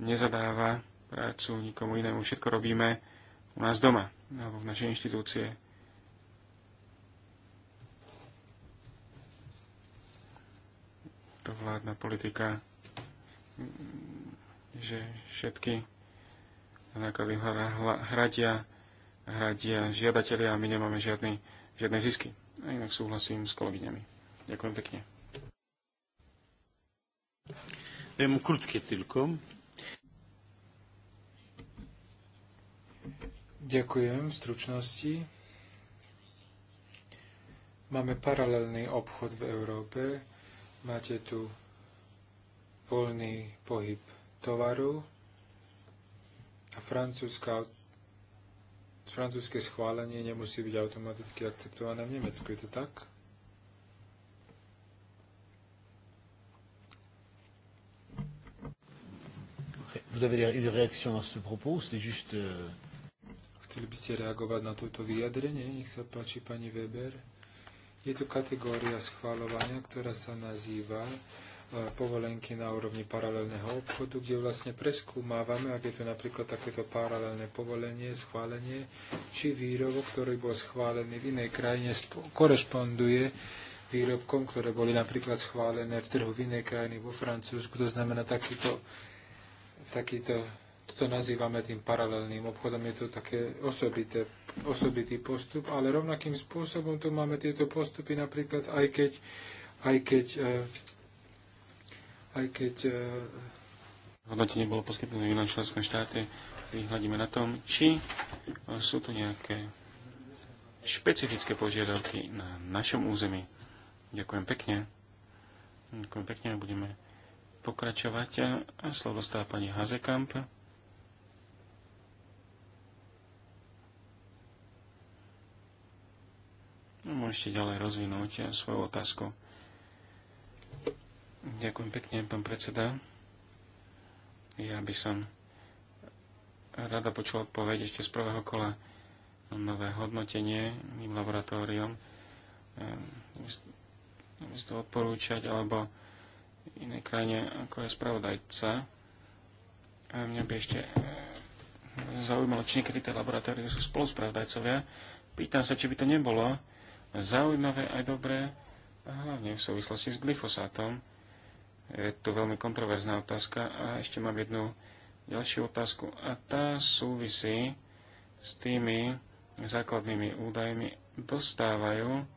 nezadáva prácu nikomu inému. Všetko robíme u nás doma, alebo v našej inštitúcie. to vládna politika, že všetky náklady hradia, hradia žiadatelia a my nemáme žiadny, žiadne zisky. A inak súhlasím s kolegyňami. Ďakujem pekne. Viem krutke tylko. Ďakujem v stručnosti. Máme paralelný obchod v Európe, Máte tu voľný pohyb tovaru a francúzska francúzske schválenie nemusí byť automaticky akceptované v Nemecku. Je to tak? Vous avez une réaction à ce propos, c'est juste... Euh, Chceli by ste reagovať na toto vyjadrenie? Nech sa páči, pani Weber. Je tu kategória schváľovania, ktorá sa nazýva e, povolenky na úrovni paralelného obchodu, kde vlastne preskúmávame, ak je to napríklad takéto paralelné povolenie, schválenie, či výrobok, ktorý bol schválený v inej krajine, korešponduje výrobkom, ktoré boli napríklad schválené v trhu v inej krajine, vo Francúzsku. To znamená, takýto, takýto toto nazývame tým paralelným obchodom, je to také osobité, osobitý postup, ale rovnakým spôsobom tu máme tieto postupy napríklad aj keď, aj keď, e, aj keď e, hodnotenie bolo poskytnuté iné členské štáty, vyhľadíme na tom, či e, sú tu nejaké špecifické požiadavky na našom území. Ďakujem pekne. Ďakujem pekne a budeme pokračovať. A slovo stá pani Hazekamp. No, môžete ďalej rozvinúť eh, svoju otázku. Ďakujem pekne, pán predseda. Ja by som rada počul odpoveď ešte z prvého kola nové hodnotenie laboratóriom. Musí ehm, to odporúčať, alebo inej krajine, ako je spravodajca. A mňa by ešte eh, zaujímalo, či niekedy tie laboratórie sú spoluspravodajcovia. Pýtam sa, či by to nebolo zaujímavé aj dobré, a hlavne v súvislosti s glyfosátom. Je to veľmi kontroverzná otázka a ešte mám jednu ďalšiu otázku a tá súvisí s tými základnými údajmi. Dostávajú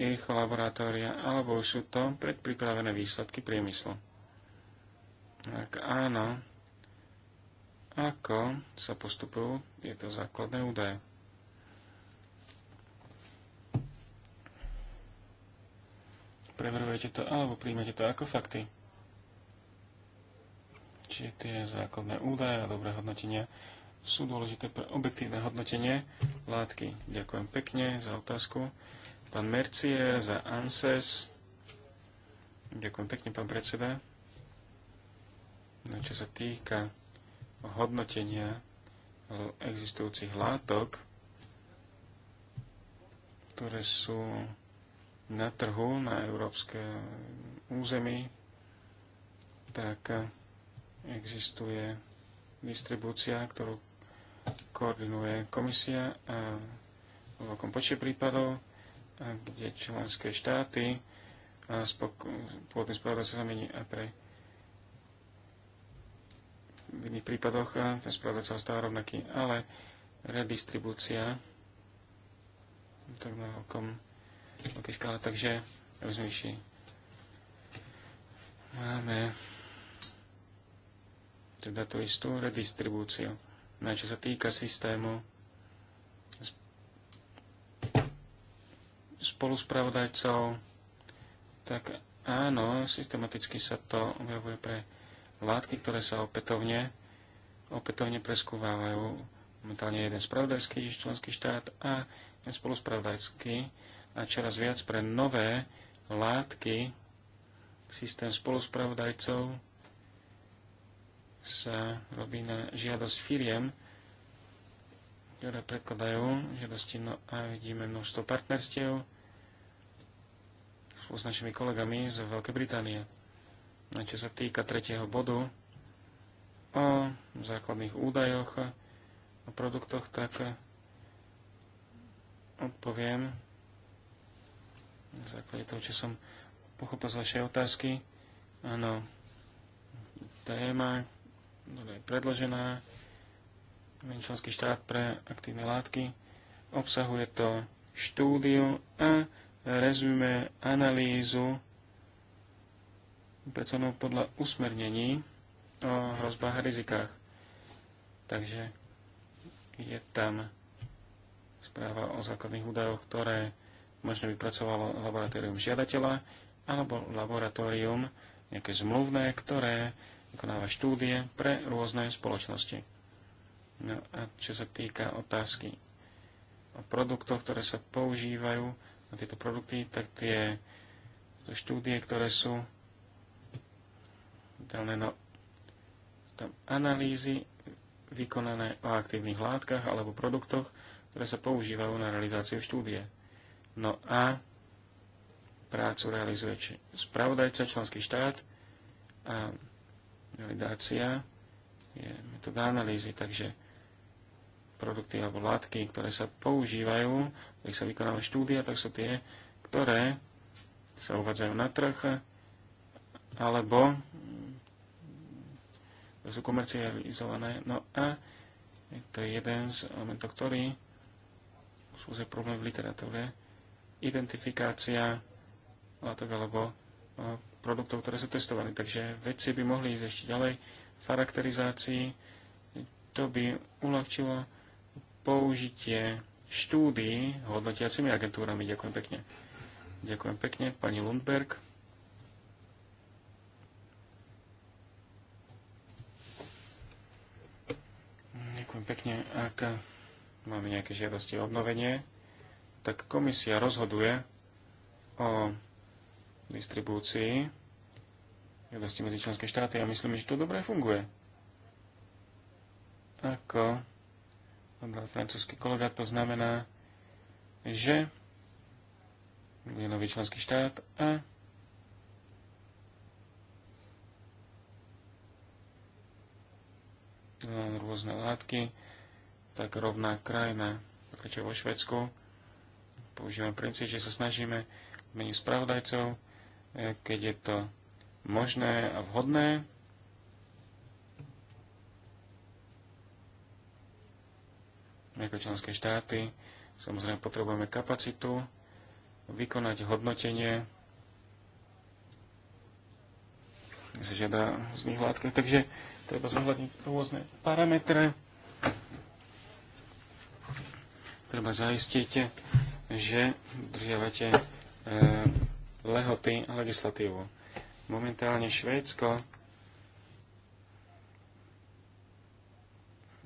ich laboratória alebo sú to predpripravené výsledky priemyslu. Ak áno, ako sa postupujú tieto základné údaje? preverujete to alebo príjmete to ako fakty. Či tie základné údaje a dobré hodnotenia sú dôležité pre objektívne hodnotenie látky. Ďakujem pekne za otázku. Pán Mercie, za ANSES. Ďakujem pekne, pán predseda. No, čo sa týka hodnotenia existujúcich látok, ktoré sú na trhu na európske území, tak existuje distribúcia, ktorú koordinuje komisia a v veľkom počte prípadov, kde členské štáty a pôvodný spravodaj sa zamení a pre v iných prípadoch ten spravodaj sa ostáva rovnaký, ale redistribúcia tak na veľkom veľkej škále, takže rozmýšľi. Máme teda tú istú redistribúciu. Na no čo sa týka systému spoluspravodajcov, tak áno, systematicky sa to objavuje pre látky, ktoré sa opätovne, opätovne preskúvávajú. Momentálne jeden spravodajský členský štát a spoluspravodajský a čoraz viac pre nové látky systém spoluspravodajcov sa robí na žiadosť firiem, ktoré predkladajú žiadosti no a vidíme množstvo partnerstiev s našimi kolegami z Veľkej Británie. A čo sa týka tretieho bodu o základných údajoch o produktoch, tak odpoviem, na základe toho, čo som pochopil z vašej otázky. Áno, téma je predložená. Členský štát pre aktívne látky. Obsahuje to štúdiu a rezume analýzu predsanú podľa usmernení o hrozbách a rizikách. Takže je tam správa o základných údajoch, ktoré možno vypracovalo laboratórium žiadateľa alebo laboratórium nejaké zmluvné, ktoré vykonáva štúdie pre rôzne spoločnosti. No a čo sa týka otázky o produktoch, ktoré sa používajú na tieto produkty, tak tie to štúdie, ktoré sú dané na tam analýzy vykonané o aktívnych látkach alebo produktoch, ktoré sa používajú na realizáciu štúdie. No a prácu realizuje či spravodajca, členský štát a validácia je metóda analýzy, takže produkty alebo látky, ktoré sa používajú, ktorých sa vykonáva štúdia, tak sú tie, ktoré sa uvádzajú na trh alebo sú komercializované. No a to je jeden z elementov, ktorý sú problém v literatúre identifikácia látok alebo e, produktov, ktoré sú testované. Takže vedci by mohli ísť ešte ďalej v charakterizácii. To by uľahčilo použitie štúdií hodnotiacimi agentúrami. Ďakujem pekne. Ďakujem pekne, pani Lundberg. Ďakujem pekne. Ak máme nejaké žiadosti o obnovenie, tak komisia rozhoduje o distribúcii jednosti medzi členské štáty a myslím, že to dobre funguje. Ako podľa francúzsky kolega to znamená, že je nový členský štát a rôzne látky, tak rovná krajina, pokračuje vo Švedsku, používam princíp, že sa snažíme meniť spravodajcov, e, keď je to možné a vhodné. Ako členské štáty samozrejme potrebujeme kapacitu vykonať hodnotenie sa žiada z nich látka. Takže treba zohľadniť rôzne parametre. Treba zaistiť, že držiavate e, lehoty a legislatívu. Momentálne Švédsko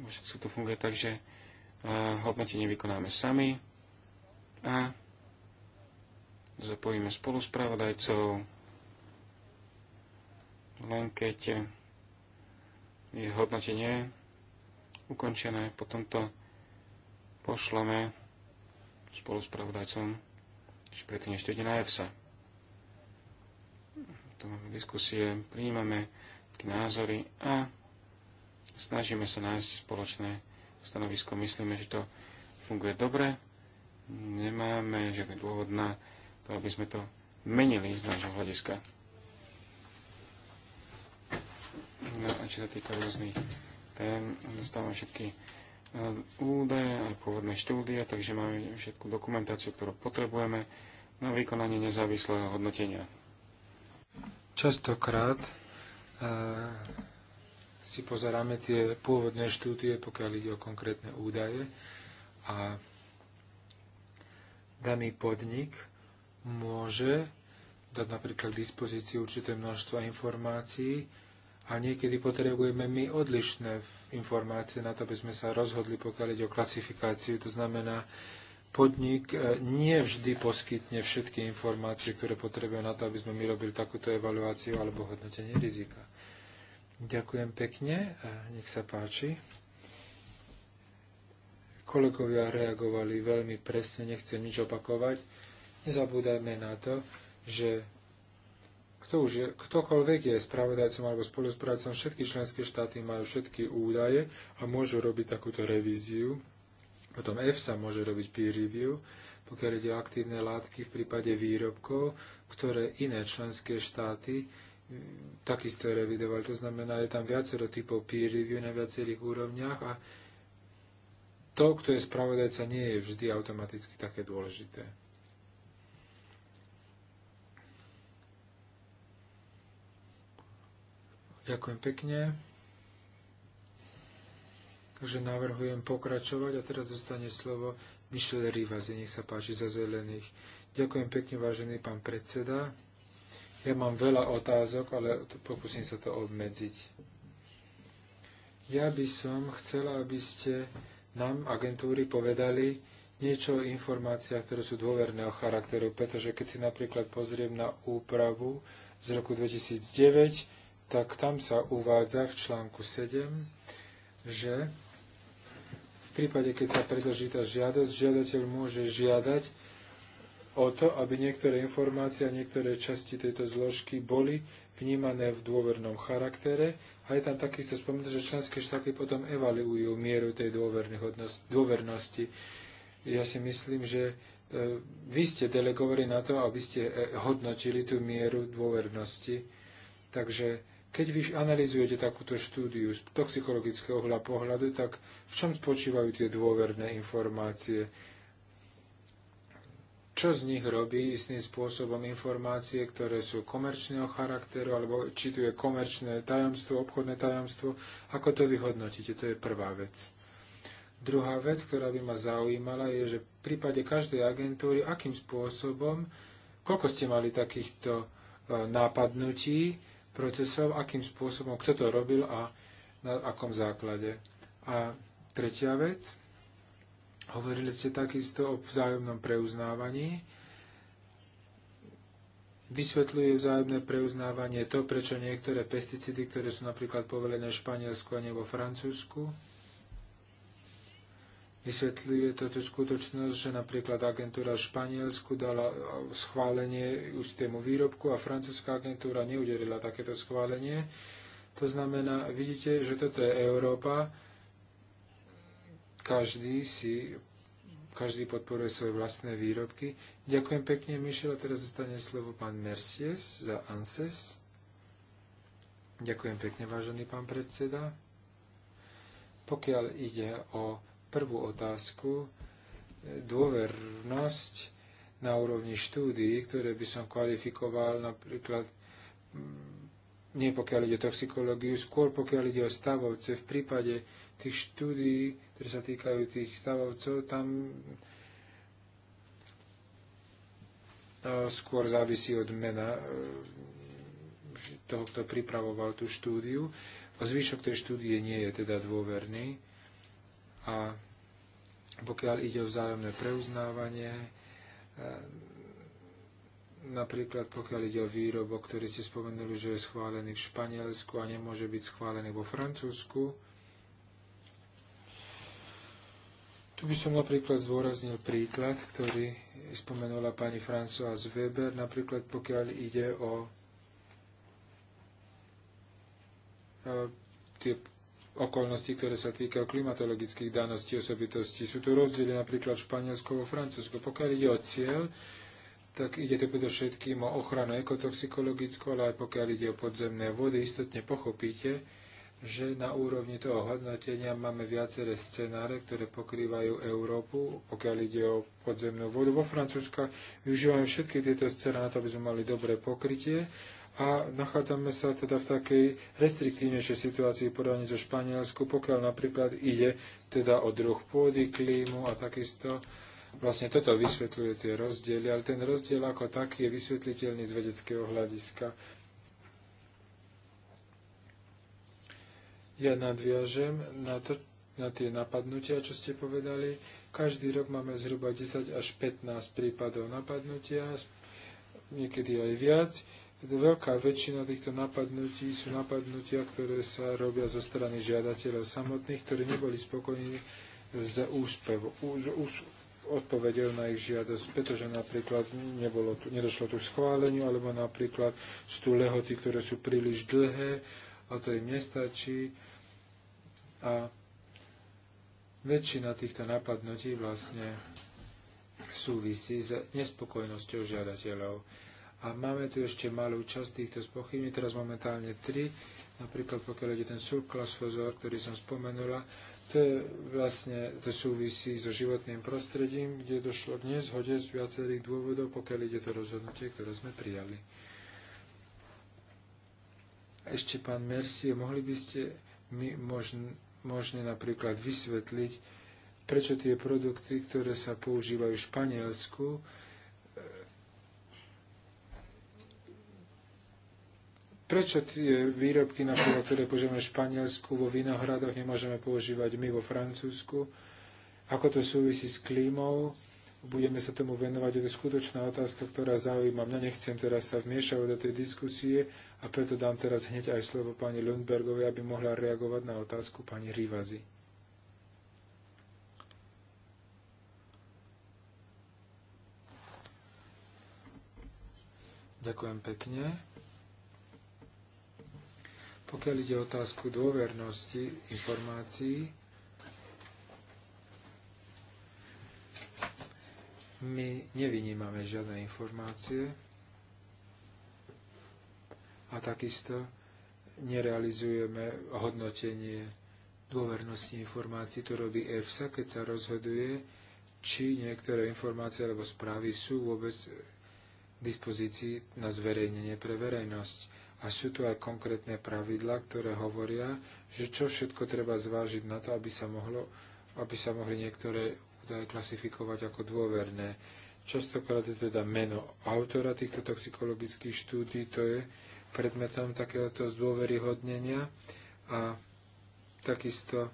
všetko to funguje tak, že e, hodnotenie vykonáme sami a zapojíme spolu spravodajcov. len keď je hodnotenie ukončené, potom to pošleme spoluspravodajcom, či predtým ešte ide na EFSA. To máme diskusie, prijímame tie názory a snažíme sa nájsť spoločné stanovisko. Myslíme, že to funguje dobre. Nemáme žiadny dôvod na to, aby sme to menili z nášho hľadiska. No a čo sa týka rôznych tém, dostávam všetky E, údaje, aj pôvodné štúdie, takže máme všetku dokumentáciu, ktorú potrebujeme na vykonanie nezávislého hodnotenia. Častokrát e, si pozeráme tie pôvodné štúdie, pokiaľ ide o konkrétne údaje a daný podnik môže dať napríklad k dispozícii určité množstvo informácií a niekedy potrebujeme my odlišné informácie na to, aby sme sa rozhodli, pokiaľ ide o klasifikáciu. To znamená, podnik e, nie vždy poskytne všetky informácie, ktoré potrebujú na to, aby sme my robili takúto evaluáciu alebo hodnotenie rizika. Ďakujem pekne, nech sa páči. Kolegovia reagovali veľmi presne, nechcem nič opakovať. Nezabúdajme na to, že to už je, ktokoľvek je spravodajcom alebo spoluzprávcom, všetky členské štáty majú všetky údaje a môžu robiť takúto revíziu. Potom EFSA môže robiť peer review, pokiaľ ide o aktívne látky v prípade výrobkov, ktoré iné členské štáty mm, takisto revidovali. To znamená, je tam viacero typov peer review na viacerých úrovniach a to, kto je spravodajca, nie je vždy automaticky také dôležité. Ďakujem pekne. Takže navrhujem pokračovať a teraz zostane slovo Michel Rivazi, nech sa páči za zelených. Ďakujem pekne, vážený pán predseda. Ja mám veľa otázok, ale pokúsim sa to obmedziť. Ja by som chcela, aby ste nám, agentúry, povedali niečo o informáciách, ktoré sú dôverného charakteru, pretože keď si napríklad pozriem na úpravu z roku 2009, tak tam sa uvádza v článku 7, že v prípade, keď sa predloží tá žiadosť, žiadateľ môže žiadať o to, aby niektoré informácie a niektoré časti tejto zložky boli vnímané v dôvernom charaktere. A je tam takisto spomenuté, že členské štáty potom evaluujú mieru tej dôvernosti. Ja si myslím, že e, vy ste delegovali na to, aby ste e, hodnotili tú mieru dôvernosti. Takže keď vy analizujete takúto štúdiu z toxikologického hľa pohľadu, tak v čom spočívajú tie dôverné informácie? Čo z nich robí istým spôsobom informácie, ktoré sú komerčného charakteru, alebo či tu je komerčné tajomstvo, obchodné tajomstvo? Ako to vyhodnotíte? To je prvá vec. Druhá vec, ktorá by ma zaujímala, je, že v prípade každej agentúry, akým spôsobom, koľko ste mali takýchto e, nápadnutí, procesov, akým spôsobom, kto to robil a na akom základe. A tretia vec, hovorili ste takisto o vzájomnom preuznávaní. Vysvetľuje vzájomné preuznávanie to, prečo niektoré pesticídy, ktoré sú napríklad povolené v Španielsku a nie vo Francúzsku, Vysvetľuje toto skutočnosť, že napríklad agentúra v Španielsku dala schválenie tému výrobku a francúzska agentúra neudelila takéto schválenie. To znamená, vidíte, že toto je Európa. Každý si každý podporuje svoje vlastné výrobky. Ďakujem pekne, Mišel, a teraz zostane slovo pán Mercies za ANSES. Ďakujem pekne, vážený pán predseda. Pokiaľ ide o prvú otázku, dôvernosť na úrovni štúdií, ktoré by som kvalifikoval napríklad mm, nie pokiaľ ide o toxikológiu, skôr pokiaľ ide o stavovce. V prípade tých štúdií, ktoré sa týkajú tých stavovcov, tam skôr závisí od mena e, toho, kto pripravoval tú štúdiu. A zvyšok tej štúdie nie je teda dôverný. A pokiaľ ide o vzájomné preuznávanie, e, napríklad pokiaľ ide o výrobok, ktorý ste spomenuli, že je schválený v Španielsku a nemôže byť schválený vo Francúzsku. Tu by som napríklad zdôraznil príklad, ktorý spomenula pani Françoise Weber, napríklad pokiaľ ide o e, tie okolnosti, ktoré sa týkajú klimatologických daností, osobitostí. Sú tu rozdiely napríklad Španielsko a Francúzsko. Pokiaľ ide o cieľ, tak ide to predovšetkým o ochranu ekotoxikologickú, ale aj pokiaľ ide o podzemné vody, istotne pochopíte, že na úrovni toho hodnotenia máme viaceré scenáre, ktoré pokrývajú Európu, pokiaľ ide o podzemnú vodu. Vo Francúzsku využívame všetky tieto scenáre na to, aby sme mali dobré pokrytie a nachádzame sa teda v takej restriktívnejšej situácii v porovnaní so Španielsku, pokiaľ napríklad ide teda o druh pôdy, klímu a takisto vlastne toto vysvetľuje tie rozdiely, ale ten rozdiel ako taký je vysvetliteľný z vedeckého hľadiska. Ja nadviažem na, to, na tie napadnutia, čo ste povedali. Každý rok máme zhruba 10 až 15 prípadov napadnutia, niekedy aj viac teda veľká väčšina týchto napadnutí sú napadnutia, ktoré sa robia zo strany žiadateľov samotných, ktorí neboli spokojní s úspevom, s, ús, odpovedel na ich žiadosť, pretože napríklad nebolo tu, nedošlo tu schváleniu, alebo napríklad sú tu lehoty, ktoré sú príliš dlhé a to im nestačí. A väčšina týchto napadnutí vlastne súvisí s nespokojnosťou žiadateľov. A máme tu ešte malú časť týchto spochybní, teraz momentálne tri, napríklad pokiaľ ide ten surklasfozor, ktorý som spomenula, to je vlastne, to súvisí so životným prostredím, kde došlo k nezhode z viacerých dôvodov, pokiaľ ide to rozhodnutie, ktoré sme prijali. Ešte pán Mersie, mohli by ste mi možne, možne napríklad vysvetliť, prečo tie produkty, ktoré sa používajú v Španielsku, Prečo tie výrobky, napríklad, ktoré používame v Španielsku, vo vinohradoch, nemôžeme používať my vo Francúzsku? Ako to súvisí s klímou? Budeme sa tomu venovať, je to skutočná otázka, ktorá zaujíma mňa. Nechcem teraz sa vmiešať do tej diskusie a preto dám teraz hneď aj slovo pani Lundbergovej, aby mohla reagovať na otázku pani Rivazy. Ďakujem pekne. Pokiaľ ide o otázku dôvernosti informácií, my nevynímame žiadne informácie a takisto nerealizujeme hodnotenie dôvernosti informácií. To robí EFSA, keď sa rozhoduje, či niektoré informácie alebo správy sú vôbec k dispozícii na zverejnenie pre verejnosť. A sú tu aj konkrétne pravidlá, ktoré hovoria, že čo všetko treba zvážiť na to, aby sa, mohlo, aby sa mohli niektoré údaje klasifikovať ako dôverné. Častokrát je teda meno autora týchto toxikologických štúdí, to je predmetom takéhoto zdôveryhodnenia a takisto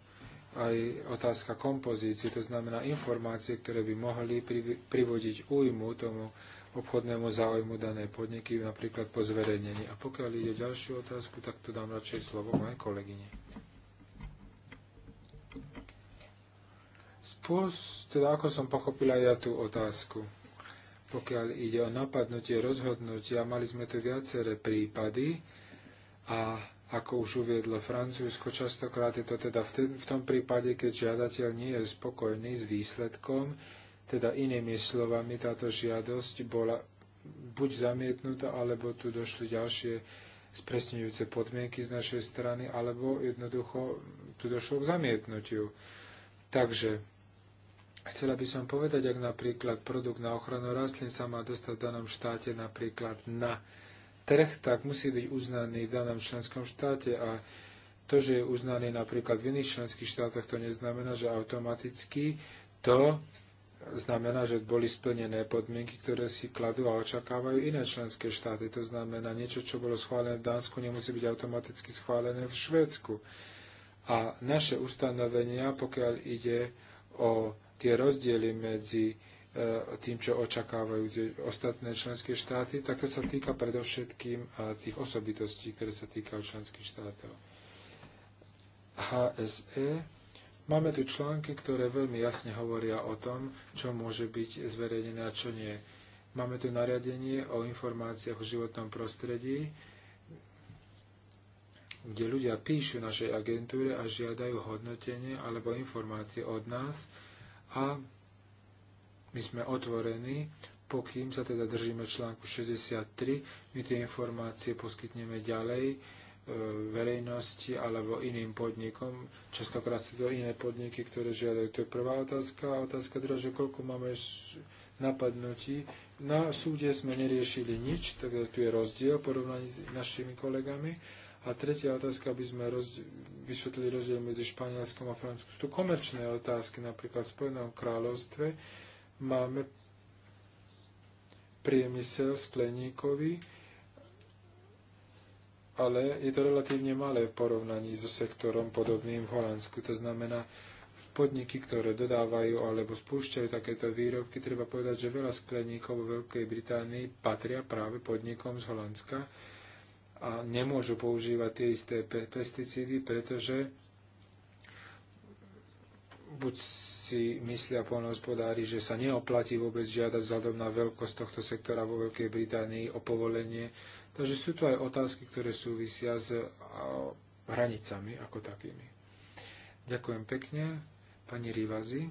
aj otázka kompozície, to znamená informácie, ktoré by mohli privodiť újmu tomu obchodnému záujmu danej podniky, napríklad po zverejnení. A pokiaľ ide ďalšiu otázku, tak tu dám radšej slovo mojej kolegyne. Spôs, teda ako som pochopila ja tú otázku. Pokiaľ ide o napadnutie rozhodnutia, mali sme tu viaceré prípady a ako už uviedlo Francúzsko, častokrát je to teda v, ten, v tom prípade, keď žiadateľ nie je spokojný s výsledkom, teda inými slovami, táto žiadosť bola buď zamietnutá, alebo tu došli ďalšie spresňujúce podmienky z našej strany, alebo jednoducho tu došlo k zamietnutiu. Takže chcela by som povedať, ak napríklad produkt na ochranu rastlín sa má dostať v danom štáte napríklad na trh, tak musí byť uznaný v danom členskom štáte a to, že je uznaný napríklad v iných členských štátoch, to neznamená, že automaticky to znamená, že boli splnené podmienky, ktoré si kladú a očakávajú iné členské štáty. To znamená, niečo, čo bolo schválené v Dánsku, nemusí byť automaticky schválené v Švédsku. A naše ustanovenia, pokiaľ ide o tie rozdiely medzi e, tým, čo očakávajú ostatné členské štáty, tak to sa týka predovšetkým e, tých osobitostí, ktoré sa týkajú členských štátov. HSE Máme tu články, ktoré veľmi jasne hovoria o tom, čo môže byť zverejnené a čo nie. Máme tu nariadenie o informáciách o životnom prostredí, kde ľudia píšu našej agentúre a žiadajú hodnotenie alebo informácie od nás a my sme otvorení, pokým sa teda držíme článku 63, my tie informácie poskytneme ďalej E, verejnosti alebo iným podnikom. Častokrát sú to iné podniky, ktoré žiadajú. To je prvá otázka. A otázka druhá, že koľko máme napadnutí. Na súde sme neriešili nič, takže tu je rozdiel v porovnaní s našimi kolegami. A tretia otázka, aby sme roz, vysvetlili rozdiel medzi Španielskom a Francúzskom. To komerčné otázky, napríklad v Spojenom kráľovstve máme priemysel skleníkový, ale je to relatívne malé v porovnaní so sektorom podobným v Holandsku. To znamená, podniky, ktoré dodávajú alebo spúšťajú takéto výrobky, treba povedať, že veľa skleníkov vo Veľkej Británii patria práve podnikom z Holandska a nemôžu používať tie isté pesticídy, pretože buď si myslia polnohospodári, že sa neoplatí vôbec žiadať vzhľadom na veľkosť tohto sektora vo Veľkej Británii o povolenie Takže sú tu aj otázky, ktoré súvisia s hranicami ako takými. Ďakujem pekne, pani Rivazi.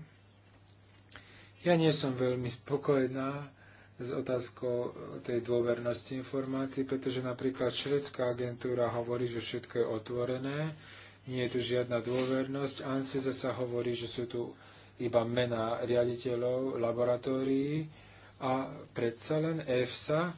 Ja nie som veľmi spokojná s otázkou e, tej dôvernosti informácií, pretože napríklad švedská agentúra hovorí, že všetko je otvorené, nie je tu žiadna dôvernosť. ANSI zase hovorí, že sú tu iba mená riaditeľov laboratórií a predsa len EFSA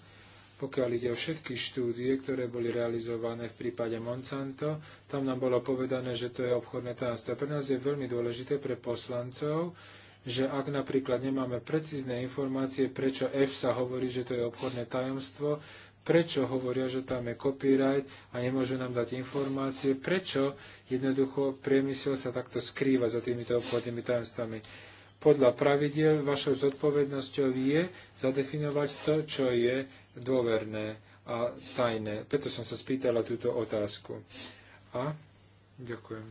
pokiaľ ide o všetky štúdie, ktoré boli realizované v prípade Monsanto, tam nám bolo povedané, že to je obchodné tajomstvo. Pre nás je veľmi dôležité pre poslancov, že ak napríklad nemáme precízne informácie, prečo EFSA hovorí, že to je obchodné tajomstvo, prečo hovoria, že tam je copyright a nemôžu nám dať informácie, prečo jednoducho priemysel sa takto skrýva za týmito obchodnými tajomstvami podľa pravidiel vašou zodpovednosťou je zadefinovať to, čo je dôverné a tajné. Preto som sa spýtala túto otázku. A ďakujem.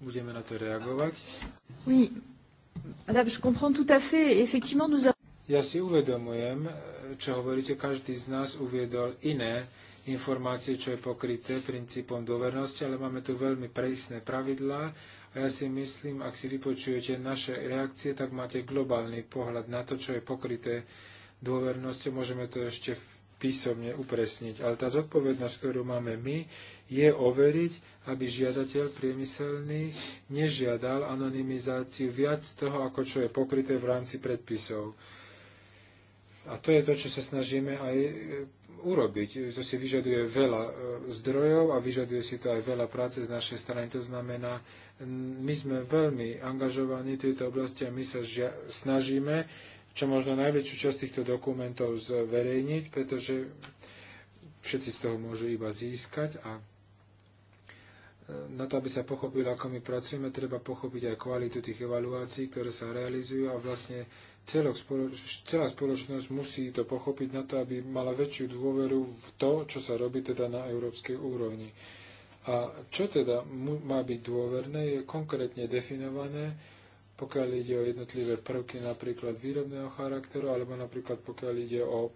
Budeme na to reagovať. Oui. Madame, je comprends tout à fait. Effectivement, nous avons... Ja si uvedomujem, čo hovoríte, každý z nás uviedol iné informácie, čo je pokryté princípom dôvernosti, ale máme tu veľmi prísne pravidlá a ja si myslím, ak si vypočujete naše reakcie, tak máte globálny pohľad na to, čo je pokryté dôvernosťou, môžeme to ešte písomne upresniť. Ale tá zodpovednosť, ktorú máme my, je overiť, aby žiadateľ priemyselný nežiadal anonymizáciu viac toho, ako čo je pokryté v rámci predpisov. A to je to, čo sa snažíme aj e, urobiť. To si vyžaduje veľa e, zdrojov a vyžaduje si to aj veľa práce z našej strany. To znamená, my sme veľmi angažovaní v tejto oblasti a my sa snažíme čo možno najväčšiu časť týchto dokumentov zverejniť, pretože všetci z toho môžu iba získať a e, na to, aby sa pochopilo, ako my pracujeme, treba pochopiť aj kvalitu tých evaluácií, ktoré sa realizujú a vlastne spoloč- celá spoločnosť musí to pochopiť na to, aby mala väčšiu dôveru v to, čo sa robí teda na európskej úrovni. A čo teda má byť dôverné, je konkrétne definované, pokiaľ ide o jednotlivé prvky napríklad výrobného charakteru, alebo napríklad pokiaľ ide o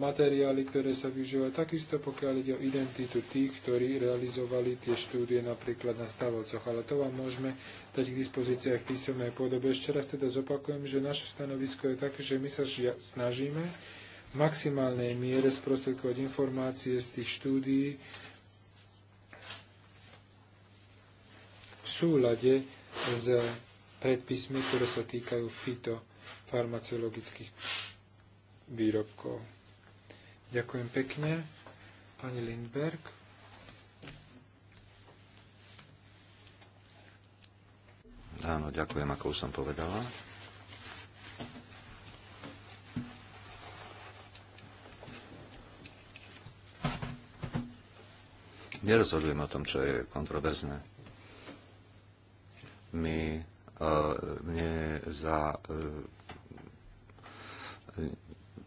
materiály, ktoré sa využívajú, takisto pokiaľ ide o identitu tých, ktorí realizovali tie štúdie napríklad na stavovcoch. Ale to vám môžeme dať k dispozícii aj v písomnej podobe. Ešte raz teda zopakujem, že naše stanovisko je také, že my sa snažíme v maximálnej miere sprostredkovať informácie z tých štúdií v súlade s predpismi, ktoré sa týkajú fitofarmaceologických výrobkov. Ďakujem pekne, pani Lindberg. Áno, ďakujem, ako už som povedala. Nerozhodujem o tom, čo je kontroverzné my e, neza, e,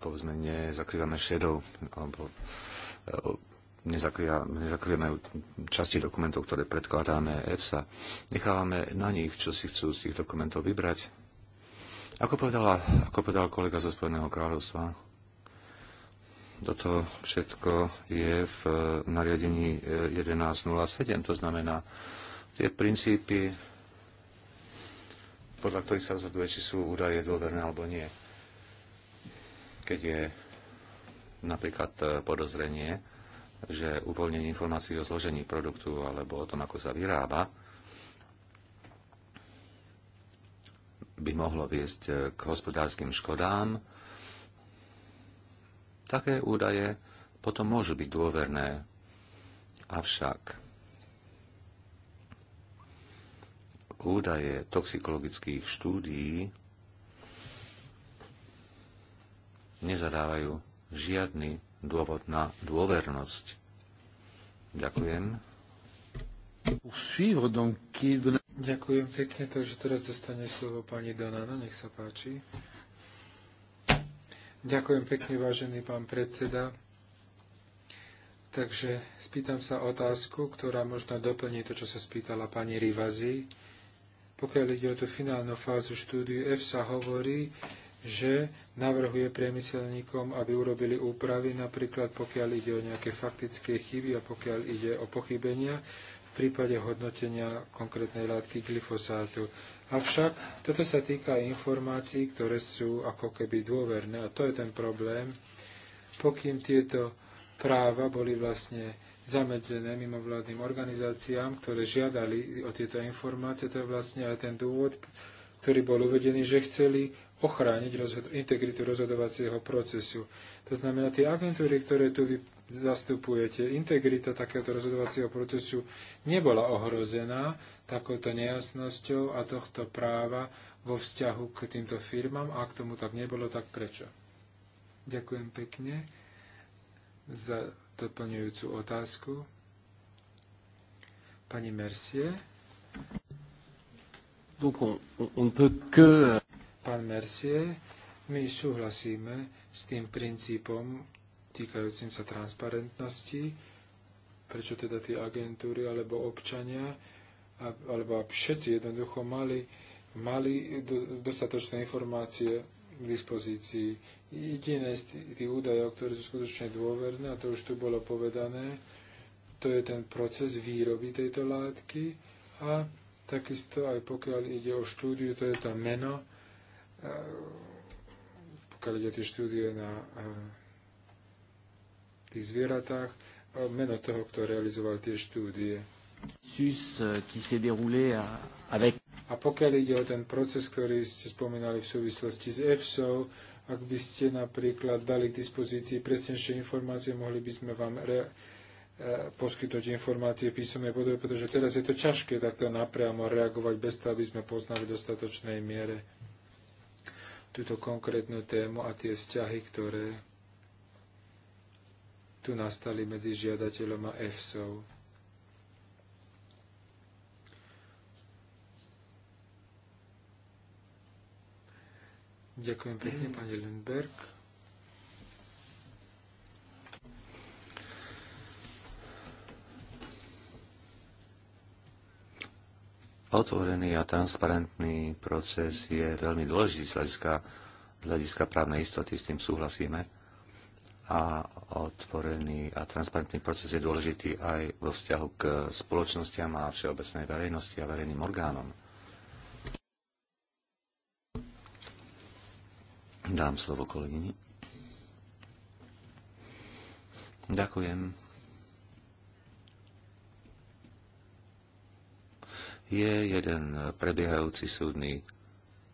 povedzme, nezakrývame šedou alebo e, nezakrývame časti dokumentov, ktoré predkladáme EFSA. Nechávame na nich, čo si chcú z tých dokumentov vybrať. Ako, povedala, ako povedal kolega zo Spojeného kráľovstva, toto všetko je v nariadení 11.07, to znamená tie princípy podľa ktorých sa rozhoduje, či sú údaje dôverné alebo nie. Keď je napríklad e, podozrenie, že uvoľnenie informácií o zložení produktu alebo o tom, ako sa vyrába, by mohlo viesť e, k hospodárskym škodám, také údaje potom môžu byť dôverné. Avšak údaje toxikologických štúdií nezadávajú žiadny dôvod na dôvernosť. Ďakujem. Ďakujem pekne, takže teraz dostane slovo pani Donana, nech sa páči. Ďakujem pekne, vážený pán predseda. Takže spýtam sa otázku, ktorá možno doplní to, čo sa spýtala pani Rivazi pokiaľ ide o tú finálnu fázu štúdiu, EFSA hovorí, že navrhuje priemyselníkom, aby urobili úpravy, napríklad pokiaľ ide o nejaké faktické chyby a pokiaľ ide o pochybenia v prípade hodnotenia konkrétnej látky glyfosátu. Avšak toto sa týka informácií, ktoré sú ako keby dôverné a to je ten problém. Pokým tieto práva boli vlastne zamedzené mimovládnym organizáciám, ktoré žiadali o tieto informácie. To je vlastne aj ten dôvod, ktorý bol uvedený, že chceli ochrániť rozhod- integritu rozhodovacieho procesu. To znamená, tie agentúry, ktoré tu vy zastupujete, integrita takéhoto rozhodovacieho procesu nebola ohrozená takouto nejasnosťou a tohto práva vo vzťahu k týmto firmám. a Ak tomu tak nebolo, tak prečo? Ďakujem pekne za doplňujúcu otázku. Pani Mercier. Donc on, on peut que... Pán Mercier, my súhlasíme s tým princípom týkajúcim sa transparentnosti, prečo teda tie agentúry alebo občania alebo všetci jednoducho mali, mali dostatočné informácie k dispozícii. Jediné z tých údajov, ktoré sú skutočne dôverné, a to už tu bolo povedané, to je ten proces výroby tejto látky a takisto aj pokiaľ ide o štúdiu, to je to meno, pokiaľ ide o tie štúdie na tých zvieratách, meno toho, kto realizoval tie štúdie. Sus, uh, Qui s'est déroulé uh, avec a pokiaľ ide o ten proces, ktorý ste spomínali v súvislosti s EFSO, ak by ste napríklad dali k dispozícii presnejšie informácie, mohli by sme vám re, e, poskytnúť informácie písomnej podobe, pretože teraz je to ťažké takto napriamo reagovať bez toho, aby sme poznali v dostatočnej miere túto konkrétnu tému a tie vzťahy, ktoré tu nastali medzi žiadateľom a EFSO. Ďakujem pekne, pani Lindberg. Otvorený a transparentný proces je veľmi dôležitý z hľadiska, z hľadiska právnej istoty, s tým súhlasíme. A otvorený a transparentný proces je dôležitý aj vo vzťahu k spoločnostiam a všeobecnej verejnosti a verejným orgánom. Dám slovo kolegyni. Ďakujem. Je jeden prebiehajúci súdny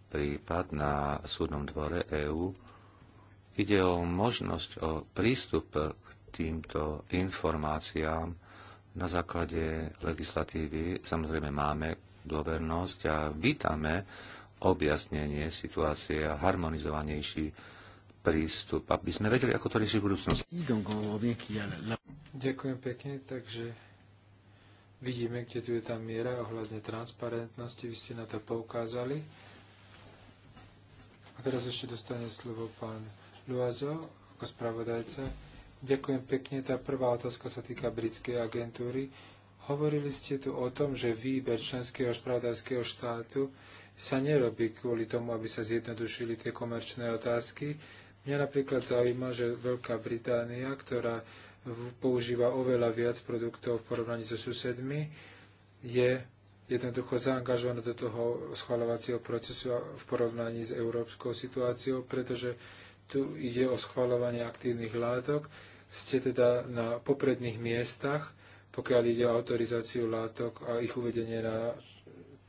prípad na súdnom dvore EÚ. Ide o možnosť, o prístup k týmto informáciám na základe legislatívy. Samozrejme máme dôvernosť a vítame objasnenie situácie a harmonizovanejší prístup, aby sme vedeli, ako to riešiť v budúcnosti. Ďakujem pekne, takže vidíme, kde tu je tá miera ohľadne transparentnosti, vy ste na to poukázali. A teraz ešte dostane slovo pán Luazo ako spravodajca. Ďakujem pekne. Tá prvá otázka sa týka britskej agentúry. Hovorili ste tu o tom, že výber členského spravodajského štátu sa nerobí kvôli tomu, aby sa zjednodušili tie komerčné otázky. Mňa napríklad zaujíma, že Veľká Británia, ktorá používa oveľa viac produktov v porovnaní so susedmi, je jednoducho zaangažovaná do toho schvalovacieho procesu v porovnaní s európskou situáciou, pretože tu ide o schvalovanie aktívnych látok. Ste teda na popredných miestach, pokiaľ ide o autorizáciu látok a ich uvedenie na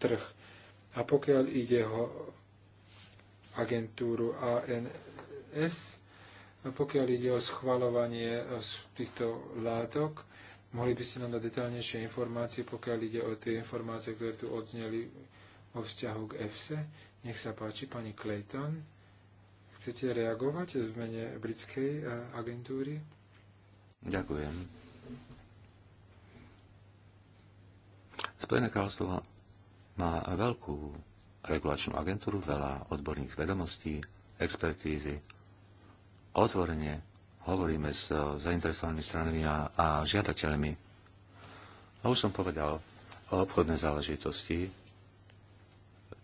trh. A pokiaľ ide o agentúru ANS, pokiaľ ide o schvalovanie e, týchto látok, mohli by ste nám dať detaľnejšie informácie, pokiaľ ide o tie informácie, ktoré tu odzneli vo vzťahu k EFSE. Nech sa páči, pani Clayton. Chcete reagovať v mene britskej e, agentúry? Ďakujem. Spojené kráľstvo má veľkú regulačnú agentúru, veľa odborných vedomostí, expertízy. Otvorene hovoríme s zainteresovanými stranami a, a žiadateľmi. A už som povedal, obchodné záležitosti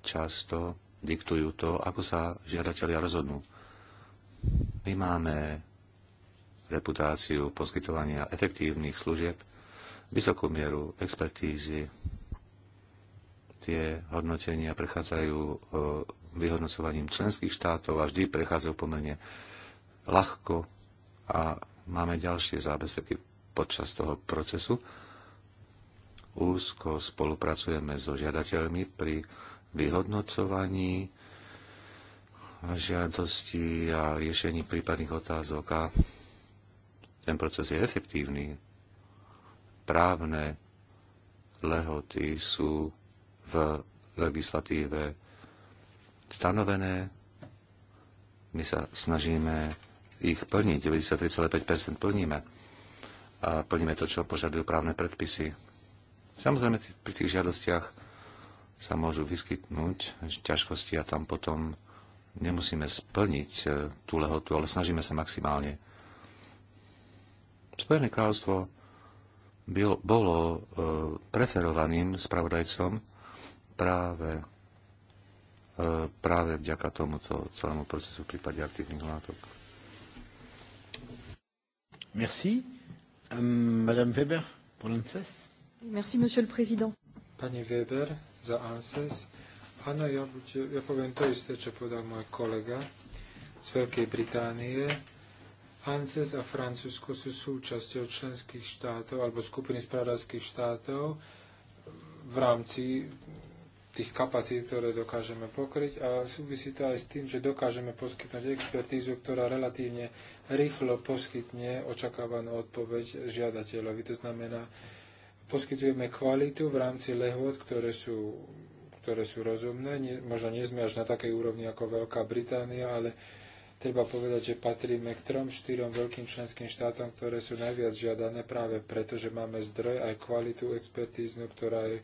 často diktujú to, ako sa žiadatelia rozhodnú. My máme reputáciu poskytovania efektívnych služieb, vysokú mieru expertízy, tie hodnotenia prechádzajú e, vyhodnocovaním členských štátov a vždy prechádzajú pomerne ľahko a máme ďalšie zábezpeky počas toho procesu. Úzko spolupracujeme so žiadateľmi pri vyhodnocovaní žiadosti a riešení prípadných otázok a ten proces je efektívny. Právne lehoty sú v legislatíve stanovené. My sa snažíme ich plniť, 93,5% plníme. A plníme to, čo požadujú právne predpisy. Samozrejme, pri tých žiadostiach sa môžu vyskytnúť ťažkosti a tam potom nemusíme splniť e, tú lehotu, ale snažíme sa maximálne. Spojené kráľovstvo bolo e, preferovaným spravodajcom práve, e, práve vďaka tomuto celému procesu v prípade aktívnych látok. Merci. Madame Weber, pour l'ANSES. Merci, Monsieur le Président. Pani Weber, za ANSES. Áno, ja, bude, ja poviem to isté, čo povedal môj kolega z Veľkej Británie. ANSES a Francúzsko sú súčasťou členských štátov alebo skupiny spravodajských štátov v rámci tých kapacít, ktoré dokážeme pokryť a súvisí to aj s tým, že dokážeme poskytnúť expertízu, ktorá relatívne rýchlo poskytne očakávanú odpoveď žiadateľovi. To znamená, poskytujeme kvalitu v rámci lehôd, ktoré sú, ktoré sú rozumné. Nie, možno nie sme až na takej úrovni ako Veľká Británia, ale treba povedať, že patríme k trom, štyrom veľkým členským štátom, ktoré sú najviac žiadané práve preto, že máme zdroj aj kvalitu expertíznu, ktorá je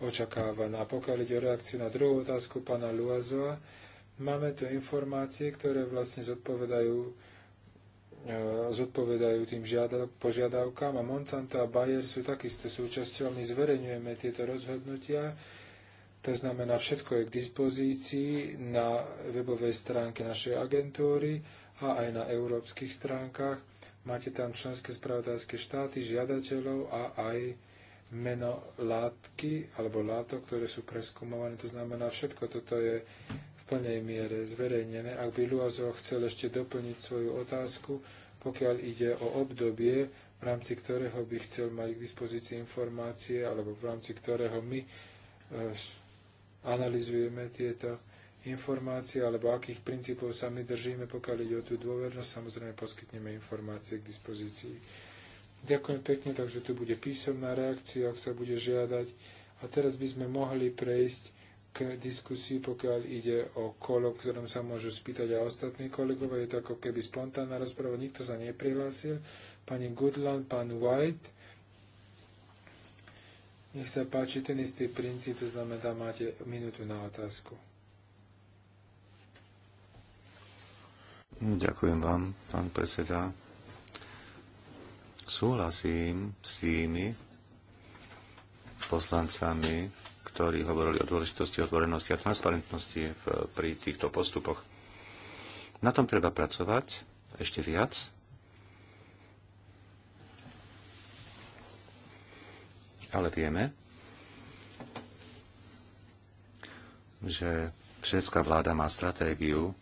očakávaná. Pokiaľ ide o reakciu na druhú otázku pána Luazova, máme tu informácie, ktoré vlastne zodpovedajú, e, zodpovedajú tým žiada, požiadavkám a Monsanto a Bayer sú takisto súčasťou my zverejňujeme tieto rozhodnutia. To znamená, všetko je k dispozícii na webovej stránke našej agentúry a aj na európskych stránkach. Máte tam členské spravodajské štáty, žiadateľov a aj meno látky alebo látok, ktoré sú preskúmované. To znamená, všetko toto je v plnej miere zverejnené. Ak by Luazo chcel ešte doplniť svoju otázku, pokiaľ ide o obdobie, v rámci ktorého by chcel mať k dispozícii informácie, alebo v rámci ktorého my eh, analizujeme tieto informácie, alebo akých princípov sa my držíme, pokiaľ ide o tú dôvernosť, samozrejme poskytneme informácie k dispozícii. Ďakujem pekne, takže tu bude písomná reakcia, ak sa bude žiadať. A teraz by sme mohli prejsť k diskusii, pokiaľ ide o kolo, ktorom sa môžu spýtať aj ostatní kolegovia. Je to ako keby spontánna rozprava, nikto sa neprihlásil. Pani Goodland, pán White. Nech sa páči, ten istý princíp, to znamená, máte minútu na otázku. Ďakujem vám, pán predseda. Súhlasím s tými poslancami, ktorí hovorili o dôležitosti otvorenosti a transparentnosti v, pri týchto postupoch. Na tom treba pracovať ešte viac. Ale vieme, že švedská vláda má stratégiu e,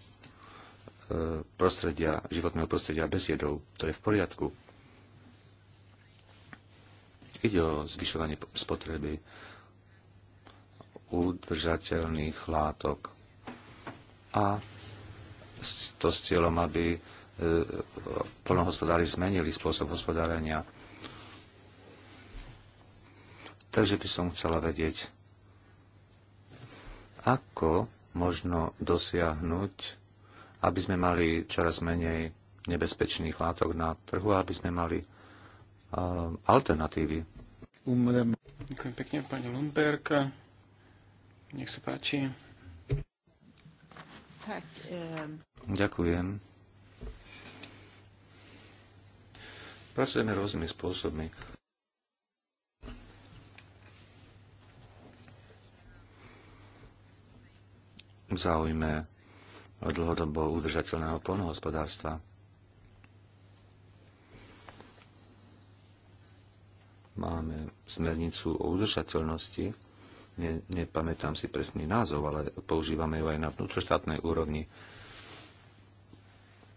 prostredia, životného prostredia bez jedov. To je v poriadku. Ide o zvyšovanie spotreby udržateľných látok a to s cieľom, aby e, plnohospodári zmenili spôsob hospodárenia. Takže by som chcela vedieť, ako možno dosiahnuť, aby sme mali čoraz menej nebezpečných látok na trhu, aby sme mali Eh, alternatívy. Ďakujem pekne, pani Lundberg. Nech sa páči. Tak, um... Ďakujem. Pracujeme rôznymi spôsobmi. V záujme dlhodobo udržateľného polnohospodárstva. máme smernicu o udržateľnosti, ne, nepamätám si presný názov, ale používame ju aj na vnútroštátnej úrovni.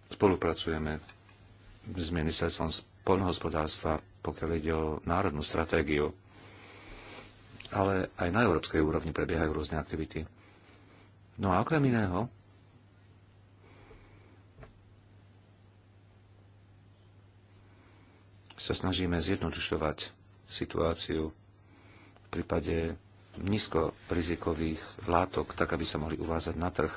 Spolupracujeme s ministerstvom poľnohospodárstva, pokiaľ ide o národnú stratégiu. Ale aj na európskej úrovni prebiehajú rôzne aktivity. No a okrem iného, sa snažíme zjednodušovať situáciu v prípade nízkorizikových látok, tak aby sa mohli uvázať na trh.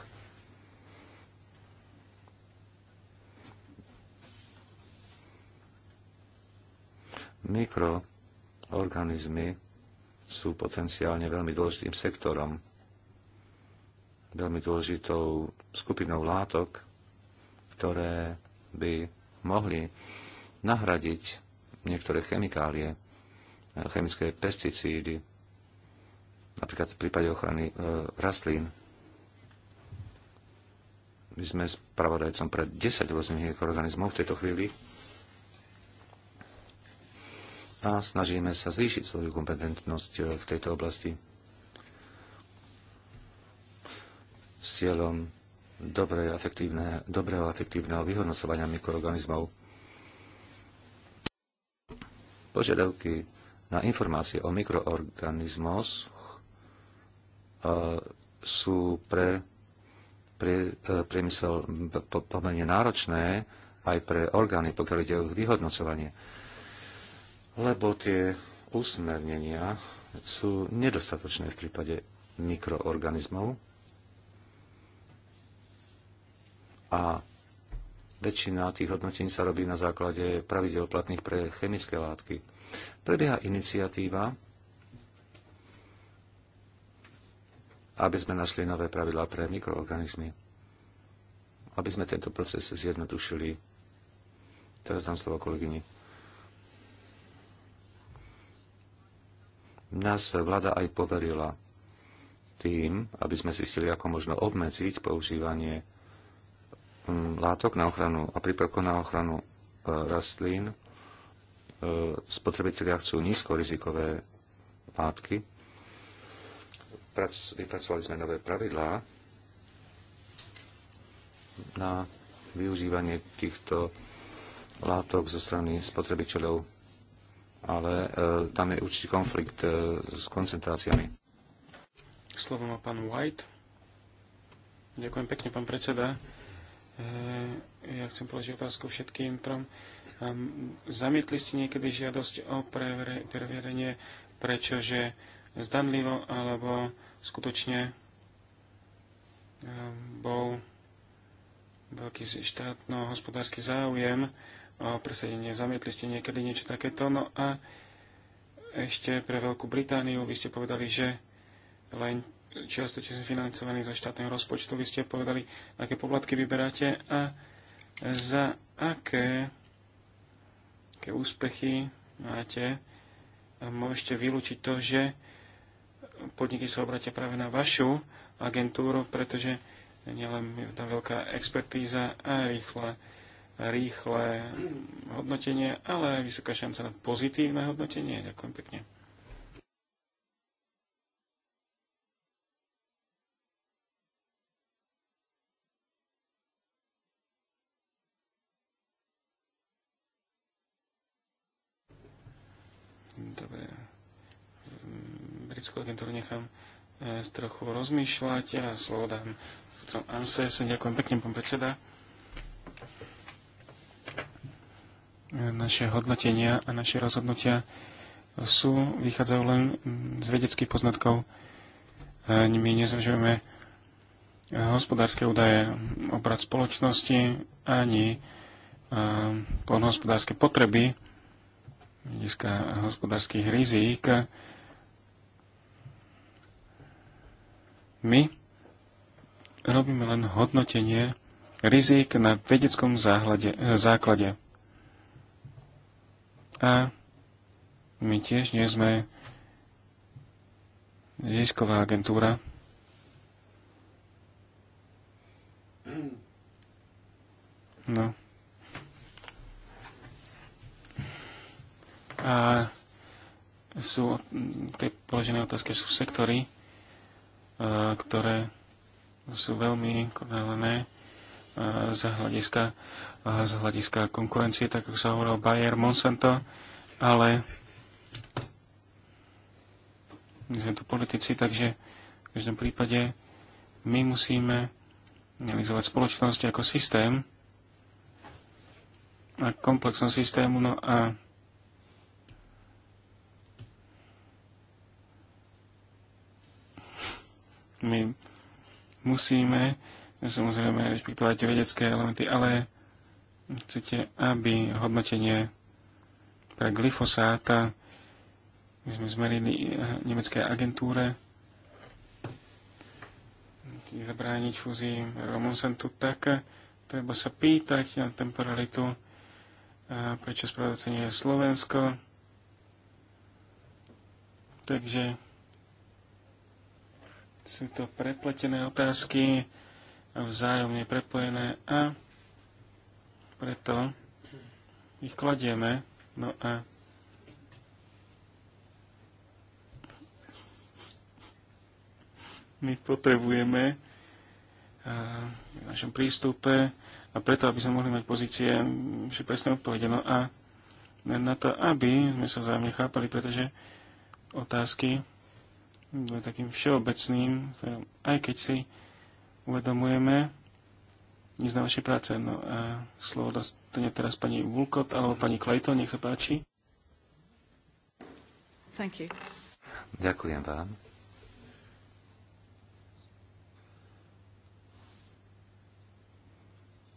Mikroorganizmy sú potenciálne veľmi dôležitým sektorom, veľmi dôležitou skupinou látok, ktoré by mohli nahradiť niektoré chemikálie chemické pesticídy, napríklad v prípade ochrany e, rastlín. My sme spravodajcom pre 10 rôznych organizmov v tejto chvíli a snažíme sa zvýšiť svoju kompetentnosť e, v tejto oblasti s cieľom dobreho efektívne, efektívneho vyhodnocovania mikroorganizmov. Požiadavky na informácie o mikroorganizmoch e, sú pre, pre e, priemysel pomerne náročné aj pre orgány, pokiaľ ide o ich vyhodnocovanie. Lebo tie usmernenia sú nedostatočné v prípade mikroorganizmov a väčšina tých hodnotení sa robí na základe pravidel platných pre chemické látky. Prebieha iniciatíva, aby sme našli nové pravidlá pre mikroorganizmy, aby sme tento proces zjednodušili. Teraz dám slovo kolegyni. Nás vláda aj poverila tým, aby sme zistili, ako možno obmedziť používanie mm, látok na ochranu a prípravkov na ochranu e, rastlín spotrebitelia chcú nízkorizikové látky. Vypracovali sme nové pravidlá na využívanie týchto látok zo strany spotrebiteľov, ale e, tam je určitý konflikt e, s koncentráciami. Slovo má pán White. Ďakujem pekne, pán predseda. E, ja chcem položiť otázku všetkým trom Um, zamietli ste niekedy žiadosť o preverenie, prečože zdanlivo alebo skutočne ehm, bol veľký štátno-hospodársky záujem o presadenie. Zamietli ste niekedy niečo takéto. No a ešte pre Veľkú Britániu vy ste povedali, že len čiastočne sme financovaní zo štátneho rozpočtu. Vy ste povedali, aké poplatky vyberáte a za aké aké úspechy máte, môžete vylúčiť to, že podniky sa obratia práve na vašu agentúru, pretože nielen je tam veľká expertíza a rýchle, rýchle hodnotenie, ale aj vysoká šanca na pozitívne hodnotenie. Ďakujem pekne. dobre, mm, britskú agentúru nechám e, trochu rozmýšľať a slovo dám sudcom ANSES. Ďakujem pekne, pán predseda. E, naše hodnotenia a naše rozhodnutia sú, vychádzajú len mm, z vedeckých poznatkov. E, my nezvažujeme hospodárske údaje, obrad spoločnosti, ani poľnohospodárske potreby hľadiska hospodárskych rizík, my robíme len hodnotenie rizik na vedeckom záhlade, základe. A my tiež nie sme zisková agentúra. No. A sú, tie položené otázky sú sektory, ktoré sú veľmi korelované z hľadiska, z hľadiska konkurencie, tak ako sa hovoril Bayer, Monsanto, ale my sme tu politici, takže v každom prípade my musíme realizovať spoločnosť ako systém a komplexnú systému, no a my musíme samozrejme rešpektovať vedecké elementy, ale chcete, aby hodnotenie pre glyfosáta my sme zmerili eh, nemecké agentúre zabrániť fúzii Romonsantu, tak treba sa pýtať na temporalitu, eh, prečo spravodajca je Slovensko. Takže sú to prepletené otázky, vzájomne prepojené a preto ich kladieme. No a my potrebujeme v našom prístupe a preto, aby sme mohli mať pozície že presne odpovede. No a na to, aby sme sa vzájomne chápali, pretože otázky bude takým všeobecným, aj keď si uvedomujeme z našej práce. No a slovo dostane teraz pani Vulkot alebo pani Clayton, nech sa páči. Thank you. Ďakujem vám.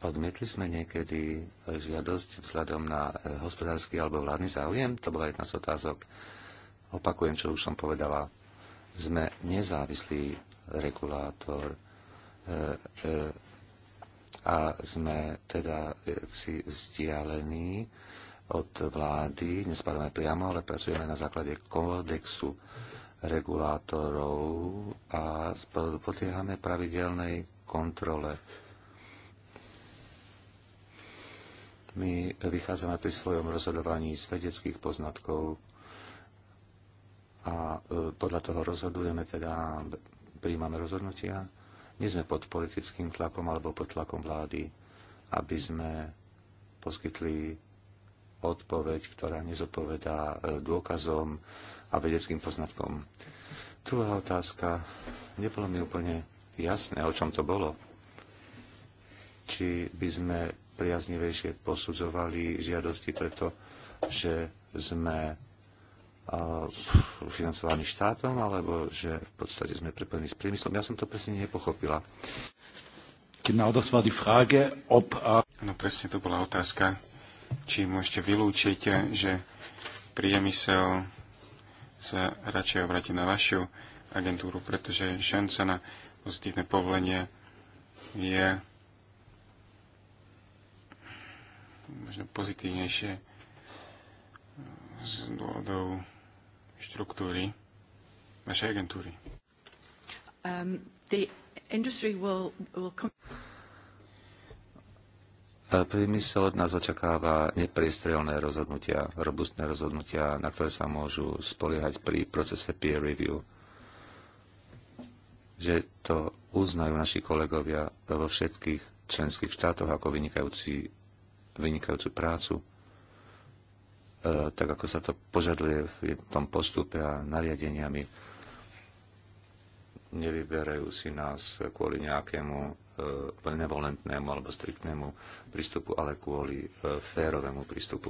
Odmietli sme niekedy žiadosť vzhľadom na eh, hospodársky alebo vládny záujem? To bola jedna z otázok. Opakujem, čo už som povedala sme nezávislý regulátor e, e, a sme teda si vzdialení od vlády, nespadáme priamo, ale pracujeme na základe kodexu regulátorov a podliehame pravidelnej kontrole. My vychádzame pri svojom rozhodovaní z vedeckých poznatkov, a e, podľa toho rozhodujeme, teda príjmame rozhodnutia. Nie sme pod politickým tlakom alebo pod tlakom vlády, aby sme poskytli odpoveď, ktorá nezodpovedá e, dôkazom a vedeckým poznatkom. Druhá otázka. Nebolo mi úplne jasné, o čom to bolo. Či by sme priaznivejšie posudzovali žiadosti preto, že sme financovaný štátom, alebo že v podstate sme prepojení s priemyslom. Ja som to presne nepochopila. Genau das war die Frage, ob... No presne to bola otázka, či môžete vylúčiť, že priemysel sa radšej obráti na vašu agentúru, pretože šanca na pozitívne povolenie je možno pozitívnejšie z dôvodov štruktúry našej agentúry? Um, the industry will, will come... E, priemysel od nás očakáva nepriestrelné rozhodnutia, robustné rozhodnutia, na ktoré sa môžu spoliehať pri procese peer review. Že to uznajú naši kolegovia vo všetkých členských štátoch ako vynikajúci, vynikajúcu prácu. E, tak ako sa to požaduje v tom postupe a nariadeniami. Nevyberajú si nás kvôli nejakému benevolentnému alebo striktnému prístupu, ale kvôli e, férovému prístupu.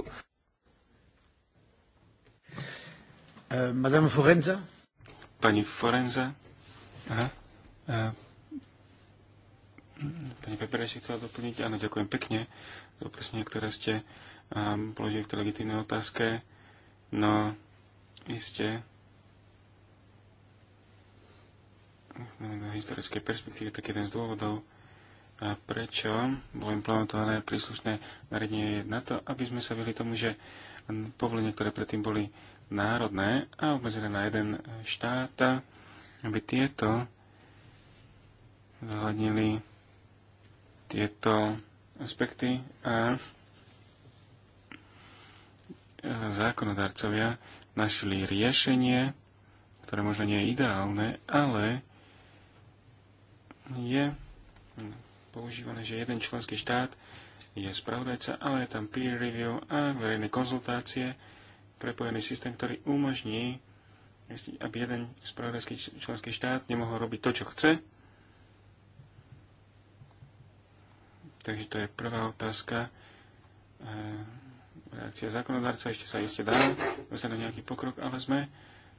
E, madame Forenza? Pani Forenza? Aha. Pani ešte chcela doplniť. Áno, ďakujem pekne. Presne ktoré ste um, položili v tej legitímnej otázke. No, iste. Z historickej perspektíve, tak jeden z dôvodov, a prečo bolo implementované príslušné nariadenie na to, aby sme sa vyhli tomu, že povolenia, ktoré predtým boli národné a obmedzené na jeden štát, aby tieto zhľadnili tieto aspekty a e, zákonodarcovia našli riešenie, ktoré možno nie je ideálne, ale je používané, že jeden členský štát je spravodajca, ale je tam peer review a verejné konzultácie, prepojený systém, ktorý umožní, aby jeden spravodajský členský štát nemohol robiť to, čo chce, Takže to je prvá otázka. E, reakcia zákonodárca ešte sa iste dá na nejaký pokrok, ale sme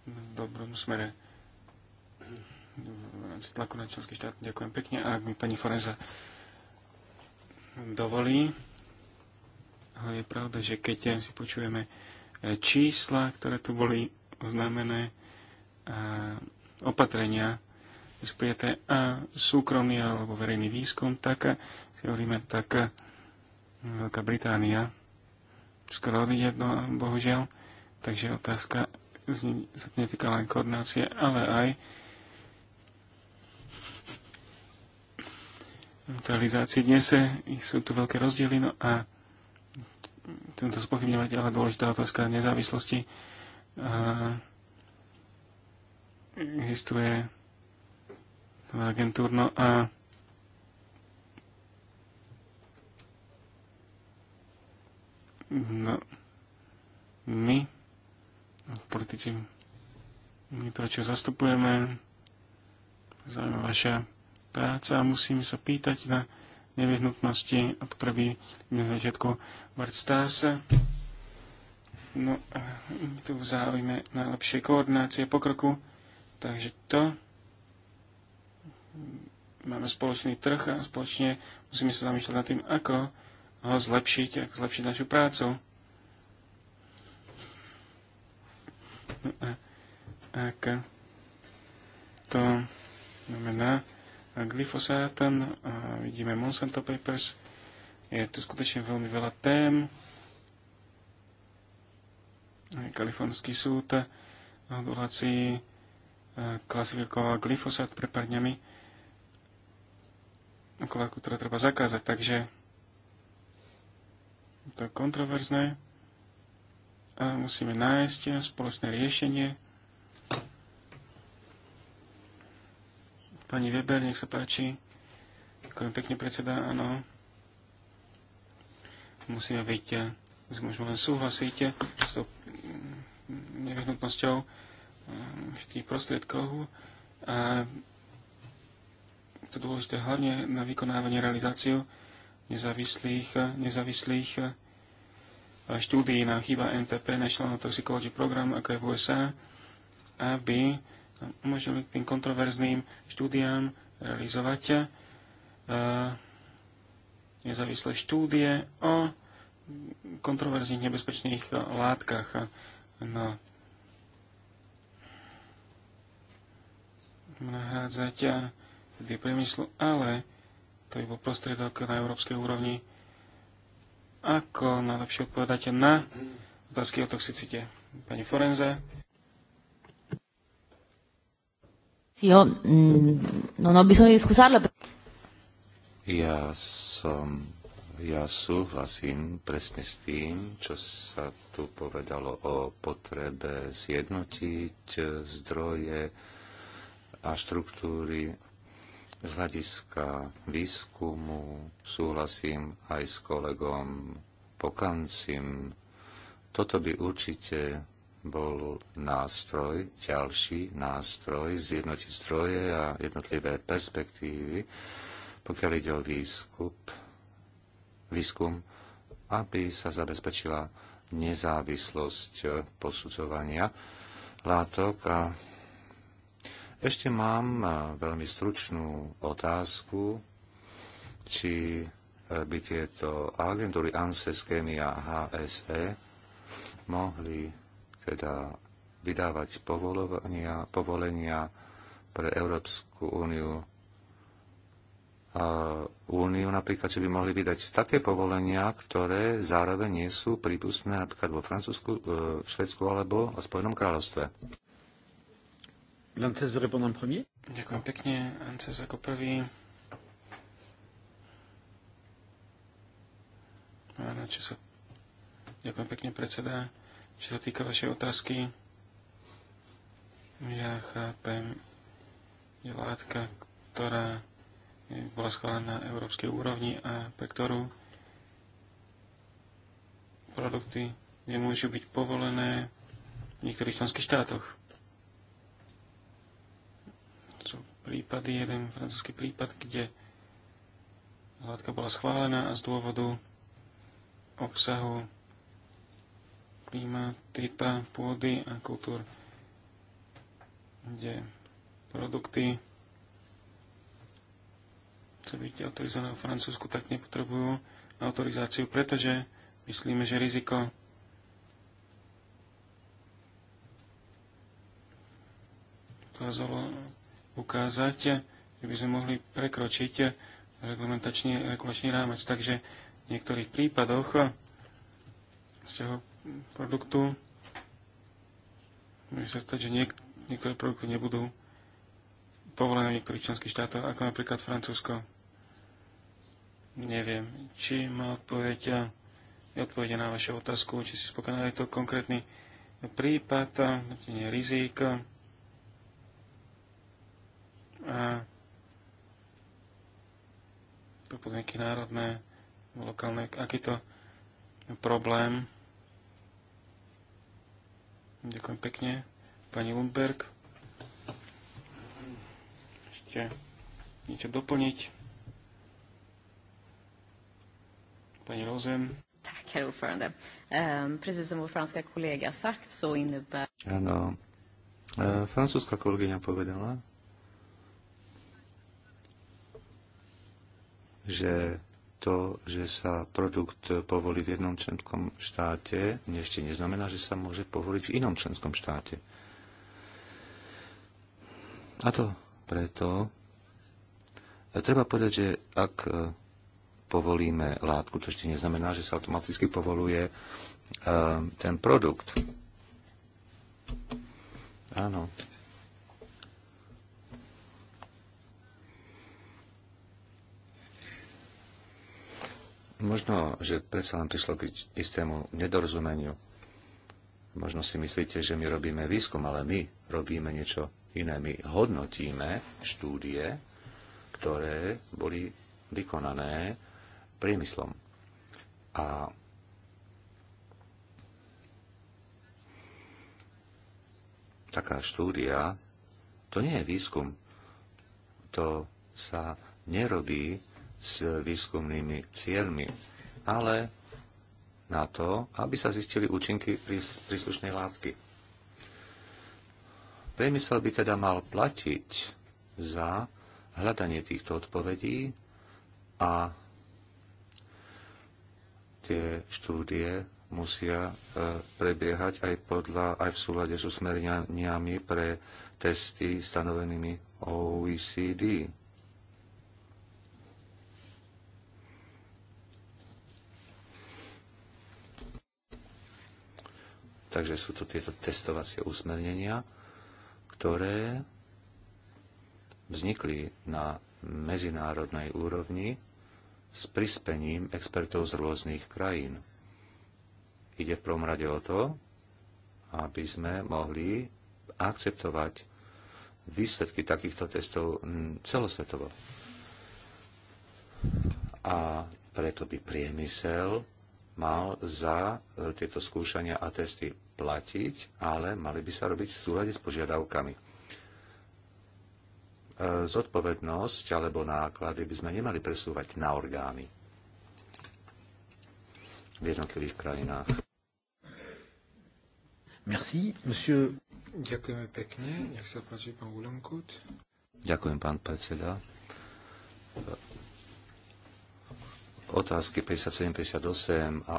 v dobrom smere v rámci tlaku na členský štát. Ďakujem pekne a ak mi pani Forenza dovolí, ale je pravda, že keď si počujeme e, čísla, ktoré tu boli oznámené, opatrenia, sú prijaté a súkromný alebo verejný výskum, tak si hovoríme, tak Veľká Británia skoro odíde, no, bohužiaľ. Takže otázka sa netýka len koordinácie, ale aj neutralizácie. Dnes e, sú tu veľké rozdiely, no a tento spochybňovať, ale dôležitá otázka nezávislosti. A existuje no a no, my politici my to, čo zastupujeme Zaujímavá vaša práca a musíme sa pýtať na nevyhnutnosti a potreby na začiatku Bart No a tu v záujme najlepšej koordinácie pokroku. Takže to máme spoločný trh a spoločne musíme sa zamýšľať nad tým, ako ho zlepšiť, ako zlepšiť našu prácu. No a ak to znamená glyfosát, vidíme Monsanto Papers, je tu skutočne veľmi veľa tém. Kalifornský súd odvolací eh, klasifikoval glyfosát pre pár dňami kolárku, ktoré treba zakázať. Takže to je kontroverzné a musíme nájsť spoločné riešenie. Pani Weber, nech sa páči. Ďakujem pekne, predseda. Áno. Musíme byť, eh, môžeme len súhlasiť eh, s tou mm, nevyhnutnosťou eh, všetkých prostriedkov. A je to dôležité hlavne na vykonávanie realizáciu nezávislých, nezávislých eh, štúdií na chyba NTP, National Toxicology Program, ako je v USA, aby umožnili tým kontroverzným štúdiám realizovať eh, nezávislé štúdie o kontroverzných nebezpečných eh, látkach. No, nahrádzať kde priemyslu, ale to je bol prostriedok na európskej úrovni, ako najlepšie odpovedáte na otázky o toxicite. Pani forenze. Mm, no, no Io Ja som, ja súhlasím presne s tým, čo sa tu povedalo o potrebe zjednotiť eh, zdroje a štruktúry z hľadiska výskumu súhlasím aj s kolegom Pokancim. Toto by určite bol nástroj, ďalší nástroj, zjednotiť zdroje a jednotlivé perspektívy, pokiaľ ide o výskup, výskum, aby sa zabezpečila nezávislosť posudzovania látok a ešte mám e, veľmi stručnú otázku, či e, by tieto agentúry ANSES, a HSE mohli teda vydávať povolenia, povolenia pre Európsku úniu úniu napríklad, či by mohli vydať také povolenia, ktoré zároveň nie sú prípustné napríklad vo Francúzsku, e, Švedsku alebo Spojenom kráľovstve. Lances veut répondre en premier. Ďakujem pekne, Lances ako prvý. Áno, čo sa... Ďakujem pekne, predseda. Čo sa týka vašej otázky, ja chápem, je látka, ktorá bola schválená na európskej úrovni a pre ktorú produkty nemôžu byť povolené v niektorých členských štátoch. prípady, jeden francúzsky prípad, kde látka bola schválená a z dôvodu obsahu klíma, typa, pôdy a kultúr, kde produkty chcú byť autorizované v Francúzsku, tak nepotrebujú autorizáciu, pretože myslíme, že riziko ukázalo ukázať, že by sme mohli prekročiť reglementačný, regulačný rámec. Takže v niektorých prípadoch z toho produktu môže sa stať, že niek- niektoré produkty nebudú povolené v niektorých členských štátoch, ako napríklad Francúzsko. Neviem, či má odpoveď odpovede na vašu otázku, či si spokojná, je to konkrétny prípad, rizik, a to nejaké národné, lokálne, aký to problém. Ďakujem pekne. Pani Lundberg. Ešte niečo doplniť. Pani Rosen. herr ordförande. Um, precis som vår franska kollega sagt så innebär... Áno. Ehm, francúzska kolegyňa povedala, že to, že sa produkt povolí v jednom členskom štáte, ešte neznamená, že sa môže povoliť v inom členskom štáte. A to preto, treba povedať, že ak e, povolíme látku, to ešte neznamená, že sa automaticky povoluje e, ten produkt. Áno, možno, že predsa len prišlo k istému nedorozumeniu. Možno si myslíte, že my robíme výskum, ale my robíme niečo iné. My hodnotíme štúdie, ktoré boli vykonané priemyslom. A taká štúdia, to nie je výskum. To sa nerobí s výskumnými cieľmi, ale na to, aby sa zistili účinky príslušnej látky. Priemysel by teda mal platiť za hľadanie týchto odpovedí a tie štúdie musia e, prebiehať aj, podľa, aj v súlade s usmerňaniami pre testy stanovenými OECD. Takže sú to tieto testovacie usmernenia, ktoré vznikli na medzinárodnej úrovni s prispením expertov z rôznych krajín. Ide v prvom rade o to, aby sme mohli akceptovať výsledky takýchto testov mm, celosvetovo. A preto by priemysel mal za e, tieto skúšania a testy platiť, ale mali by sa robiť v súhľade s požiadavkami. E, zodpovednosť alebo náklady by sme nemali presúvať na orgány v jednotlivých krajinách. Merci, monsieur. Ďakujeme pekne. Nech sa páči, pán Ulenkut. Ďakujem, pán predseda otázky 57-58 a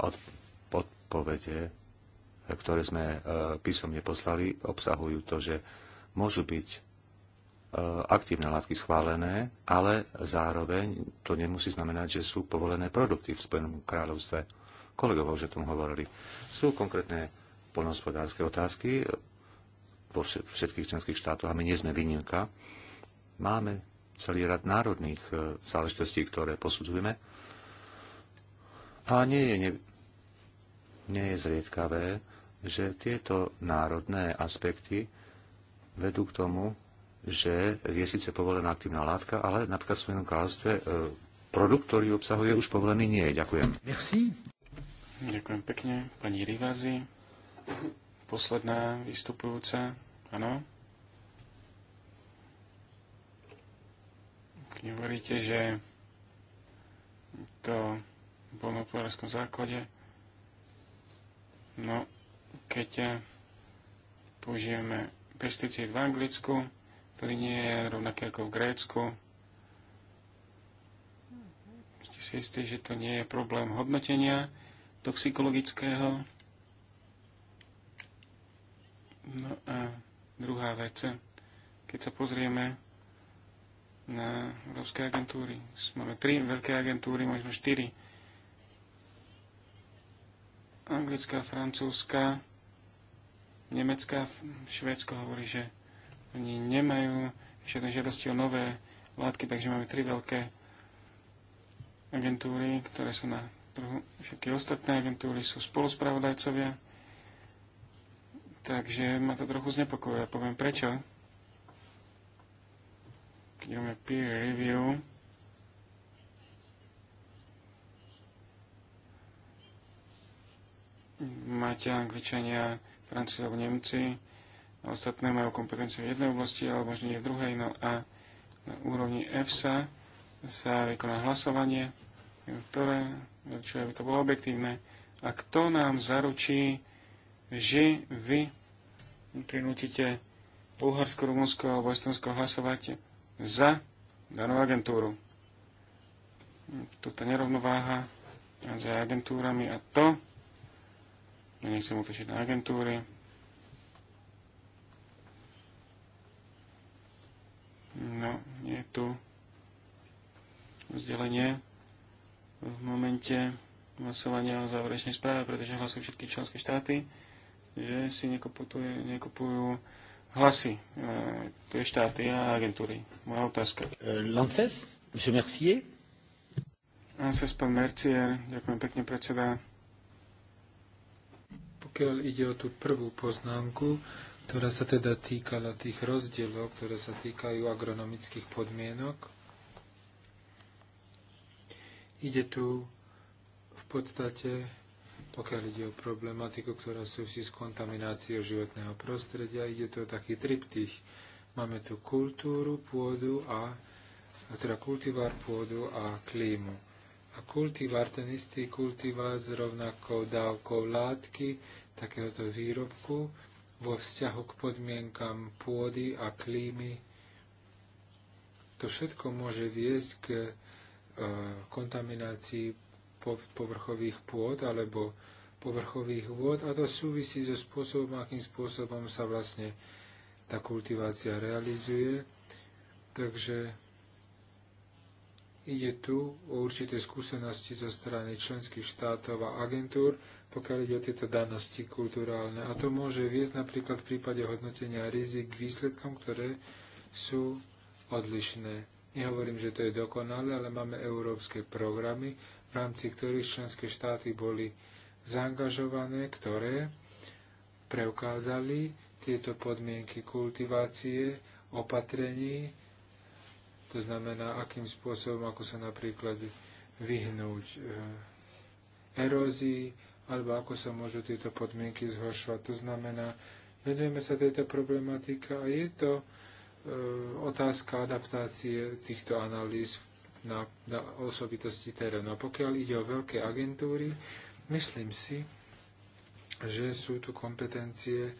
odpovede, eh, ktoré sme eh, písomne poslali, obsahujú to, že môžu byť eh, aktívne látky schválené, ale zároveň to nemusí znamenať, že sú povolené produkty v Spojenom kráľovstve. Kolegovia už o tom hovorili. Sú konkrétne poľnohospodárske otázky vo všetkých členských štátoch a my nie sme výnimka. Máme celý rad národných záležitostí, ktoré posudzujeme a nie je, ne, nie je zriedkavé, že tieto národné aspekty vedú k tomu, že je síce povolená aktívna látka, ale napríklad v svojom kráľstve e, produkt, ktorý obsahuje, už povolený nie je. Ďakujem. Merci. Ďakujem pekne. Pani Rivazi, posledná vystupujúca, áno? Hovoríte, že to polnohospodárskom základe. No, keď eh, použijeme pesticíd v Anglicku, ktorý nie je rovnaký ako v Grécku, ste si istí, že to nie je problém hodnotenia toxikologického. No a druhá vec, eh, keď sa pozrieme na európske agentúry, máme tri veľké agentúry, možno štyri, anglická, francúzska, nemecká, Švédsko hovorí, že oni nemajú žiadne žiadosti o nové látky, takže máme tri veľké agentúry, ktoré sú na trhu. Všetky ostatné agentúry sú spoluspravodajcovia, takže ma to trochu znepokojuje. Ja poviem prečo. Keď robíme peer review, máte Angličania, Francúzi alebo Nemci, a ostatné majú kompetencie v jednej oblasti alebo možno nie v druhej, no a na úrovni EFSA sa vykoná hlasovanie, ktoré určuje, aby to bolo objektívne. A kto nám zaručí, že vy prinútite Bulharsko, Rumunsko alebo Estonsko hlasovať za danú agentúru. Tuto nerovnováha medzi agentúrami a to nechcem utočiť na agentúry. No, nie je tu vzdelenie v momente hlasovania o záverečnej správe, pretože hlasujú všetky členské štáty, že si nekupujú, nekupujú hlasy e, štáty a agentúry. Moja otázka. E, Lances, M. Mercier. Lances, pán Mercier, ďakujem pekne, predseda. Pokiaľ ide o tú prvú poznámku, ktorá sa teda týkala tých rozdielov, ktoré sa týkajú agronomických podmienok, ide tu v podstate, pokiaľ ide o problematiku, ktorá súvisí s kontamináciou životného prostredia, ide tu o taký triptych. Máme tu kultúru, pôdu a teda kultivár pôdu a klímu. A kultivár, ten istý kultivár s rovnakou dávkou látky takéhoto výrobku vo vzťahu k podmienkam pôdy a klímy. To všetko môže viesť k e, kontaminácii povrchových pôd alebo povrchových vôd a to súvisí so spôsobom, akým spôsobom sa vlastne tá kultivácia realizuje. Takže Ide tu o určité skúsenosti zo strany členských štátov a agentúr, pokiaľ ide o tieto danosti kulturálne. A to môže viesť napríklad v prípade hodnotenia rizik k výsledkom, ktoré sú odlišné. Nehovorím, že to je dokonalé, ale máme európske programy, v rámci ktorých členské štáty boli zaangažované, ktoré preukázali tieto podmienky kultivácie, opatrení, to znamená, akým spôsobom, ako sa napríklad vyhnúť e, erózii, alebo ako sa môžu tieto podmienky zhoršovať. To znamená, venujeme sa tejto problematike a je to e, otázka adaptácie týchto analýz na, na osobitosti terénu. A pokiaľ ide o veľké agentúry, myslím si, že sú tu kompetencie e,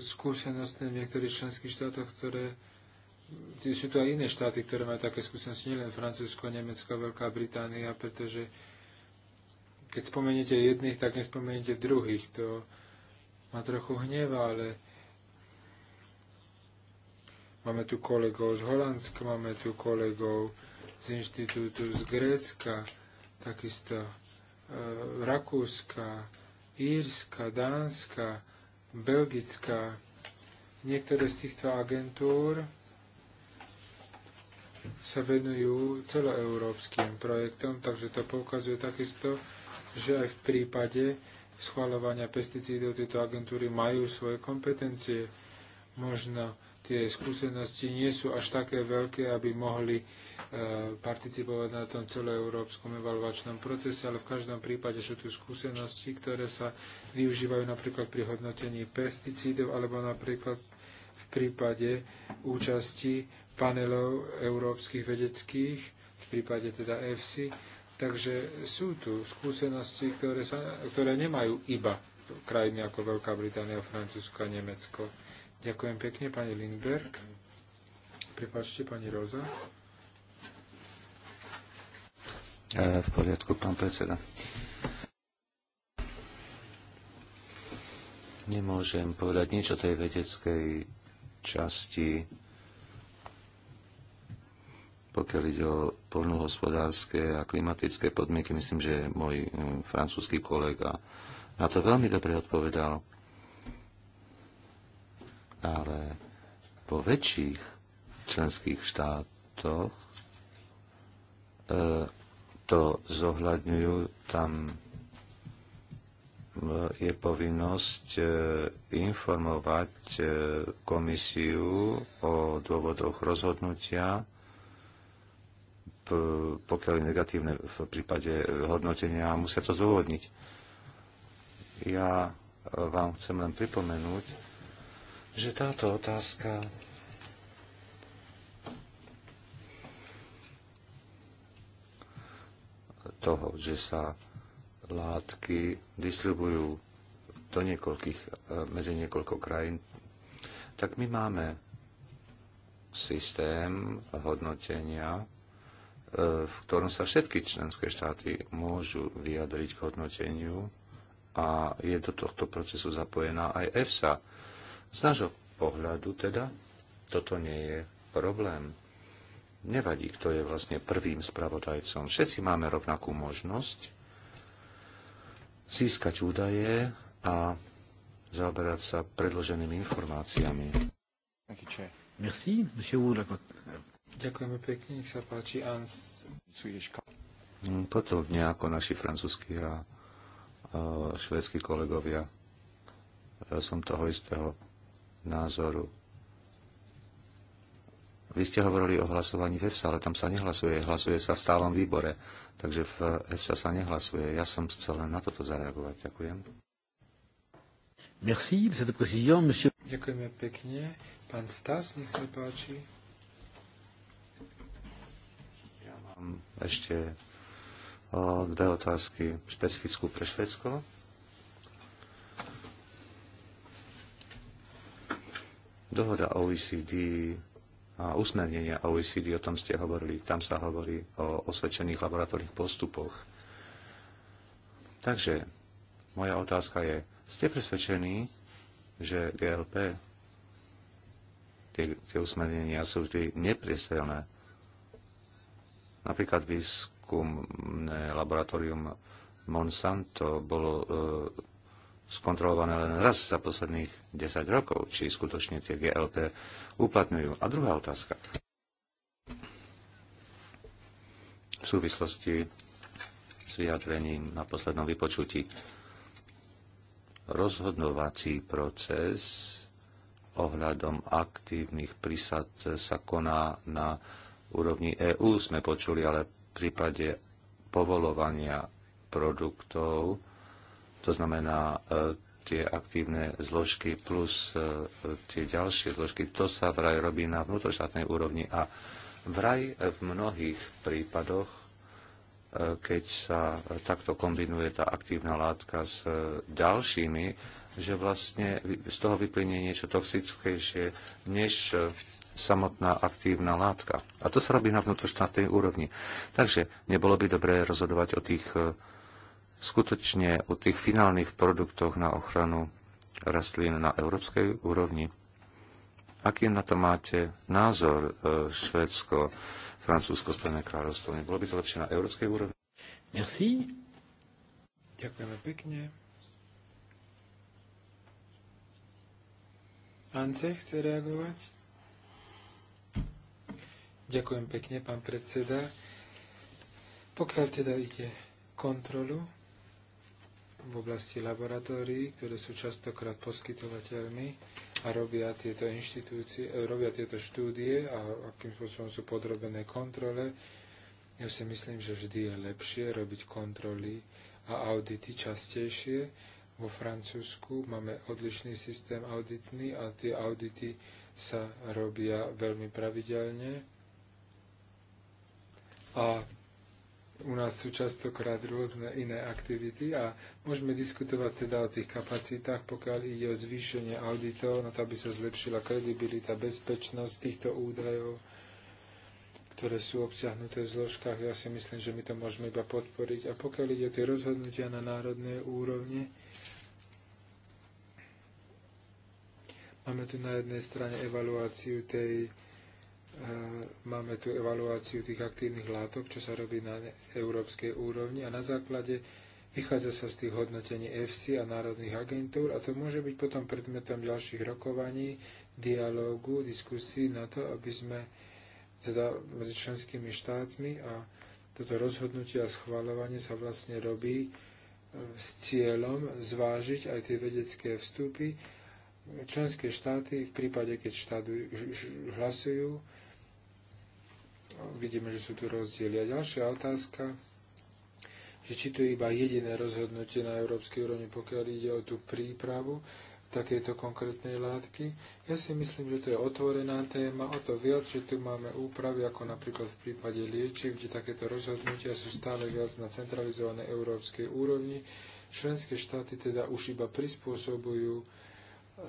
skúsenostné v niektorých členských štátoch, ktoré sú tu aj iné štáty, ktoré majú také skúsenosti, nielen Francúzsko, Nemecko, Veľká Británia, pretože keď spomeniete jedných, tak nespomeniete druhých. To ma trochu hnieva, ale máme tu kolegov z Holandska, máme tu kolegov z inštitútu z Grécka, takisto e, Rakúska, Írska, Dánska, Belgická. Niektoré z týchto agentúr sa venujú celoeurópskym projektom, takže to poukazuje takisto, že aj v prípade schvaľovania pesticídov tieto agentúry majú svoje kompetencie. Možno tie skúsenosti nie sú až také veľké, aby mohli e, participovať na tom celoeurópskom evaluačnom procese, ale v každom prípade sú tu skúsenosti, ktoré sa využívajú napríklad pri hodnotení pesticídov alebo napríklad v prípade účasti panelov európskych vedeckých, v prípade teda EFSI. Takže sú tu skúsenosti, ktoré, sa, ktoré nemajú iba krajiny ako Veľká Británia, Francúzsko a Nemecko. Ďakujem pekne, pani Lindberg. Prepačte, pani Roza. V poriadku, pán predseda. Nemôžem povedať niečo o tej vedeckej časti pokiaľ ide o poľnohospodárske a klimatické podmienky, myslím, že môj hm, francúzsky kolega na to veľmi dobre odpovedal. Ale vo väčších členských štátoch e, to zohľadňujú, tam e, je povinnosť e, informovať komisiu o dôvodoch rozhodnutia pokiaľ je negatívne v prípade hodnotenia, a musia to zôvodniť. Ja e, vám chcem len pripomenúť, že táto otázka toho, že sa látky distribujú do niekoľkých, e, medzi niekoľko krajín, tak my máme systém hodnotenia v ktorom sa všetky členské štáty môžu vyjadriť k hodnoteniu a je do tohto procesu zapojená aj EFSA. Z nášho pohľadu teda toto nie je problém. Nevadí, kto je vlastne prvým spravodajcom. Všetci máme rovnakú možnosť získať údaje a zaoberať sa predloženými informáciami. Merci, monsieur Ďakujeme pekne, nech sa páči. Ans. Mm, Podobne ako naši francúzskí a švédsky kolegovia. Ja som toho istého názoru. Vy ste hovorili o hlasovaní v EFSA, ale tam sa nehlasuje. Hlasuje sa v stálom výbore, takže v EFSA sa nehlasuje. Ja som chcel len na toto zareagovať. Ďakujem. Merci, Ďakujeme pekne. Pán Stas, nech sa páči. Mám ešte o, dve otázky špecifickú pre Švedsko. Dohoda OECD a usmernenia OECD, o tom ste hovorili, tam sa hovorí o osvedčených laboratórnych postupoch. Takže moja otázka je, ste presvedčení, že GLP tie, tie usmernenia sú vždy nepriestrelné Napríklad výskumné laboratórium Monsanto bolo e, skontrolované len raz za posledných 10 rokov, či skutočne tie GLP uplatňujú. A druhá otázka. V súvislosti s vyjadrením na poslednom vypočutí rozhodnovací proces ohľadom aktívnych prísad sa koná na úrovni EÚ sme počuli, ale v prípade povolovania produktov, to znamená e, tie aktívne zložky plus e, tie ďalšie zložky, to sa vraj robí na vnútroštátnej úrovni a vraj v mnohých prípadoch, e, keď sa takto kombinuje tá aktívna látka s ďalšími, že vlastne z toho vyplynie niečo toxickejšie, než samotná aktívna látka. A to sa robí na vnútroštátnej úrovni. Takže nebolo by dobré rozhodovať o tých e, skutočne o tých finálnych produktoch na ochranu rastlín na európskej úrovni. Aký na to máte názor e, Švédsko, Francúzsko, Spojené kráľovstvo? Nebolo by to lepšie na európskej úrovni? Merci. Ďakujeme pekne. Ance chce reagovať? Ďakujem pekne, pán predseda. Pokiaľ teda ide kontrolu v oblasti laboratórií, ktoré sú častokrát poskytovateľmi a robia tieto inštitúcie, robia tieto štúdie a akým spôsobom sú podrobené kontrole, ja si myslím, že vždy je lepšie robiť kontroly a audity častejšie. Vo Francúzsku máme odlišný systém auditný a tie audity sa robia veľmi pravidelne a u nás sú častokrát rôzne iné aktivity a môžeme diskutovať teda o tých kapacitách, pokiaľ ide o zvýšenie auditov, na to, aby sa zlepšila kredibilita, bezpečnosť týchto údajov, ktoré sú obsiahnuté v zložkách. Ja si myslím, že my to môžeme iba podporiť. A pokiaľ ide o tie rozhodnutia na národnej úrovni, máme tu na jednej strane evaluáciu tej E, máme tu evaluáciu tých aktívnych látok, čo sa robí na európskej úrovni a na základe vychádza sa z tých hodnotení EFSI a národných agentúr a to môže byť potom predmetom ďalších rokovaní, dialógu, diskusí na to, aby sme teda medzi členskými štátmi a toto rozhodnutie a schváľovanie sa vlastne robí e, s cieľom zvážiť aj tie vedecké vstupy. Členské štáty v prípade, keď štáty hlasujú, vidíme, že sú tu rozdiely. A ďalšia otázka, že či to je iba jediné rozhodnutie na európskej úrovni, pokiaľ ide o tú prípravu takéto konkrétnej látky. Ja si myslím, že to je otvorená téma, o to viac, že tu máme úpravy, ako napríklad v prípade liečiv, kde takéto rozhodnutia sú stále viac na centralizovanej európskej úrovni. Členské štáty teda už iba prispôsobujú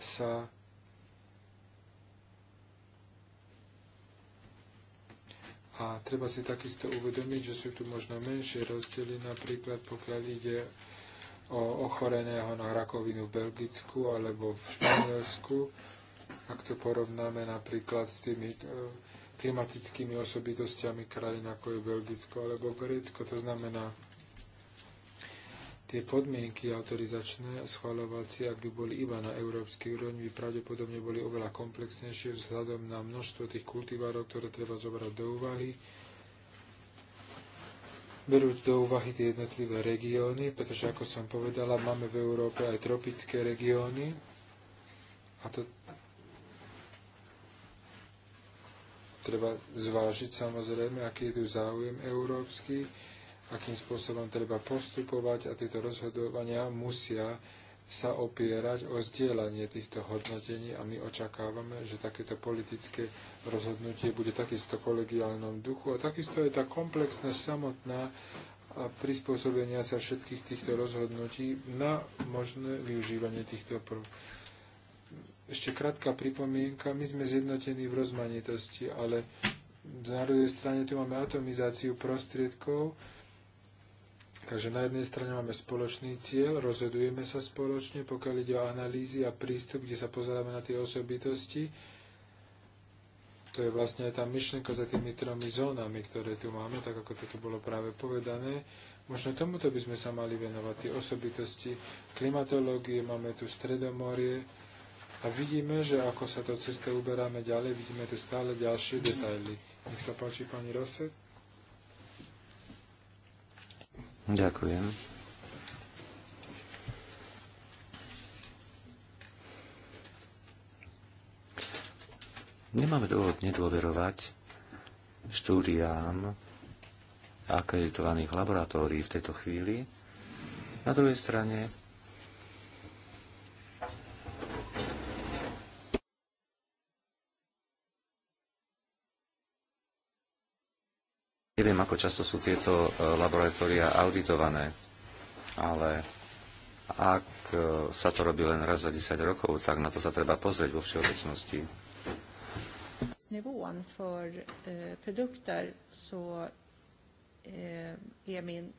sa A treba si takisto uvedomiť, že sú tu možno menšie rozdiely, napríklad pokiaľ ide o ochoreného na rakovinu v Belgicku alebo v Španielsku, ak to porovnáme napríklad s tými e, klimatickými osobitostiami krajín ako je Belgicko alebo Grécko, to znamená, tie podmienky autorizačné schvalovacie, ak by boli iba na európsky úrovni, by pravdepodobne boli oveľa komplexnejšie vzhľadom na množstvo tých kultivárov, ktoré treba zobrať do úvahy, Berúť do úvahy tie jednotlivé regióny, pretože ako som povedala, máme v Európe aj tropické regióny a to treba zvážiť samozrejme, aký je tu záujem európsky akým spôsobom treba postupovať a tieto rozhodovania musia sa opierať o zdieľanie týchto hodnotení a my očakávame, že takéto politické rozhodnutie bude takisto kolegiálnom duchu a takisto je tá komplexná samotná a prispôsobenia sa všetkých týchto rozhodnutí na možné využívanie týchto prv. Ešte krátka pripomienka. My sme zjednotení v rozmanitosti, ale z národnej strane tu máme atomizáciu prostriedkov Takže na jednej strane máme spoločný cieľ, rozhodujeme sa spoločne, pokiaľ ide o analýzy a prístup, kde sa pozeráme na tie osobitosti. To je vlastne aj tá myšlienka za tými tromi zónami, ktoré tu máme, tak ako to tu bolo práve povedané. Možno tomuto by sme sa mali venovať, tie osobitosti klimatológie, máme tu stredomorie a vidíme, že ako sa to cestou uberáme ďalej, vidíme tu stále ďalšie detaily. Nech sa páči, pani Roset. Ďakujem. Nemáme dôvod nedôverovať štúdiám akreditovaných laboratórií v tejto chvíli. Na druhej strane Neviem, ako často sú tieto e, laboratória auditované, ale ak e, sa to robí len raz za 10 rokov, tak na to sa treba pozrieť vo všeobecnosti. Nivån för e, produkter så är min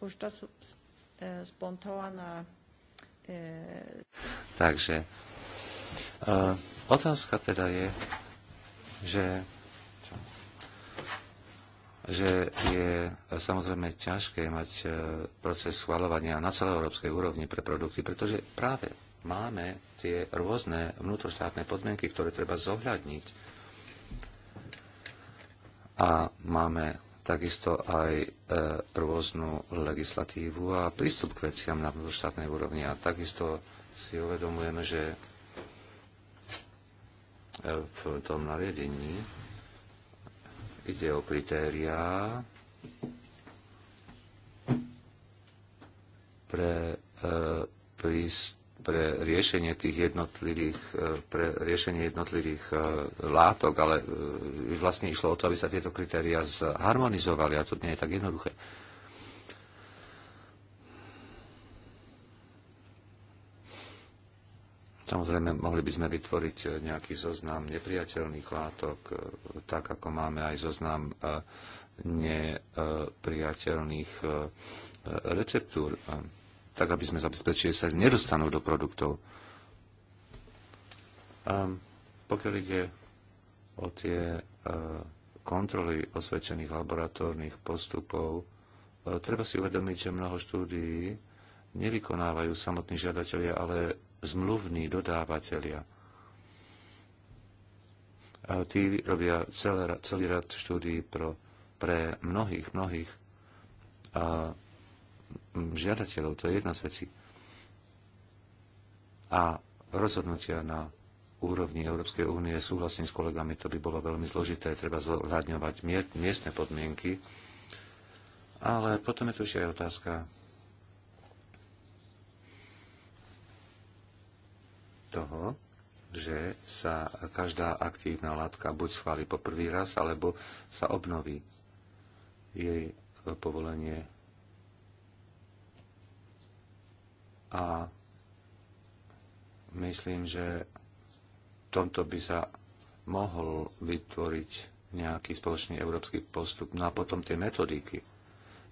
första spontana... Takže otázka teda je, že že je samozrejme ťažké mať e, proces schvalovania na Európskej úrovni pre produkty, pretože práve máme tie rôzne vnútroštátne podmienky, ktoré treba zohľadniť. A máme takisto aj e, rôznu legislatívu a prístup k veciam na vnútroštátnej úrovni. A takisto si uvedomujeme, že e, v tom nariadení Ide o kritériá pre, e, pre, pre riešenie tých jednotlivých, e, pre riešenie jednotlivých e, látok, ale vlastne išlo o to, aby sa tieto kritériá zharmonizovali a to nie je tak jednoduché. Samozrejme, mohli by sme vytvoriť eh, nejaký zoznam nepriateľných látok, eh, tak ako máme aj zoznam eh, nepriateľných receptúr, tak aby sme zabezpečili, že sa nedostanú do produktov. Pokiaľ ide o tie kontroly osvedčených laboratórnych postupov, treba si uvedomiť, že mnoho štúdií nevykonávajú samotní žiadatelia, ale zmluvní dodávateľia. A tí robia celý, celý rad štúdií pro, pre mnohých, mnohých a, žiadateľov. To je jedna z vecí. A rozhodnutia na úrovni Európskej únie, súhlasím s kolegami, to by bolo veľmi zložité, treba zohľadňovať miestne podmienky. Ale potom je tu ešte aj otázka toho, že sa každá aktívna látka buď schváli po prvý raz, alebo sa obnoví jej e, povolenie. A myslím, že v tomto by sa mohol vytvoriť nejaký spoločný európsky postup. No a potom tie metodiky, e,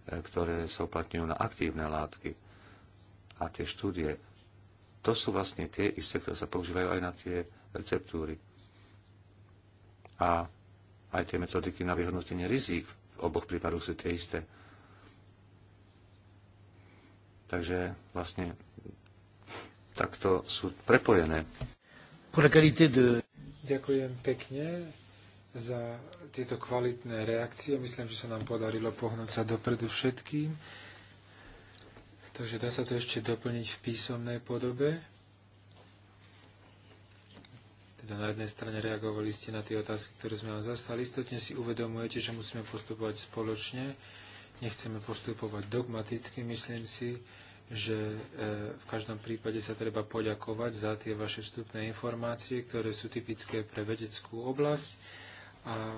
ktoré sa uplatňujú na aktívne látky a tie štúdie, to sú vlastne tie isté, ktoré sa používajú aj na tie receptúry. A aj tie metodiky na vyhodnotenie rizík v oboch prípadoch sú tie isté. Takže vlastne takto sú prepojené. Ďakujem pekne za tieto kvalitné reakcie. Myslím, že sa nám podarilo pohnúť sa dopredu všetkým. Takže dá sa to ešte doplniť v písomnej podobe. Teda na jednej strane reagovali ste na tie otázky, ktoré sme vám zastali. Istotne si uvedomujete, že musíme postupovať spoločne. Nechceme postupovať dogmaticky. Myslím si, že e, v každom prípade sa treba poďakovať za tie vaše vstupné informácie, ktoré sú typické pre vedeckú oblasť. A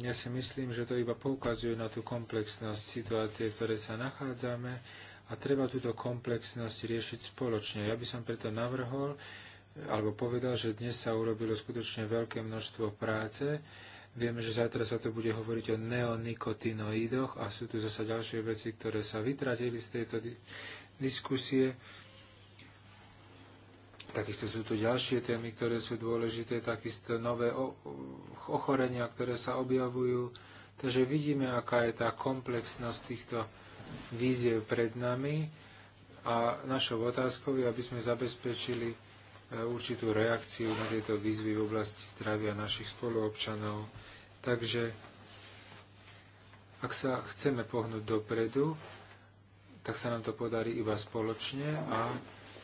ja si myslím, že to iba poukazuje na tú komplexnosť situácie, v ktorej sa nachádzame a treba túto komplexnosť riešiť spoločne. Ja by som preto navrhol, alebo povedal, že dnes sa urobilo skutočne veľké množstvo práce. Vieme, že zajtra sa tu bude hovoriť o neonikotinoidoch a sú tu zase ďalšie veci, ktoré sa vytratili z tejto diskusie. Takisto sú tu ďalšie témy, ktoré sú dôležité, takisto nové ochorenia, ktoré sa objavujú. Takže vidíme, aká je tá komplexnosť týchto víziev pred nami a našou otázkou je, aby sme zabezpečili e, určitú reakciu na tieto výzvy v oblasti zdravia našich spoluobčanov. Takže ak sa chceme pohnúť dopredu, tak sa nám to podarí iba spoločne a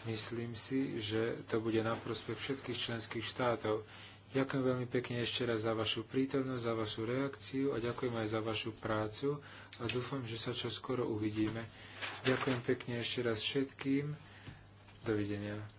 myslím si, že to bude na prospech všetkých členských štátov. Ďakujem veľmi pekne ešte raz za vašu prítomnosť, za vašu reakciu a ďakujem aj za vašu prácu a dúfam, že sa čo skoro uvidíme. Ďakujem pekne ešte raz všetkým. Dovidenia.